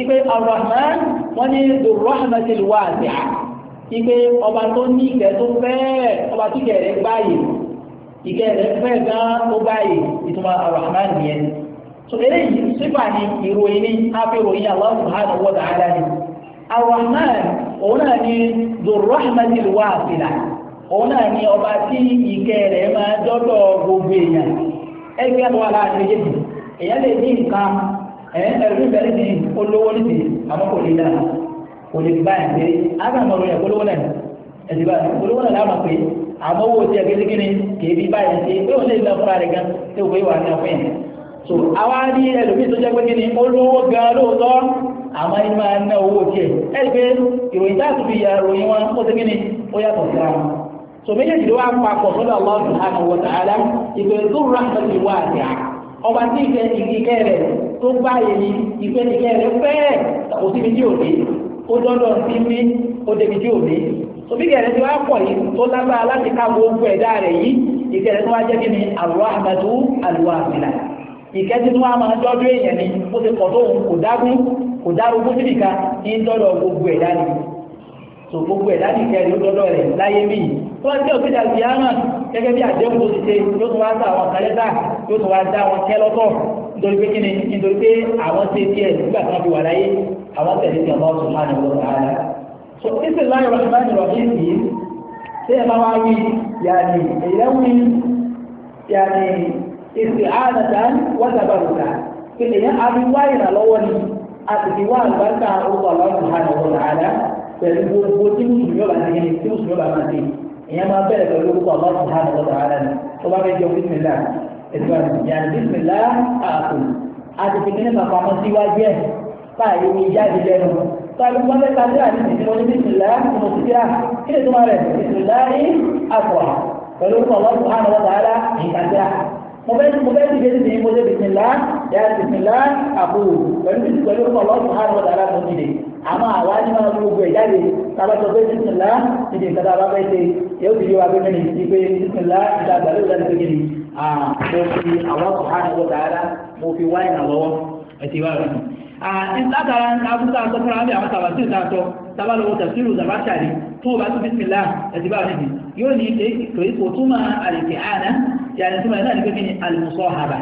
ipe Ar-Rahman wọ́n ní Ar-Rahmatil Wasi'a ipe ọba tó ní ìkẹ́ tó fẹ́ẹ̀ ọba tó kẹ̀ rẹ̀ gbáyè ìkẹ́ rẹ̀ fẹ́ gan ó gbáyè ìtumọ̀ Ar-Rahman nìyẹn tó eléyìí sífà ni ìròyìn ní afẹ́ròyìn Allah subhanahu wa ta'ala ni ar òun náà ní Ar-Rahmatil Wasi'a òun náà ni ọba tí ìkẹ́ rẹ̀ máa dọ́dọ̀ gbogbo èèyàn ẹgbẹ́ àbọ̀ ara rẹ̀ èèyàn lè ní nǹkan ẹ̀rú bẹ̀rẹ̀ ní olówó àmọ́ kò lè kò lè ẹ̀ pé rẹ̀ náà bá náà pé àmọ́ owó tí a gbé báyìí ṣe pé òun lè lọ fúnra rẹ̀ gan tí òwe wà ní ọ̀fẹ́ yẹn so àwa ní ẹlòmíì tó jẹ́ pé kí ni olówó gan lóòótọ́ àmọ́ ní máa ná owó tiẹ̀ ẹ̀ pé ìròyìn táàtù fi yà sòméjèèjì ló wá papọ̀ lọ́dọ̀ Allah subhanahu wa ta'ala ìbẹ̀rẹ̀ tó rà lọ́dọ̀ ìwà àti à ọba tí ìfẹ́ ìkẹ́ rẹ̀ tó bá yẹni ìfẹ́ ìkẹ́ rẹ̀ fẹ́ẹ̀ kò síbi tí ò dé ó dọ́dọ̀ sí mi ó débi tí ò dé sòméjèèjì rẹ̀ ti wá pọ̀ yìí tó lágbára láti ká gbogbo ẹ̀dá rẹ̀ yìí ìkẹ́ rẹ̀ tó wá jẹ́ kí ni àlùwà àgbàdo àlùwà àfìlà ìkẹ́ tí wọ́n máa dọ́dọ̀ èèyàn ni ó ti pọ̀ tóun kò dágún kò dárúgbó síbìkan ní dọ́dọ̀ gbogbo ẹ̀dá ni so gbogbo ẹ̀dá nìkẹ́ rẹ̀ ó dọ́dọ̀ rẹ̀ láyé bíi tó bá jẹ́ òkèjà ìyáàmà gẹ́gẹ́ bí àdéhùn tó ti ṣe yóò tún wá dá àwọn kàlẹ́dà yóò tún wá dá àwọn kẹ́lọ́tọ̀ nítorí pé kíni nítorí pé àwọn ṣe díẹ̀ nígbà tí wọ́n fi wà láyé àwọn tẹ̀lé ti ọmọ ọ̀sùn máa ní wọ́n sàn án. so ìsìn láyọ̀ rahman rahim yìí ṣé ẹ máa wá wí yàní èyí wí yàní ìsìn àádọ́ta wọ́n sábàlùkà pé èyí á fi wá ìrànlọ́wọ́ ni a sì fi wá àlùbáṣà orúkọ ọlọ́run ìyẹn máa bẹ̀rẹ̀ pẹ̀lú orúkọ Allah subhanahu wa ta'ala ni tó bá fẹ́ jẹ bísímìlá ẹ̀dùn àyàn bísímìlá ààtò àti pèkínní bàbá mọ́ síwájú ẹ̀ báyìí omi jáde lẹ́nu báyìí wọ́n fẹ́ ta síra ní ìdíwọ́n ní bísímìlá mo ti síra kí ni tó máa rẹ̀ bísímìlá ní àpò pẹ̀lú orúkọ Allah subhanahu wa ta'ala ìkàtà mo fẹ́ ti yàtì nílá àbúrò pẹ̀lú pẹ̀lú ọlọ́run hàn wọ́n dára mọ́ nílé àmọ́ àwa ni máa gbogbo ẹ̀ jáde tábà sọ pé nílá nílé nǹkan tá a bá fẹ́ ṣe yóò ti yé wa pé mẹ́ni ti pé nílá ìlà àgbàlẹ́ ìlà ti kéde mo fi àwọn hàn wọ́n dára mo fi wáyé nà lọ́wọ́ ẹ̀ ti wá rẹ̀. látara abúlé àtọ́ fúnra wọn bí àwọn tàbá sí ìtàtọ́ tábà lọ́wọ́ tẹ̀síìrù zàbáṣàrí tó o bá tún bísímìlá ẹ̀ bá rẹ̀ yóò ní kò túmọ̀ àlèkè àná yàrá ìtumọ̀ ẹ̀ náà ní pé kí ni àlùmùsọ̀ àbà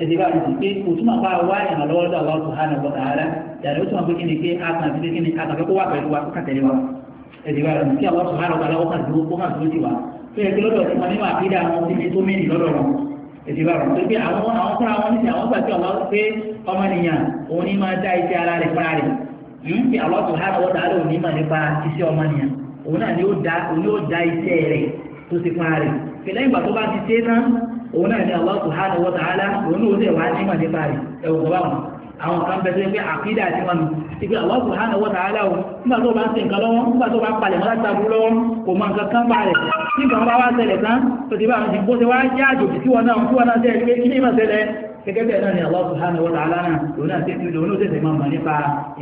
ẹsẹ̀ bá ti pé òtúmọ̀ bá wá ìrànlọ́wọ́ lọ́dọ̀ àwọn ọ̀túnhánà ọ̀gbọ̀n tààrà yàtọ̀ òtúmọ̀ pé kíni pé akàn àti kíni akàn fẹ́ kó wà pẹ̀lú wa kó kà tẹ̀lé wa ẹsẹ̀ bá ti pé àwọn ọ̀túnhánà ọ̀gbọ̀n aláwọ̀ kan dúró kó má dúró ti wa pé ẹgbẹ́ lọ́dọ̀ tí wọ́n ní wàá fídà àwọn ti tó mí lọ́dọ̀ wọn ẹsẹ̀ bá ti pé àwọn àwọn fúnra wọn níṣẹ́ àwọn gbàtí ọ̀la pé ọmọ nìyàn òun ní máa dá iṣẹ́ ara rẹ̀ fúnra rẹ̀ yìí pé àwọn ọ̀túnhánà ọ̀gbọ̀n tààrà òun náà ni Allah subhanahu wa ta'ala òun náà ó sì wá nímọ̀ nípa rẹ̀ ẹ̀wọ̀n kọ́ báwọn àwọn kan bẹ sẹ́yìn pé àkídà àti wọn ìgbé Allah subhanahu wa ta'ala o nígbà tó bá ń ṣe nǹkan lọ́wọ́ nígbà tó bá palẹ̀ mọ́lá tabu lọ́wọ́ kò mọ nǹkan kan balẹ̀ tí nǹkan bá wá ṣẹlẹ̀ tán tó ti bá àwọn ìdìbò ṣe wá jẹ́ àjòjì tí wọn náà tí wọn náà ṣe kí ní ìmọ̀ ṣẹlẹ̀ gẹ́gẹ́ bẹ́ẹ̀ náà ni Allah subhanahu wa ta'ala náà lòun náà ṣe lòun náà ṣẹ̀ṣẹ̀ máa mọ̀ nípa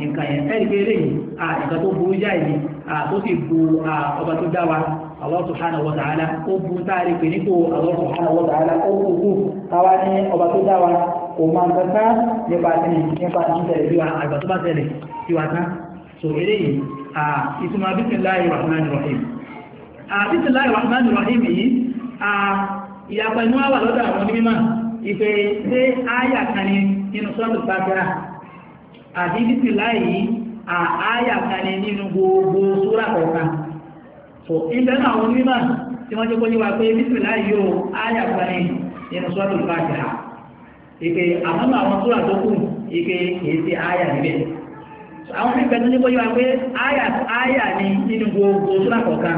nǹkan yẹn ẹ̀rí pé eléyìí burú jáì ni tó bu ọba tó dá wa Allah subhanahu wa ta'ala ó bu táàrí pé nípò Allah subhanahu wa ta'ala ó kú kú káwá ní ọba tó dá wa kò máa ń kankan nípa ní nípa ní tẹ̀lé bí wa àgbà tó bá tẹ̀lé bí wa tán so eléyìí à ìtumọ̀ bismillahi rahman rahim à bismillahi rahman rahim yìí à ìyàpọ̀ inú wà lọ́dọ̀ àwọn onímọ̀ ìpè ṣé áyà kan ní nínú sọ́ọ̀tù pàtàkì àti bismillahi yìí à áyà kan ní nínú gbogbo súrà kọ̀ọ̀kan tó ibẹ̀ náà àwọn mímọ̀ tí wọ́n jẹ́ kó yíwa pé bísímìlá yìí ó áyà gbani nínú sọ́ọ́dù fàájà ìpè àmọ́ àwọn sóra tó kù ìpè kìí ṣe áyà níbẹ̀ àwọn mímọ̀ tó jẹ́ kó yíwa pé áyà áyà ni nínú gbogbo sóra kọ̀ọ̀kan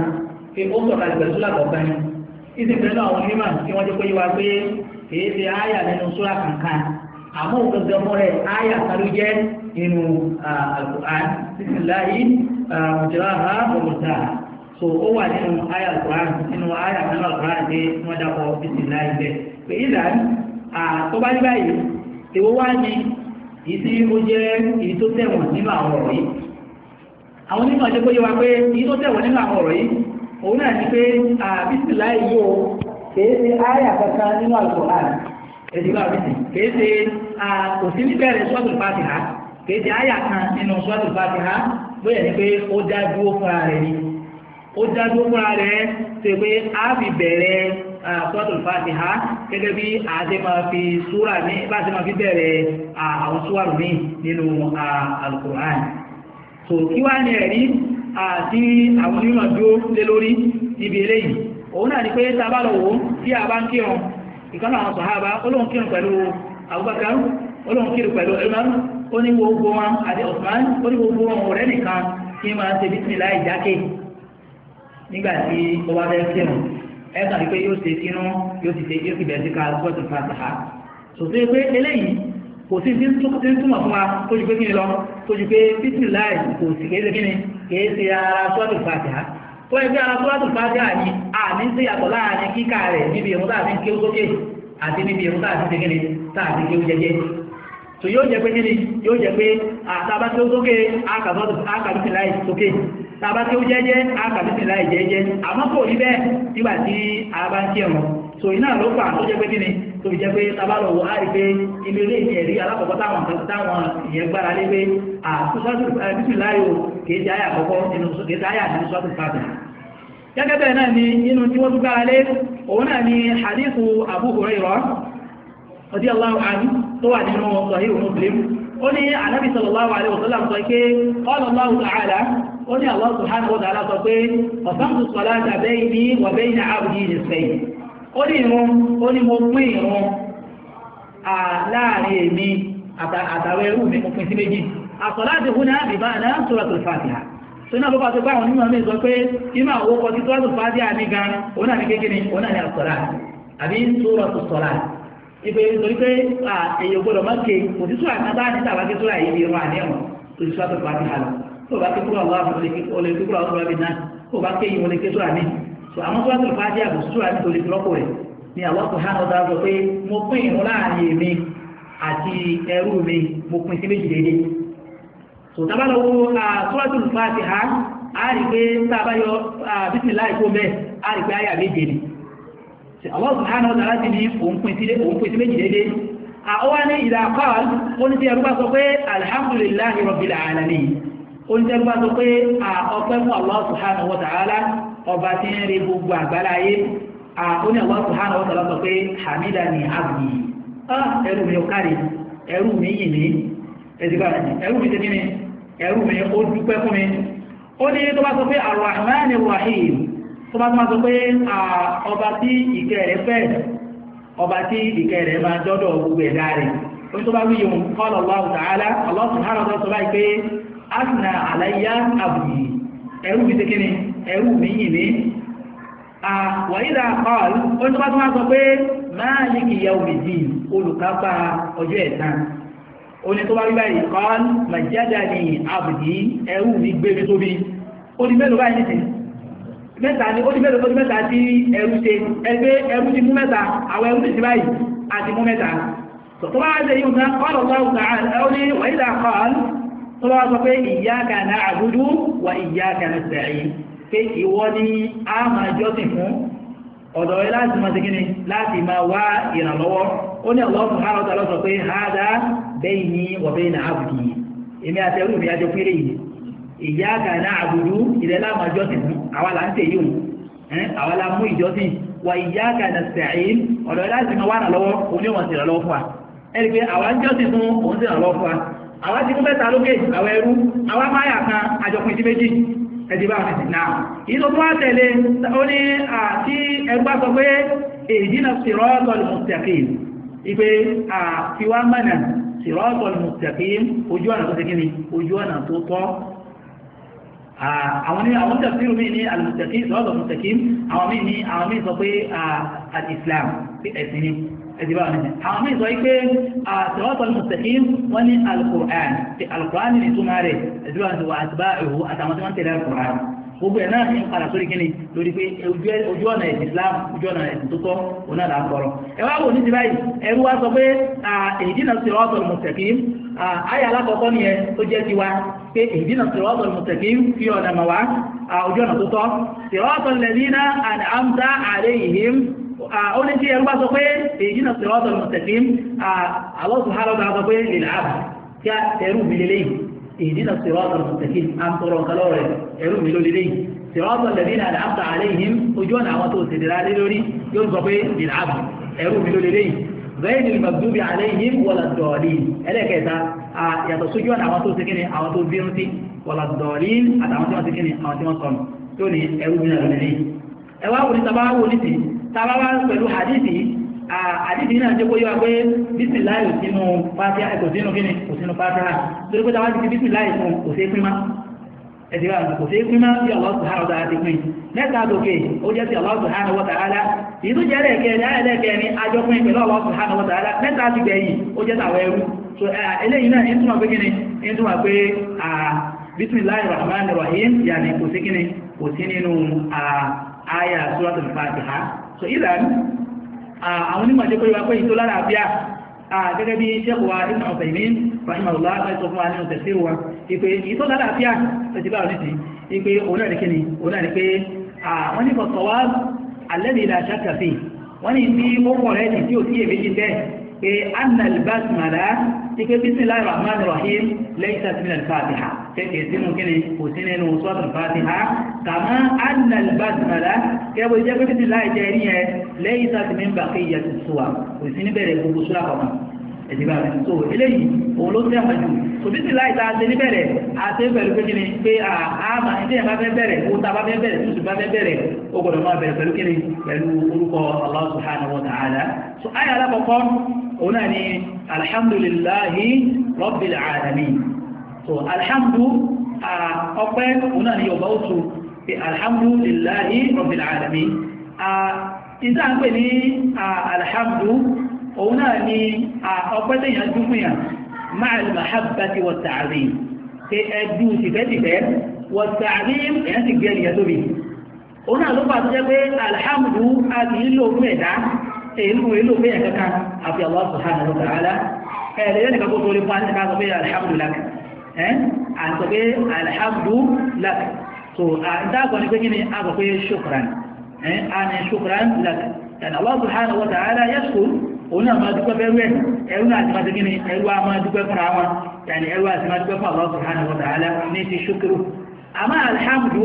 pé ó sọ̀rọ̀ àgbẹ̀ sóra kọ̀ọ̀kan ni ìsìnkú náà àwọn mímọ̀ tí wọ́n jẹ́ kó yíwa pé kìí ṣe áyà nínú sóra kankan àmọ́ òkèkè ọmọ rẹ̀ so ó wà nínú àyà alukur'an nínú àyà nínú dàpọ̀ bẹ́ẹ̀ pé báyìí wá ní tí ó jẹ́ èyí tó tẹ̀wọ̀n nínú àwọn ọ̀rọ̀ yìí àwọn onímọ̀ ṣe kó yẹ wa pé èyí tó tẹ̀wọ̀n nínú àwọn ọ̀rọ̀ yìí òun náà ni pé bisimilayi yóò kèé ṣe àyà kankan nínú alukur'an ẹ̀sìn bá bìsì kèé ṣe òsì níbẹ̀rẹ̀ sọ́ọ̀tù fàtìhà kèé ṣe àyà kan nínú sọ́ọ̀tù fàtìhà bóyá o pé ó dá dúró fúnra rẹ̀ ó dájú múra rẹ̀ ṣe pé a fi bẹ̀rẹ̀ sọ́tò fàtìhá gẹ́gẹ́ bí a ti máa fi súra ní bá a ti máa fi bẹ̀rẹ̀ àwọn míì nínú so kí wá ní ẹ̀rí àti àwọn onímọ̀ dúró lé lórí ibi eléyìí òun náà ni pé tá a bá lọ wò ó a bá ń kírun ìkànnì àwọn sàhábà ó kírun pẹ̀lú Abubakar nígbà tí ó bá fẹ́ sẹ́wọ̀n ẹ kàn ní pé yóò ṣe sínú yóò ti ṣe yóò ti bẹ̀rẹ̀ sí ká sọ́ọ̀tì fàtì ha sòtú pé eléyìí kò sí ti ń túmọ̀ fún wa tó ju pé kí ni lọ tó ju pé títí láì kò sí kéé ṣe kí ni kéé ṣe ara sọ́ọ̀tì fàtì ha tó yẹ pé ara sọ́ọ̀tì fàtì ha ni àmì ń ṣe yàtọ̀ láàrin kíkà rẹ̀ níbi ìrún tá a fi ń kéwú sókè àti níbi ìrún tá a fi ṣe kí ni tá a fi kéwú jẹ́jẹ́ tó yóò jẹ pé kí ni yóò jẹ pé àtàbà tó sókè tàbá tí ó jẹ́jẹ́ àkàtúntì láì jẹ́jẹ́ àmọ́ kò rí bẹ́ẹ̀ nígbà tí a bá ń kírun so iná ló fà tó jẹ́ pé kí ni tó fi jẹ́ pé tàbá lọ wọ àrí pé ilé ilé ìyẹn rí alákọ̀ọ́kọ́ táwọn kan táwọn ìyẹn gbára lé pé o kì í àyà àkọ́kọ́ nínú kì í àyà fàtì. gẹ́gẹ́ bẹ́ẹ̀ náà ni inú tí wọ́n ó ní Allah subhanahu wa ta'ala sọ pé ọ̀sán tó sọ̀lá tàbẹ́ ibi wọ̀bẹ́ iná àbùdí ìrìnsẹ̀ ó ní irun ó ní mo pín irun láàrin èmi àtàwọn ẹrú mi mo sí méjì àsọ̀lá ti hún náà tó onímọ̀ mi sọ pé ìmọ̀ àwọn ọkọ̀ mi gan òun náà ní kékeré òun náà ní àsọ̀lá àbí sọ̀lá ìpè tó o bá ké kúrò àwọn àbúrò olè ké kúrò àwọn àbúrò náà tó o bá ké yìí olè ké sóra mi tó àwọn sóra tó lè fàájì àbò sóra mi tó lè tọ́kọ̀ rẹ̀ ni àwọn kò hàn ọ́dà sọ pé mo pín ìrún láàrin èmi àti ẹrú mi mo pín sí méjì dédé tó tábà lọ wo sóra tó lè fàájì hàn á rí pé tá a bá yọ bísímìlá ìkó mẹ́ á rí pé àyà méje ni àwọn kò hàn ọ́dà láti ní òun pín sí méjì dédé àwọn ìdàkọ́ ó ní ti sọ pé alhamdulillahi rabbil alamin oníṣẹ́gbà tó pé ọpẹ́ fún Allah subhanahu wa ta'ala ọba tí ń rí gbogbo àgbáláyé àkóní Allah subhanahu wa ta'ala sọ pé hamida ni abdi ẹrù mi ò kárí ẹrù mi yìí ní ẹ̀dìgbà ẹrù mi tẹ́kí ni ẹrù mi ó dúpẹ́ fún mi ó ní tó bá sọ pé arrahmani rahim tó bá sọ pé ọba tí ìkẹ́ rẹ̀ fẹ́ ọba tí ìkẹ́ rẹ̀ máa dọ́dọ̀ gbogbo ẹ̀dá rẹ̀ ó ní tó bá wíyùn qala asìnà àlàyé àbùyí ẹ̀rù mi tẹ́kẹ́ ni ẹ̀rù mi yìí ni àwàyílà paul ó ní wọ́n tó máa sọ pé máa ní kí ìyá omi dì olùkápá ọjọ́ ẹ̀san ó ní tó bá rí báyìí paul màjáda ni àbùyí ẹ̀rù mi gbé mi tóbi ó ní mélòó báyìí nìsín mẹ́ta ni ó ní mélòó tóbi mẹ́ta tí ẹ̀rù ṣe ẹgbẹ́ ẹ̀rù ti mú mẹ́ta àwọn ẹ̀rù ti báyìí àti mú mẹ́ta tó bá rí báyìí nǹkan tó bá sọ pé iyyaka na'budu wa iyyaka nasta'in pé ìwọ ni a máa jọ́sìn fún ọ̀dọ̀ rẹ láti máa segin ni láti máa wá ìrànlọ́wọ́ ó ní Allah subhanahu wa ta'ala sọ pé hadha bayni wa bayna 'abdi èmi àti ẹrú mi àjọ péré yìí iyyaka na'budu ilẹ̀ láàmà jọ́sìn fún àwa là ń tè yìí o àwa la mú ìjọ́sìn wa iyyaka nasta'in ọ̀dọ̀ rẹ láti máa wá ìrànlọ́wọ́ òun ni wọ́n ti rànlọ́wọ́ fún wa ẹni àwọn ti mú mẹ́ta lókè àwọn ẹrú àwọn máyà kan àjọpin sí méjì ẹ̀dìbà náà ìlú fún àtẹ̀lé ó ní àti ẹgbà sọ pé èdínà sírọ́ọ̀tọ̀lù mustaqim ìpé àtiwá mẹ́nà sírọ́ọ̀tọ̀lù mustaqim ojú ọ̀nà tó tẹ́kíní ojú ọ̀nà tó tọ́ àwọn ní àwọn tẹ̀síru mí ní al-mustaqim sírọ́ọ̀tọ̀lù mustaqim àwọn mí ní àwọn mí sọ pé al-Islam ẹ̀sìn ni ẹ̀dìbà ni àwọn míì sọ pé àtẹ̀wọ́tọ̀ mustaqim wọ́n ní alukur'an ti alukur'an ní túmọ̀ rẹ̀ ẹ̀dìbà ni wà àtìbá ìhù àtàwọn tí wọ́n tẹ̀lé alukur'an gbogbo ẹ̀ náà ń padà sórí kíni lórí pé ojú ọ̀nà ẹ̀sìn Islam ojú ọ̀nà ẹ̀sìn tó tọ́ òun náà là ń ẹ wá wò ní ti báyìí ẹrú wa sọ pé ihdina siratal mustaqim ayé alákọ̀ọ́kọ́ nìyẹn tó jẹ́ tiwa pé ihdina siratal mustaqim fi ọ̀nà mà wá ojú ọ̀nà tó tọ́ siratal ladina an'amta alayhim Ah, ó ní tí ẹrú bá sọ pé èyí náà sọ̀rọ̀ ọ̀tọ̀ mustaqim àlọ́sù hálọ́ bá sọ pé lèlà àbù kí á ẹrú mi lélẹ́yìn èyí náà sọ̀rọ̀ ọ̀tọ̀ mustaqim à ń sọ̀rọ̀ nǹkan lọ́rọ̀ rẹ̀ ẹrú mi ló lélẹ́yìn sọ̀rọ̀ ọ̀tọ̀ lẹ́bí náà àbùtà àlẹ́yìn ojú ọ̀nà àwọn tó ṣe dèrà lé lórí yóò sọ pé lèlà àbù ẹrú mi lélẹ́yìn bẹ́ẹ̀ ni magdubi àlẹ́yìn wọ̀lá dọ̀ọ̀lì ẹlẹ́kẹta yàtọ̀ sójú ọ̀nà àwọn tó ṣe kíni àwọn tó bínú sí wọ̀lá dọ̀ọ̀lì àtàwọn tí wọ́n ṣe àwọn tí wọ́n sọnù tó ní ẹrú mi náà lọ ẹ wá wò ní sábà wò ní sí tàbá wá pẹ̀lú hadithi hadithi náà jẹ́ kó yọ pé bísíláì ò sínú fátíà kò sínú kíni kò sínú fátíà torí pé tàbá ti fi bísíláì fún kò sí pín má kò sí pín bí Allah subhanahu wa ta'ala pín mẹ́ta ó jẹ́ sí jẹ́ pẹ̀lú mẹ́ta ti ó eléyìí náà ń túnmọ̀ pé kíni ń túnmọ̀ pé so ìlànà uh, àwọn onímọ̀ jẹ́ pé wá pé ìtò lára àbíà uh, gẹ́gẹ́ bí sẹ́kù wa nínú ọ̀sẹ̀ ìmí rahimahullah bá sọ fún wa nínú tẹ̀sí wa ìpè ìtò lára àbíà tẹ̀sí bá òní sí ìpè òun náà ní kíni òun náà ní pé àwọn ní kọ̀tọ̀ wá alẹ́ ní ìlà ṣàkàfì wọ́n ní ní ó pọ̀ rẹ̀ tí ò sí èméjì bẹ́ẹ̀ pé annalbasmala ike bisimilahi rahman rahim lẹ́yìn sàtìmílẹ̀ fàtìhà kẹ́kẹ́ sínú kíni kò sí nínú sọ́ọ̀tù fàtìhà kàmá anna albasimala kẹ́kẹ́ jẹ́ pé bisimilahi jẹ́ ẹni yẹn lẹ́yìn sàtìmílẹ̀ bàkẹ́yà ti sùwà kò sí níbẹ̀rẹ̀ gbogbo sùwà kọ̀ọ̀kan ẹ̀dìbà rẹ̀ so eléyìí òun ló tẹ́wọ̀n jù tòbítì láì ta ṣe níbẹ̀rẹ̀ àti pẹ̀lú pé kíni pé àmà ìdí ẹ̀ bá fẹ́ bẹ̀rẹ̀ kó ta bá fẹ́ bẹ̀rẹ̀ tó bá fẹ́ bẹ̀rẹ̀ ó gbọ́dọ̀ máa bẹ̀rẹ̀ pẹ̀lú kíni pẹ̀lú orúkọ Allah subhanahu wa ta'ala so ayé alákọ̀ọ́kọ́ òun náà ni alhamdulillahi rabbil alamin so alhamdu ọpẹ́ òun náà ni yorùbá ó tu pé alhamdulillahi rabbil alamin ìdá ń pè ní alhamdu òun náà ni ọpẹ́ tẹ̀yàn dúnmìyàn ma'al mahabbati wa ta'zim pé ẹdú tìfẹ́tìfẹ́ wa ta'zim èyàn ti gbé ẹnìyàn tóbi òun ló pàtó jẹ́ pé alhamdu a kì í lò fún ẹ̀dá èlú èlú pé yẹn kankan àfi Allah subhanahu wa ta'ala ẹ̀ lè yẹn nìkan kó sórí fún àti káàkó pé alhamdulillah ẹ̀ àti pé alhamdulillah so àdáàgbọ́ ni pé kí ni àgbà pé shukran ẹ̀ àni shukran lak yàtọ̀ Allah subhanahu wa ta'ala yashkur òun náà máa dúpẹ́ bẹ́rù ẹ̀ náà ti máa ti kí ni ẹ̀rú a máa dúpẹ́ fúnra wọn yàtọ̀ ẹ̀rú àti máa dúpẹ́ fún Allah subhanahu wa ta'ala ní ti shukru àmọ́ alhamdu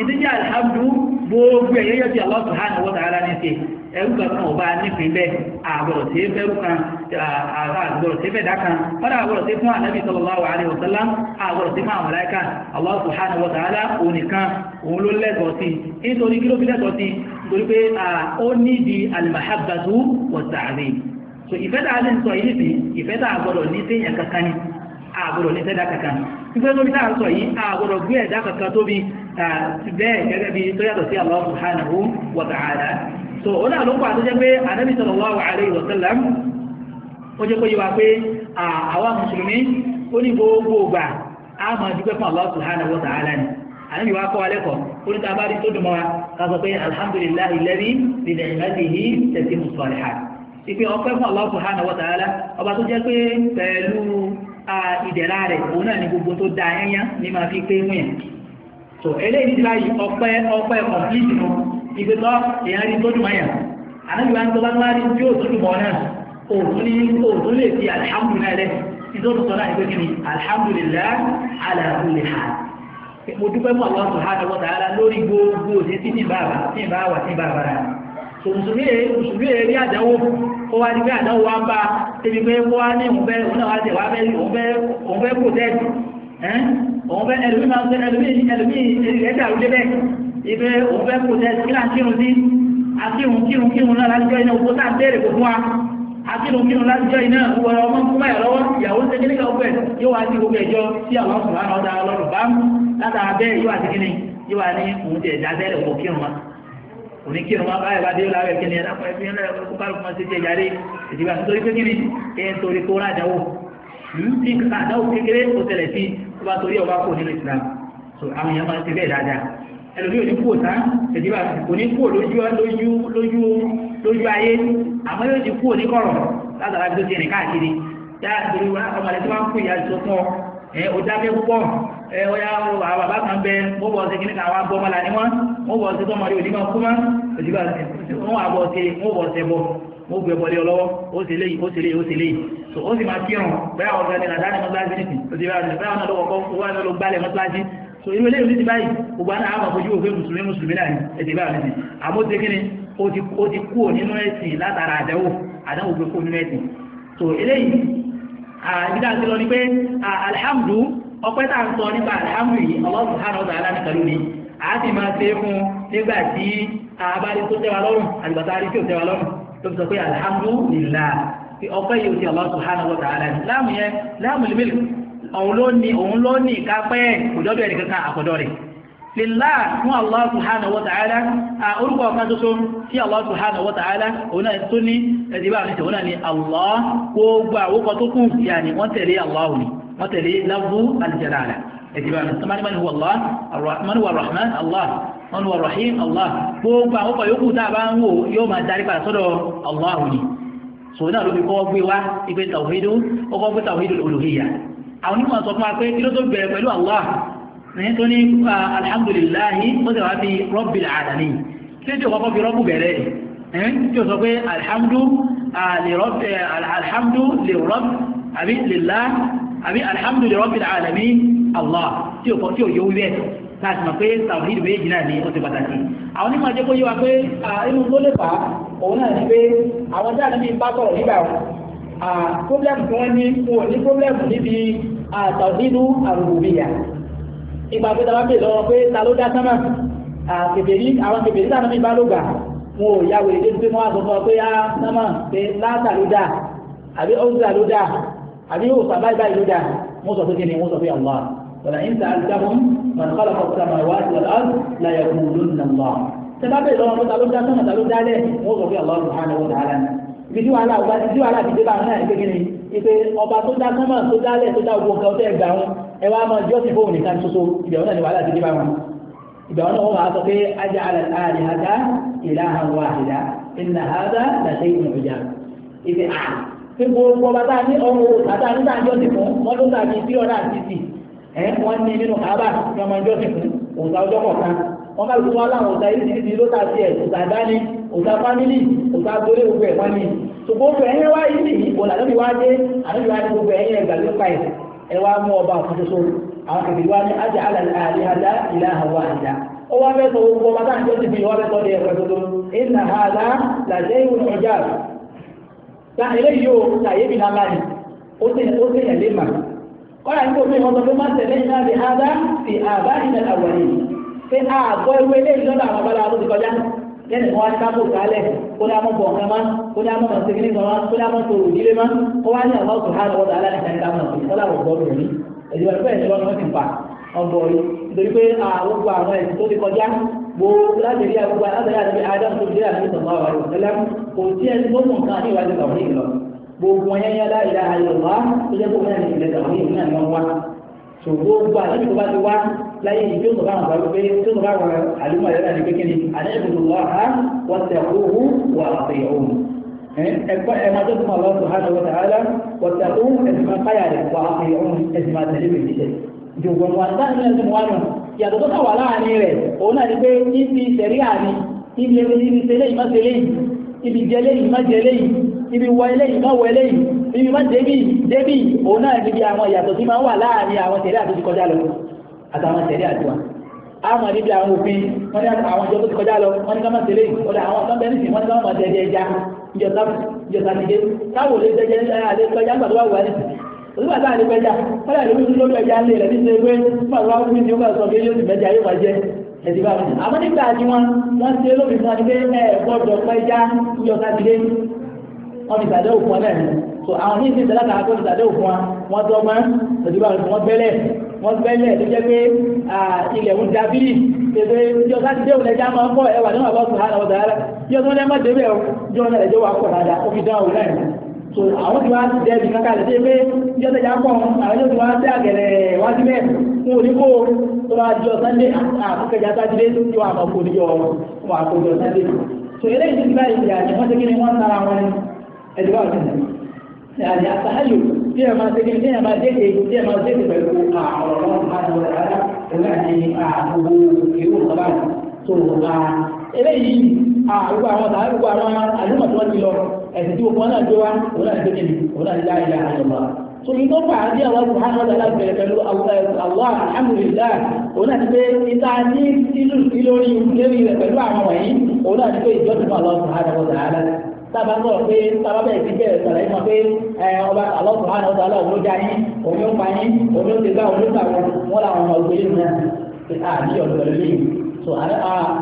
ìdíjẹ́ alhamdu gbogbo ẹ̀yẹ́ yọ sí Allah subhanahu wa ta'ala ní ṣe ẹrú kan kan ọba nípìn bẹ́ẹ̀ àgbọ̀rọ̀ tí ó fẹ́rú kan àgbọ̀rọ̀ tí ó fẹ́ dá kan fọ́nà àgbọ̀rọ̀ tí fún ànábì sallallahu alaihi wasallam àgbọ̀rọ̀ tí fún àwọn màláíkà Allah subhanahu wa ta'ala onìkan òun ló lẹ́tọ̀ọ́ sí nítorí kí ló fi lẹ́tọ̀ọ́ sí nítorí pé ó ní sí ẹ̀kankan ni àgbọ̀dọ̀ ní sẹ́dá kankan nígbà tó bí táà ń sọ yìí àgbọ̀dọ̀ gbé ẹ̀dá kankan tó bí bẹ́ẹ̀ gẹ́gẹ́ bí tó yàtọ̀ sí Allah subhanahu wa ta'ala so ó náà ló ń pa àtúnṣe pé anabi sallallahu alayhi wa sallam ó jẹ́ kó yé wa pé àwa mùsùlùmí ó ní gbogbo gbà á máa dúpẹ́ fún Allah subhanahu wa ta'ala ni ànábì wa kọ́ wa lẹ́kọ̀ọ́ ó ní tábà rí tó dùn mọ́ wa fún Allah subhanahu wa ọba tó jẹ́ pé pẹ̀lú ìdẹ̀ra rẹ̀ òun náà ni gbogbo tó da ẹyán ní máa fi pé wọ̀nyẹn tó eléyìí ti báyìí ọpẹ́ ọpẹ́ kọ̀m̀pìlìtì nù ìgbésọ èèyàn rí tó dùn mọ́yàn ànábi wa ń tọ́ bá wá rí tí yóò tó dùn mọ́ náà òun ní òun lè fi alihamudulilayi rẹ̀ nítorí sọ náà ní pé kí ni alihamudulilayi ala kulli hal mo dúpẹ́ mọ́ àwọn sọ̀hánà wọ́n tààrà lórí gbogbo òṣèṣì ní bàbá ní bàbá ní bàbá rẹ̀ tòmùsùmí ẹ mùsùlùmí ẹ rí àdáwó kó wá ní pé àdáwó wá bá ebi pé kó wá ní òun fẹ́ òun náà wá tẹ wá fẹ́ òun fẹ́ òun fẹ́ protect ẹn òun fẹ́ ẹlòmíì máa ń fẹ́ ẹlòmíì ẹlòmíì ẹlòmíì ẹdí àrùn débẹ̀ ibi òun fẹ́ protect kí náà kírun sí akírun kírun kírun náà láti jọ iná owó tá à ń bẹ̀rẹ̀ kó fún wa akírun kírun láti jọ iná wọ ọmọ kúmọ̀ ẹ̀ lọ́wọ́ ìyàwó ń segin nígbà ọgbẹ́ yóò wá sí gbogbo ẹjọ́ sí àwọn ọkùnrin àwọn ọ̀dà ọlọ́run bá látara oníkírun wa báyìí wádìí ọ̀la rẹ̀ kí ni ẹ̀dá fún ẹbí ẹ̀dá kó kálukú máa ṣe jẹ ìyáre ìdìbò àti torí pé kí ni ẹ̀ ń torí kó rà dáwò ní hmm? kíkà dáwò kékeré kó tẹ̀lẹ̀ sí tó bá torí ọba kò nínú Islam so àwọn èèyàn máa ń ṣe bẹ́ẹ̀ dáadáa ẹlòmíì òní kú òtá ìdìbò àti kò ní kú lójú lójú lójú ayé àmọ́ yóò ti kú òní kọ̀rọ̀ látara bí ó ti rìn káàkiri dáàbòrò wa ọmọdé tí wọn kú ìyá tó fún ọ ẹ ọjà bẹ púpọ̀ ẹ ọyà wọ́n bọ̀ ọ̀sẹ̀ tó máa rí òdìbò kú má òdìbò wọ́n wà bọ̀ ọ̀sẹ̀ wọ́n bọ̀ ọ̀sẹ̀ bọ̀ wọ́n gbé bọ̀lẹ́ ọlọ́wọ́ ó sì léyìí ó sì léyìí ó sì léyìí so ó sì máa kírun bẹ́ẹ̀ àwọn ọ̀gá ni nàdá ni mọ́tíláṣí nìsín òdìbò àti bẹ́ẹ̀ àwọn ọlọ́wọ́ kọ́ wọ́n lọ gbálẹ̀ mọ́tíláṣí so irú eléyìí ti báyìí gbogbo àwọn àwọn àfojú òfin mùsùlùmí mùsùlùmí náà ni ẹ̀dìbò àti nìsín àmóse kíni ó ti kú nínú ẹ̀sìn látara àdẹ́wò àdẹ́wò gbé kú nínú ẹ̀sìn so eléyìí àbídá ti lọ ni pé alhamdu ọpẹ́ tá à sọ nípa alhamdu yìí Allah subhanahu wa ta'ala ní kàlú a sì máa ṣe fún un nígbà tí abárí tó tẹ́ wa lọ́rùn àlùbọ̀tà arí tí ò tẹ́ wa lọ́rùn tó fi sọ pé alhamdulillah ọpẹ́ yìí ò ti Allah subhanahu wa ta'ala ni láàmù yẹn láàmù lèmi òun ló ní òun ló ní kápẹ́ òjọ́dọ̀ ẹ̀rí kankan àkọ́dọ̀ rẹ̀ lèlá fún Allah subhanahu wa ta'ala orúkọ ọ̀kan tuntun tí Allah subhanahu wa ta'ala òun náà tó ní ẹ̀dìbà àti òun náà ní Allah gbogbo àwòkọ tó kù yàní wọ́n tẹ̀lé Allah ni wọ́n tẹ̀lé lafzu al-jalala ẹ̀dìbà mọ́nìmọ́nì wọ allah mọ́nì wọ rahman allah mọ́nì wọ rahim allah gbogbo àwọn ọkọ̀ yòókù tá a bá ń wò yóò máa darí padà sọ́dọ̀ allah ni sòwò náà ló fi kọ́ gbé wá ipe tàwídó ó kọ́ gbé tàwídó olùhìyà àwọn onímọ̀ sọ fún wa pé kí ló tó bẹ̀rẹ̀ pẹ̀lú allah ní tó ní ah, alhamdulilahi ó sì wá fi rọ́bì àdàní kí ló tó kọ́kọ́ fi rọ́bù bẹ̀rẹ̀ ẹ̀ Allah tí ò kọ́ tí ò yọ wíwẹ́ láti mọ̀ pé tàwíìdì méjì náà ni ó ti pàtàkì àwọn onímọ̀ jẹ́ kó yé wa pé inú ló lè fà á òun náà ni pé àwọn tí àná bíi bá sọ̀rọ̀ nígbà wọn pọ́blẹ́mù tí wọ́n ní wọn ò ní pọ́blẹ́mù níbi tàwíìdù àrùbùbíyà ìgbà pé tàbá pè lọ́wọ́ pé ta ló dá sánmà kèbèrí àwọn kèbèrí tàbí bíi bá ló gbà wọn ò yá wèrè débi pé wọ́n á sọ fún ọ pé á sánmà pé látà ló dáa àbí ọ̀sà ló dáa àbí òòsà báyìí báyìí ló dáa wọ́n sọ pé kí ni wọ́n sọ pé àwọn ولئن سألتهم من خلق السماوات والأرض ليقولن الله sábàbí ìlọrin ọmọ tàló dá sọmọ tàló dá lẹ wọn sọ pé Allah subhanahu wa ta'ala ibi tí wàhálà ọba tí wàhálà ti dé bá wọn náà ní kékeré ipe ọba tó dá sọmọ tó dá lẹ tó dá gbogbo nǹkan tẹ gbà wọn ẹ wá máa jọ́sìn fóun nìkan ṣoṣo ibẹ̀ náà ní wàhálà ti dé bá wọn ibẹ̀ náà wọn wàá sọ pé aja'ala al-alihata ilahan wahida inna hadha la shay'un 'ujab ibi à pé gbogbo ọba tá a ní ọrùn ẹ̀ wọ́n ní nínú kábà ní ọmọ ẹjọ́ sì fún òòsà ọjọ́ kọ̀ọ̀kan wọ́n bá tún wá láwọn òòsà yìí ti ló ta tiẹ̀ òòsà dání òòsà fámìlì ụgbọ torí gbogbo ẹ̀ wọ́n ní ṣùgbọ́n wá yìí nìyí kò dé àlejò wá ní gbogbo ẹ̀gbà ló pa ẹ̀ wá mú ọba àwọn wá ní kọ́ra nígbà omi ìwọ́n sọ pé má tẹ̀lé iná lè ha dá sí àbá ilẹ̀ àwọ̀rẹ́ yìí pé àgọ́ ewé ilé ìjọba àwọn abala tó ti kọjá lẹ́nu kan wá ní kábò kálẹ̀ kó ní amọ̀ bọ̀ nǹkan má kó ní amọ̀ màsí kíní kan má kó ní amọ̀ tó rò nílé má kó wá ní àwọn ọ̀sùn ha lọ́wọ́ tààlà ní kàní kábò nàìjíríà kọ́lá wọ̀ gbọ́dọ̀ ní ẹ̀dùn ẹ̀fẹ́ ìṣọ́ ni wọ́n ti ń pa ọ̀bọ̀ yìí nítorí pé àwọn àwọn ẹ̀sìn tó ti kọjá gbogbo láti rí àgbà látàrí àti adam tó ti rí àti sọ̀rọ̀ àwọn àrùn tẹ́lẹ̀ kò sí ẹni tó mọ̀ nǹkan ní ìwádìí gbogbo wọn yẹn yálà ìlà àyọ̀wá tó jẹ́ gbogbo náà ní ìpìlẹ̀ tàwọn èèyàn náà ni wọ́n wá tó gbogbo àlejò bá ti wá láyé ìjọ tó bá wọn bá wípé tó tó bá wọn àlùmọ̀ yẹn láti kékeré àlejò tó wà á wọ́n tẹ̀ owó wà àtẹ̀yẹ̀ òun. ẹ̀kọ́ ẹ̀ máa tẹ́tù máa lọ́sọ̀ hàn lọ́wọ́ tààlà wọ́n tẹ̀ owó ẹ̀sìn máa káyà rẹ̀ wà àtẹ̀yẹ̀ òun ẹ̀sìn tẹ̀lé bèbí ibi wọ eléyìí má wọ eléyìí ibi má débì débì òun náà níbi àwọn ìyàtọ̀ tí máa ń wà láàrin àwọn tẹ̀lé àti ti kọjá lọ àtàwọn tẹ̀lé àti wa àmọ́ níbi àwọn òfin wọ́n ní àwọn ìjọ tó ti kọjá lọ wọ́n ní ká má tẹ̀lé ọ̀dà àwọn kan bẹ́ẹ̀ nìsín wọ́n ní ká má tẹ̀lé ẹja ìjọba nìgbé táwọn olè jẹjẹ alẹ́ kọjá nígbà tó wà wà nìsín òṣùpá táà lè pẹja wọ́n dà lórí lórí ẹja ńlẹ̀ rẹ̀ nítorí pé nígbà tó wà wọ́n ní ó bá sọ pé yóò sì mẹ́ja yóò máa jẹ ẹ̀sìn bá wọn. àmọ́ nígbà tí wọ́n wọ́n ṣe lóbi fún wa ní pé ẹ̀ gbọ́dọ̀ pẹja ìjọba nìgbé wọ́n fi sàdéhùn fún ọ náà ni so àwọn yìí ti sẹ́lá kan tó fi sàdéhùn fún wa wọ́n dọ́gbọ́n lọ́dúnbà rẹ̀ wọ́n bẹ́lẹ̀ wọ́n bẹ́lẹ̀ tó jẹ́ pé ilẹ̀ ń da bíi tètè yọ sáti déhùn lẹ́jà máa ń bọ̀ ẹwà níwọ̀n bá sùn hánà ọ̀dà rẹ̀ yọ tó lẹ́mọ̀ débẹ̀ o yọ náà lẹ́jọ́ wà pọ̀ dáadáa ó fi dán òun náà so àwọn tí wọ́n á ti dẹ́ ibi kankan lẹ́jẹ́ pé yọ tẹ̀jà pọ̀ àwọn yóò ti wá sí àgẹ̀rẹ̀ wá sí bẹ́ẹ̀ fún oníkó tó wá jọ Sunday àkókèjà sátidé tó ti wà àmọ́ kò níjọ wọn àkójọ Sunday so eléyìí ti báyìí ẹ̀dùbà ọ̀sẹ̀ àti àtàlù tí ẹ máa tẹ́kẹ́ tí ẹ máa tẹ́kẹ́ tí ẹ máa tẹ́kẹ́ pẹ̀lú àwọn ọ̀rọ̀ àwọn ọ̀rọ̀ ẹ̀rọ àti àgbogbo ìwò sábà tó a eléyìí àgbogbo àwọn tàbí gbogbo àwọn àdúgbò tó ti lọ ẹ̀sìn tí gbogbo náà gbé wa òun náà tẹ́kẹ́ ni òun náà yá ìyá àjọba so ìtọ́ fà á dé àwọn subhanahu wa ta'ala bẹ̀rẹ̀ pẹ̀lú àwọn alhamdulillah òun náà ti pé ìta ní sílùú sí lórí ìlú rẹ̀ pẹ̀lú àwọn wọ̀nyí òun náà ti pé ìjọ́sìn fún àwọn subhanahu wa ta'ala sábà ń sọ̀rọ̀ pé sábà bẹ̀rẹ̀ sí bẹ̀rẹ̀ sọ̀rọ̀ yìí mọ̀ pé ọba àlọ́sùn àná ọ̀dà ọlọ́run ló dá yín òun ló pa yín òun ló ti gbá òun ló gbà wọn wọn làwọn ọmọ ògbé yìí náà ṣe àbí ọ̀dọ̀ lórí so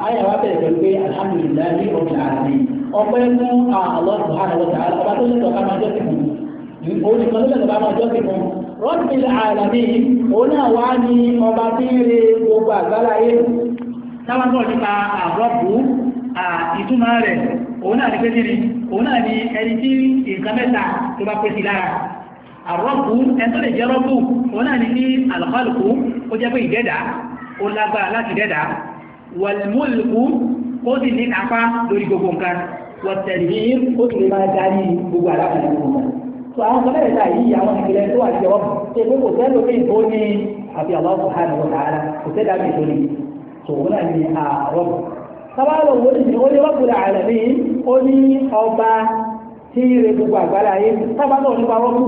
àyà wa bẹ̀rẹ̀ pẹ̀lú pé alhamdulilayi ọ̀gbìn àti ọpẹ́ fún àlọ́sùn àná ọ̀dà ọba tó lè sọ̀ká máa jọ́sìn fún òun nìkan ló lè sọ̀ká máa jọ́sìn fún rọ́bì àlàmì òun náà wá ní ọba tí ń re gbogbo àgbáláyé táwọn náà nípa àrọ́bù ìtumọ̀ rẹ̀ òun náà ní pé níbi òun náà ní ẹni tí nǹkan mẹ́ta tó bá pèsè lára àrọ́pù ẹni tó lè jẹ́ rọ́pù òun náà ní ní àlùkálùkù ó jẹ́ pé ìdẹ́dà ó lágbára láti dẹ́dà wàlmúlùkù ó sì ní apá lórí gbogbo nǹkan wọ̀tẹ̀lì ó sì máa darí gbogbo àlàkùnrin gbogbo tó àwọn kan mẹ́rin náà yìí àwọn ìpìlẹ̀ tó wà jọ ṣe pé kò sẹ́lò pé ìbò ní àbí àwọn ọkọ̀ tààrà kò sẹ́dá mi tó tòun náà ní àrọ́pù sábàlọ̀ wo ni ó ní rọ́pùlà àlàmì ó ní ọba tí ire gbogbo àgbára ayé sábàlọ̀ nípa rọ́pù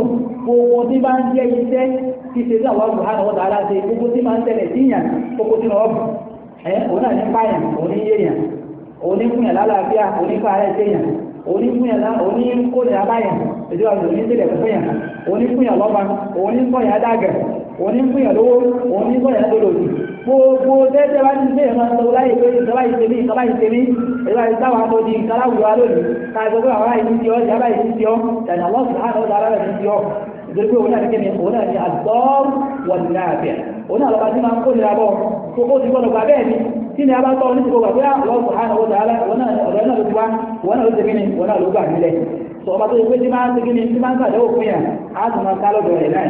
gbogbo tí bá ń jẹ́ iṣẹ́ tí ha sí àwọn ọ̀gbọ̀n àwọn ọ̀dà aláṣẹ gbogbo tí máa ń tẹ̀lẹ̀ gbogbo òun ní gbìyàn lówó òun ní gbìyàn lọ́dọ̀ òdì gbogbo tẹ́tẹ́ bá ti sèé máa ń sọ láyé pé ìjọba ìsèmí ìjọba ìsèmí ìjọba ìsáwà tó di nǹkan láwùjọ alóòdì káàtó pé àwọn àìsí ti ọ́ ìyá bá ìsí ti ọ́ ìyànà lọ́sù láàrín ọ̀dà alára ìsí ti ọ́ ìdórí pé òun náà kékeré òun náà ní àgbọ́ọ̀rù wọ̀n ní àbẹ̀ òun náà lọ́ba tí máa ń kó nira bọ̀ kókó ti gbọ́dọ̀ gbà bẹ́ẹ̀ ni kí ni a bá tọ́ ní ti gbogbo àbúrò àwọn ọ̀sán àwọn ọ̀dà alára wọn náà ọ̀dọ́ náà ló ti wá wọn náà ló ti kí ni wọn náà ló gbà nílẹ̀ sọ ọba tó yẹ pé tí máa ń segin ní tí máa ń sàdéhùn fún yà á tún máa ká lọ́dọ̀ rẹ̀ náà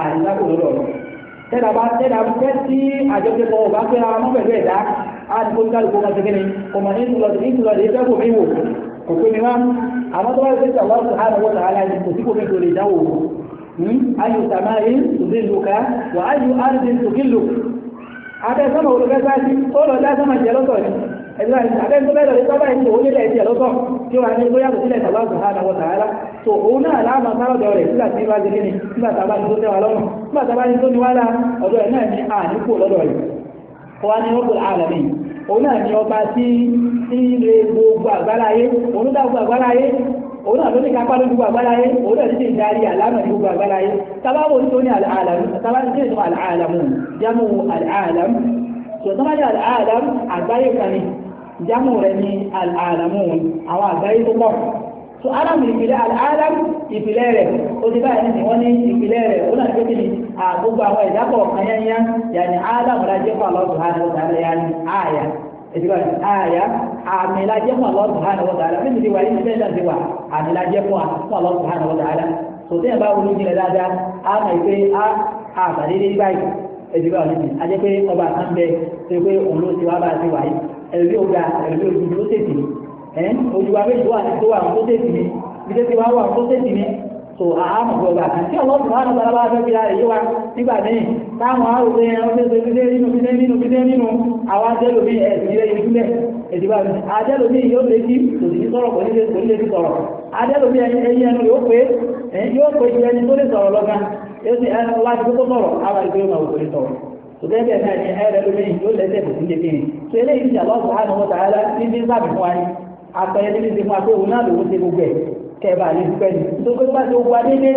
àìsá kò lọ́dọ̀ rẹ̀ tẹ́lá bá tẹ́lá fẹ́ tí àjọṣepọ̀ ọba fẹ́ra wọn pẹ̀lú ẹ̀dá á ti kó kálukú kan segin ní ọmọ ní ìtúlọ̀dì ní ìtúlọ̀dì ẹgbẹ́ kò mí wò kò pé mi wá àmọ́ tó bá yẹ pé tí àwọn ọ̀sán àwọn ọ̀sán aláìní kò sí kò mí tó lè dáwò ayu samari tuzilluka wa ayu ardi tuzilluka ẹ̀dùnà àbẹ́ntó bẹ́ẹ̀ lọ́dẹ sábà ń tòun nílẹ̀ ẹ̀dí ẹ̀lọ́tọ̀ tí wọ́n á ní tó yàtọ̀ sílẹ̀ tàbá ọ̀sán àwọn tààrà tó òun náà láàmà sárọ̀dọ̀ rẹ̀ nígbà tí wọ́n á jẹ́gẹ́ni nígbà tàbá ní tó tẹ́wà lọ́rùn nígbà tàbá ní tó ní wá láà ọ̀dọ̀ ẹ̀ náà ní àníkù lọ́dọ̀ rẹ̀ wọ́n á ní rọ́pùl àlàmì òun náà ní ọba tí ilé gbogbo àgbáláyé òun dá gbogbo àgbáláyé òun náà ló ní kápá lójú gbogbo àgbáláyé òun náà ti ṣe ìdarí àlámà ní gbogbo àgbáláyé tábàbò nítorí àlàmù tábàbò nítorí àlàmù jámù àlàmù ṣùgbọ́n tábàbò àlàmù àgbáyé kan ni jámù rẹ̀ ní àlàmù àwọn àgbáyé tó pọ̀ so alamu ìpìlẹ̀ alamu ìpìlẹ̀ rẹ̀ o ti báyìí ní wọ́n ní ìpìlẹ̀ rẹ̀ o náà tètè ní gbogbo àwọn ẹ̀dá kọ̀ọ̀kan yányá yàní alamu la jẹ́ fún alọ́dún hàn wọ́n dáadáa yàní àyà ètùbà ní àyà àmì la jẹ́ fún alọ́dún hàn wọ́n dáadáa fún mi ti wà ní ìpìlẹ̀ náà ti wà àmì la jẹ́ fún alọ́dún hàn wọ́n dáadáa so tẹ́yìn bá wọlé jìnnà dáadáa a mọ̀ pé àbàdé dé báyìí ètùbà ní ẹ̀rí ọ̀gá ẹ̀rí ojú tó tètè mi ẹ̀ ojú wa méjì wà tó wà tó tètè mi ibi tí wàá wà tó tètè mi tó àhámọ̀ gbọ̀gbà àti ọlọ́sùn wà lọ́sàrà bá fẹ́ fìlà rẹ̀ yé wa nígbà míì táwọn arúgbó yẹn ó fẹ́ fìdé nínú fìdé nínú fìdé nínú àwọn adẹ́lómi ẹ̀sìn ilé yìí dúlẹ̀ èdìbà mi adẹ́lómi yóò lé sí tòsí ní sọ̀rọ̀ kòní lè sí sọ̀rọ̀ adẹ́lómi ẹyin ẹnu yóò pé yóò pé ju ẹni tó lè sọ̀rọ̀ lọ́gán yóò sì ẹni láti kókó sọ̀rọ̀ àwọn ìgbéyàwó kò lè sọ̀rọ̀ òtẹ́tẹ̀ náà ni ẹ̀rẹ́ lómi yóò lẹ́sẹ̀ kò sí kékeré ṣe eléyìí ti Allah subhanahu wa ta'ala níbi ń sábì fún wa ni àpẹẹrẹ níbi ti fún wa pé òun náà lòun ṣe gbogbo ẹ̀ kẹba lè dúpẹ́ ni nítorí pé pàṣẹ ogun adédé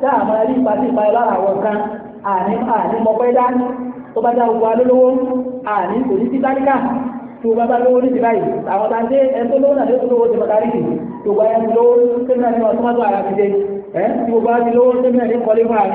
tá a máa rí ìpàṣípa ẹ lára àwọn kan àní àní mọ̀pẹ́ dá tó bá dá ogun alólówó àní kò ní sí táríkà tó bá bá lówó ní ti báyìí àwọn tá a dé dé ẹ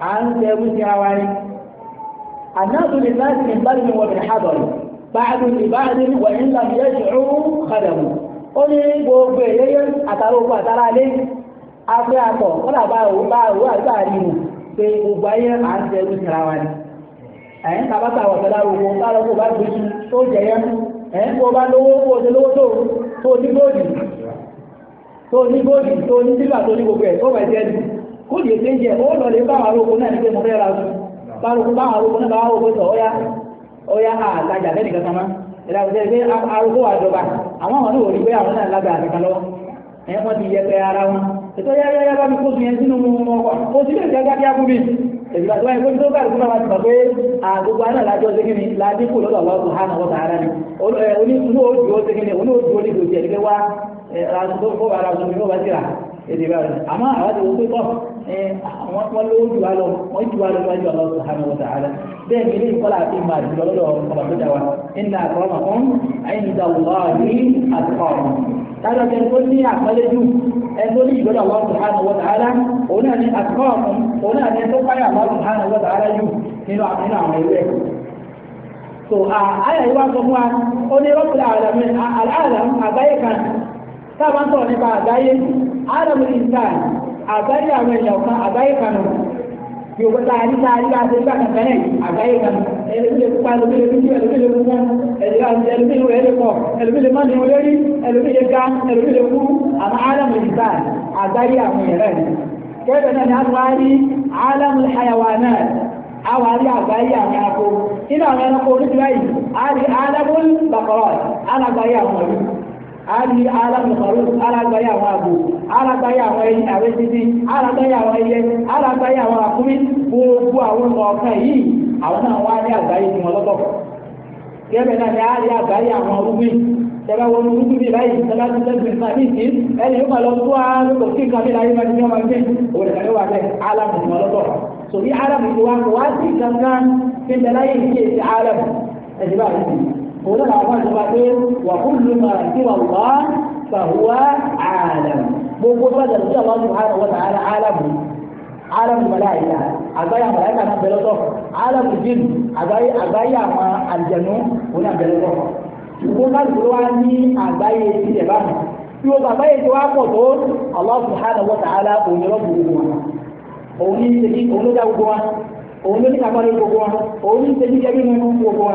à ń tẹ wíṣẹ awárí ànáàtò lè láti ní bá nínú wọ̀bìn hábọ̀rì báàdù ní báàdù ní wọ̀nyí ńlá mi yẹ́sì ọ̀hún kọ̀dàmù ó ní gbogbo èyẹ́yẹ́ àtàrà òkú àtàrà alẹ́ afẹ́ akọ̀ kọ́dà bá òun bá òun àgbà rí mu pé gbogbo ayé à ń tẹ wíṣẹ awárí ẹ̀yìn tabata wọ̀ tẹ́lá gbogbo kálọ̀ kó bá gbé tu tó jẹyẹ ẹ̀yìn kó bá lówó kó o ti lówó tó tó ní góòdì tó ní góòdì tó ní sílvà tó ní gbogbo ẹ̀ tó bẹ̀ jẹ́ dùn ó lè fẹ́ jẹ ó lọ lè bá àwọn aróko náà nígbà mo fẹ́ ra oṣù bá aróko bá aróko náà bá aróko sọ ọ̀yá ọ̀yá àtàjà lẹ́nu kankan má ìlà kò pé àwọn àwọn náà ò rí pé àwọn náà lágbà lọ ẹ̀ wọ́n ti ara wọn ètò bá mi kó yẹn sínú kú mi ìgbà èdè bá àmọ́ àwádìí wọ́n pé bọ́ àwọn wọn lówó lọ wọn ju wa lọ wájú Allah subhanahu wa ta'ala bẹ́ẹ̀ ni ilé ìkọ́lá àti ìmọ̀ àti lọ́lọ́ ọba tó dà wa inna akramakum inda Allahi atqakum. tájọ́ kẹ́ tó ní àpẹẹrẹ jù ẹ ní ìgbọ́dọ̀ Allah subhanahu wa ta'ala òun náà ní òun náà ní tó so àyà yìí wá sọ عالم الإنسان أبدا من لو كان أبدا كانوا يبقى تاني تاني عشان يبقى كمان أبدا كانوا اللي بيجي كمان اللي بيجي كمان اللي بيجي كمان اللي بيجي كمان اللي بيجي كمان اللي بيجي كمان اللي بيجي كمان اللي بيجي اللي بيجي كمان أما عالم الإنسان أبدا من يرد كيف أنا أقولي عالم الحيوانات أو هذه أبدا يعني أقول إذا أنا أقول لك أي أنا أبدا àárí alágbàrú alágbáyé àwọn àgbò alágbáyé àwọn ẹyẹ àwọn títí alágbáyé àwọn ẹyẹ alágbáyé àwọn àkúmí gbogbo àwọn ọ̀kan yìí àwọn náà wá ní àgbáyé tí wọn lọ́tọ̀ gẹ́gẹ́ náà ni àárí àgbáyé àwọn olúgbìn tẹ́lá wọn ní olúgbìn báyìí tẹ́lá ti tẹ́gbìn náà ní ẹni yóò máa lọ tó ní ọmọ wà wọn wá sí kankan fi yìí kí èsì òun náà wọ́n ti wá pé wà fún mi máa ti wà wá fàhùwà àlàm gbogbo tó bá jẹ sí àwọn ọdún àrùn wọn àrà àlàmù àlàmù màláìka àgbáyà màláìka náà bẹ̀rẹ̀ tọ̀ àlàmù jìn àgbáyà àwọn àlùjànnú òun náà bẹ̀rẹ̀ tọ̀ ṣùgbọ́n káàkiri wa ní àgbáyé tilẹ̀ báyìí tí o bàbá yìí ti wá pọ̀ tó Allah subhanahu wa ta'ala òun yọrọ gbogbo wa òun ní ìṣèjì òun ló dá wa òun ní kápá lórí gbogbo wa òun ní ìṣèjì jẹ́ mímú gbogbo wa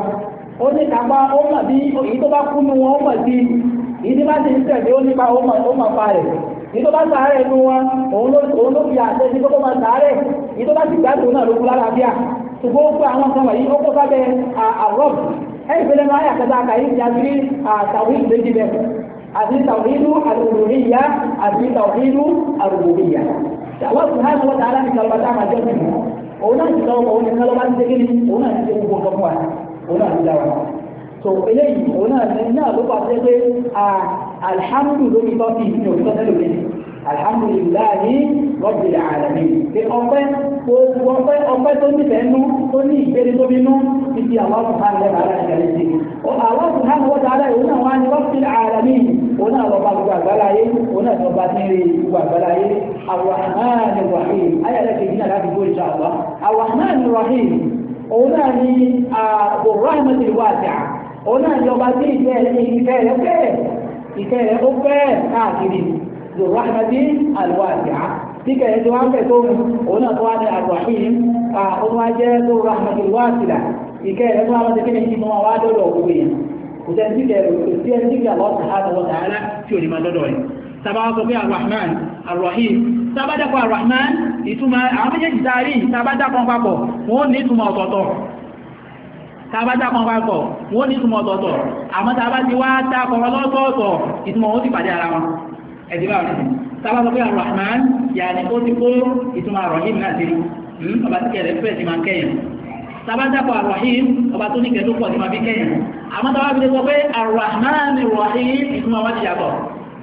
ó ní kápá ó mọ̀ bí èyí tó bá kú nu wọn ó mọ̀ sí i èyí tó bá ti ń tẹ̀lé ó nípa ó mọ̀ pa rẹ̀ èyí tó bá sàárẹ̀ nu wọn òun ló fi àṣẹ sí kókó máa sàárẹ̀ èyí tó bá sì gbádùn náà ló kú lára bíà ṣùgbọ́n ó pé àwọn kan wọ̀nyí ó kó sábẹ́ àrọ́bù ẹ̀yìn ìpínlẹ̀ máa yà kẹta àkàyè ti àti àtàwí ìdèjì bẹ̀ àti tàwílù àrùbùrìyà àti tàwílù àrùbùrìyà. àwọn sùnhàn wọn tààrà nìkan lọ́ba tá a máa jọ́ náà ti sọ òun náà ló dá wa so eléyìí òun náà ní náà ló bá jẹ́ pé alhamdu lórí tọ́sí ìpínlẹ̀ òun tọ́sí lórí alhamdulilayi rọ́bìlì àlàmì pé ọpẹ́ gbogbo ọpẹ́ ọpẹ́ tó nífẹ̀ẹ́ nú tó ní ìgbéni tó bí nú títí àwọn ọkùnrin lẹ́nu ara ìgbàlẹ̀ sí i àwọn ọkùnrin wọ́n dáadáa òun náà wá ní rọ́bìlì àlàmì òun náà lọ́ba gbogbo àgbáláyé òun náà lọ́ba tí ń rí gbogbo àgbáláyé àwọn àmàlẹ̀ wàhíì ayẹlẹ́ kejì náà láti gbó ìṣàlọ́ àwọn àmàlẹ̀ wàhíì òun náà ni àbòrò àìmọ̀tì wà òun náà ni ọba tí ìfẹ́ rẹ̀ ìfẹ́ rẹ̀ fẹ́ ìfẹ́ rẹ̀ ó fẹ́ káàkiri zòrò àìmọ̀tì àlùwà jà tíkẹ̀ ẹ̀ tí wọ́n fẹ́ tó òun náà tó wá ní wá jẹ́ ìfẹ́ rẹ̀ tó wá lọ́sẹ̀ wá dọ́dọ̀ yẹn kò kò ìtumọ̀ àwọn méjèèjì tààrí tàbájápọ̀ papọ̀ wọ́n ní ìtumọ̀ ọ̀tọ̀ọ̀tọ̀ tàbájápọ̀ papọ̀ wọ́n ní ìtumọ̀ ọ̀tọ̀ọ̀tọ̀ àmọ́ tàbá ti wá dápọ̀ lọ́tọ̀ọ̀tọ̀ ìtumọ̀ ó ti pàdé ara wọn ẹ̀dìbà rẹ̀ tàbá sọ pé Ar-Rahman yà ní ó ti kó ìtumọ̀ Ar-Rahim náà sí hmm, ọba tí kẹrẹ fẹ́ ti máa kẹyìn tàbájápọ̀ Ar-Rahim ọba tó ní kẹtù pọ̀ ti máa bí kẹyìn àmọ́ tàbá pé Ar-Rahman Ar-Rahim ìtumọ̀ wọn yàtọ̀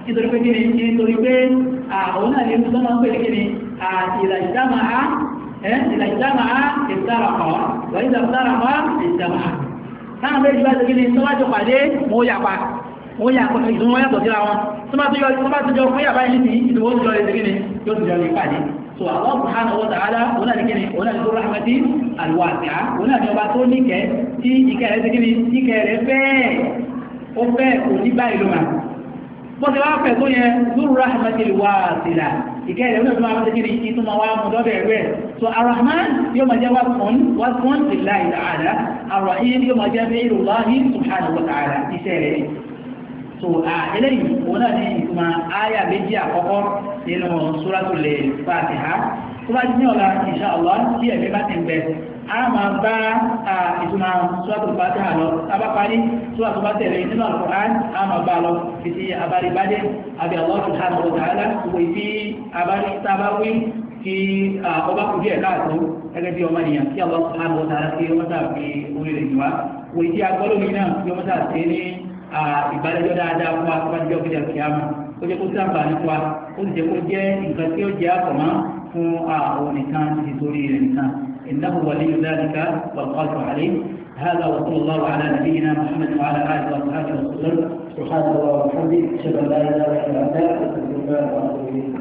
nítorí pé kíni nítorí pé àwọn náà ní sọ́nà ń pè ní kíni ìlà ìjámà á ìlà ìjámà á ìtara pa wà ìlà ìtara pa ìjámà á. táwọn méjì bá ti kíni tó bá jọ pàdé mo yà pa mo yà pa ìdùnnú yàtọ̀ síra wọn tó bá ti jọ so Allah subhanahu wa ta'ala ona ni kini ona ni tó rahmati alwasi'a ona ni ọba tó ní kẹ tí ìkẹrẹ ti kini ìkẹrẹ fẹ́ẹ̀ máa bọ́sẹ̀ wá fẹ̀ tó yẹ lóru rahmatil wasilah ìkẹ́ ìrẹ̀ wíwọ́n tó máa tẹ́kẹ́ ní ìtumọ̀ wa mú dọ́bẹ̀ rẹ̀ so arahman yóò máa jẹ́ wá fún wá fún lillahi ta'ala arahim yóò máa jẹ́ bẹ́ẹ̀rù láhi subhanahu wa ta'ala iṣẹ́ rẹ̀ so eléyìí òun náà ní ìtumọ̀ àyà méjì àkọ́kọ́ nínú suratul Fatiha tó bá ní ọ̀la insha Allah ẹ̀mí bá ti bẹ̀rẹ̀ a máa bá ìtumọ̀ sọ́ọ̀tù fàtà lọ tábà parí sọ́ọ̀tù bá tẹ̀lé nínú àlùkò á a máa bá lọ títí abáribádé àbí àwọn ọ̀tún hàn ọ̀tún tààlà wò ibi abárí tábà wí kí ọba kùdí ẹ̀ káàtó gẹ́gẹ́ bí ọmọ nìyàn kí àwọn ọ̀tún hàn ọ̀tún tààlà kí ọmọ tàà fi orí rẹ̀ jùlọ wò ibi agbọ́lómi náà kí ọmọ tàà sí ní ìbálẹ́jọ́ dáadáa fún wa fún إنه ولي ذلك والقادر عليه هذا وصلى الله على نبينا محمد وعلى آله وصحبه وسلم سبحانك اللهم وبحمده أشهد أن لا إله إلا أنت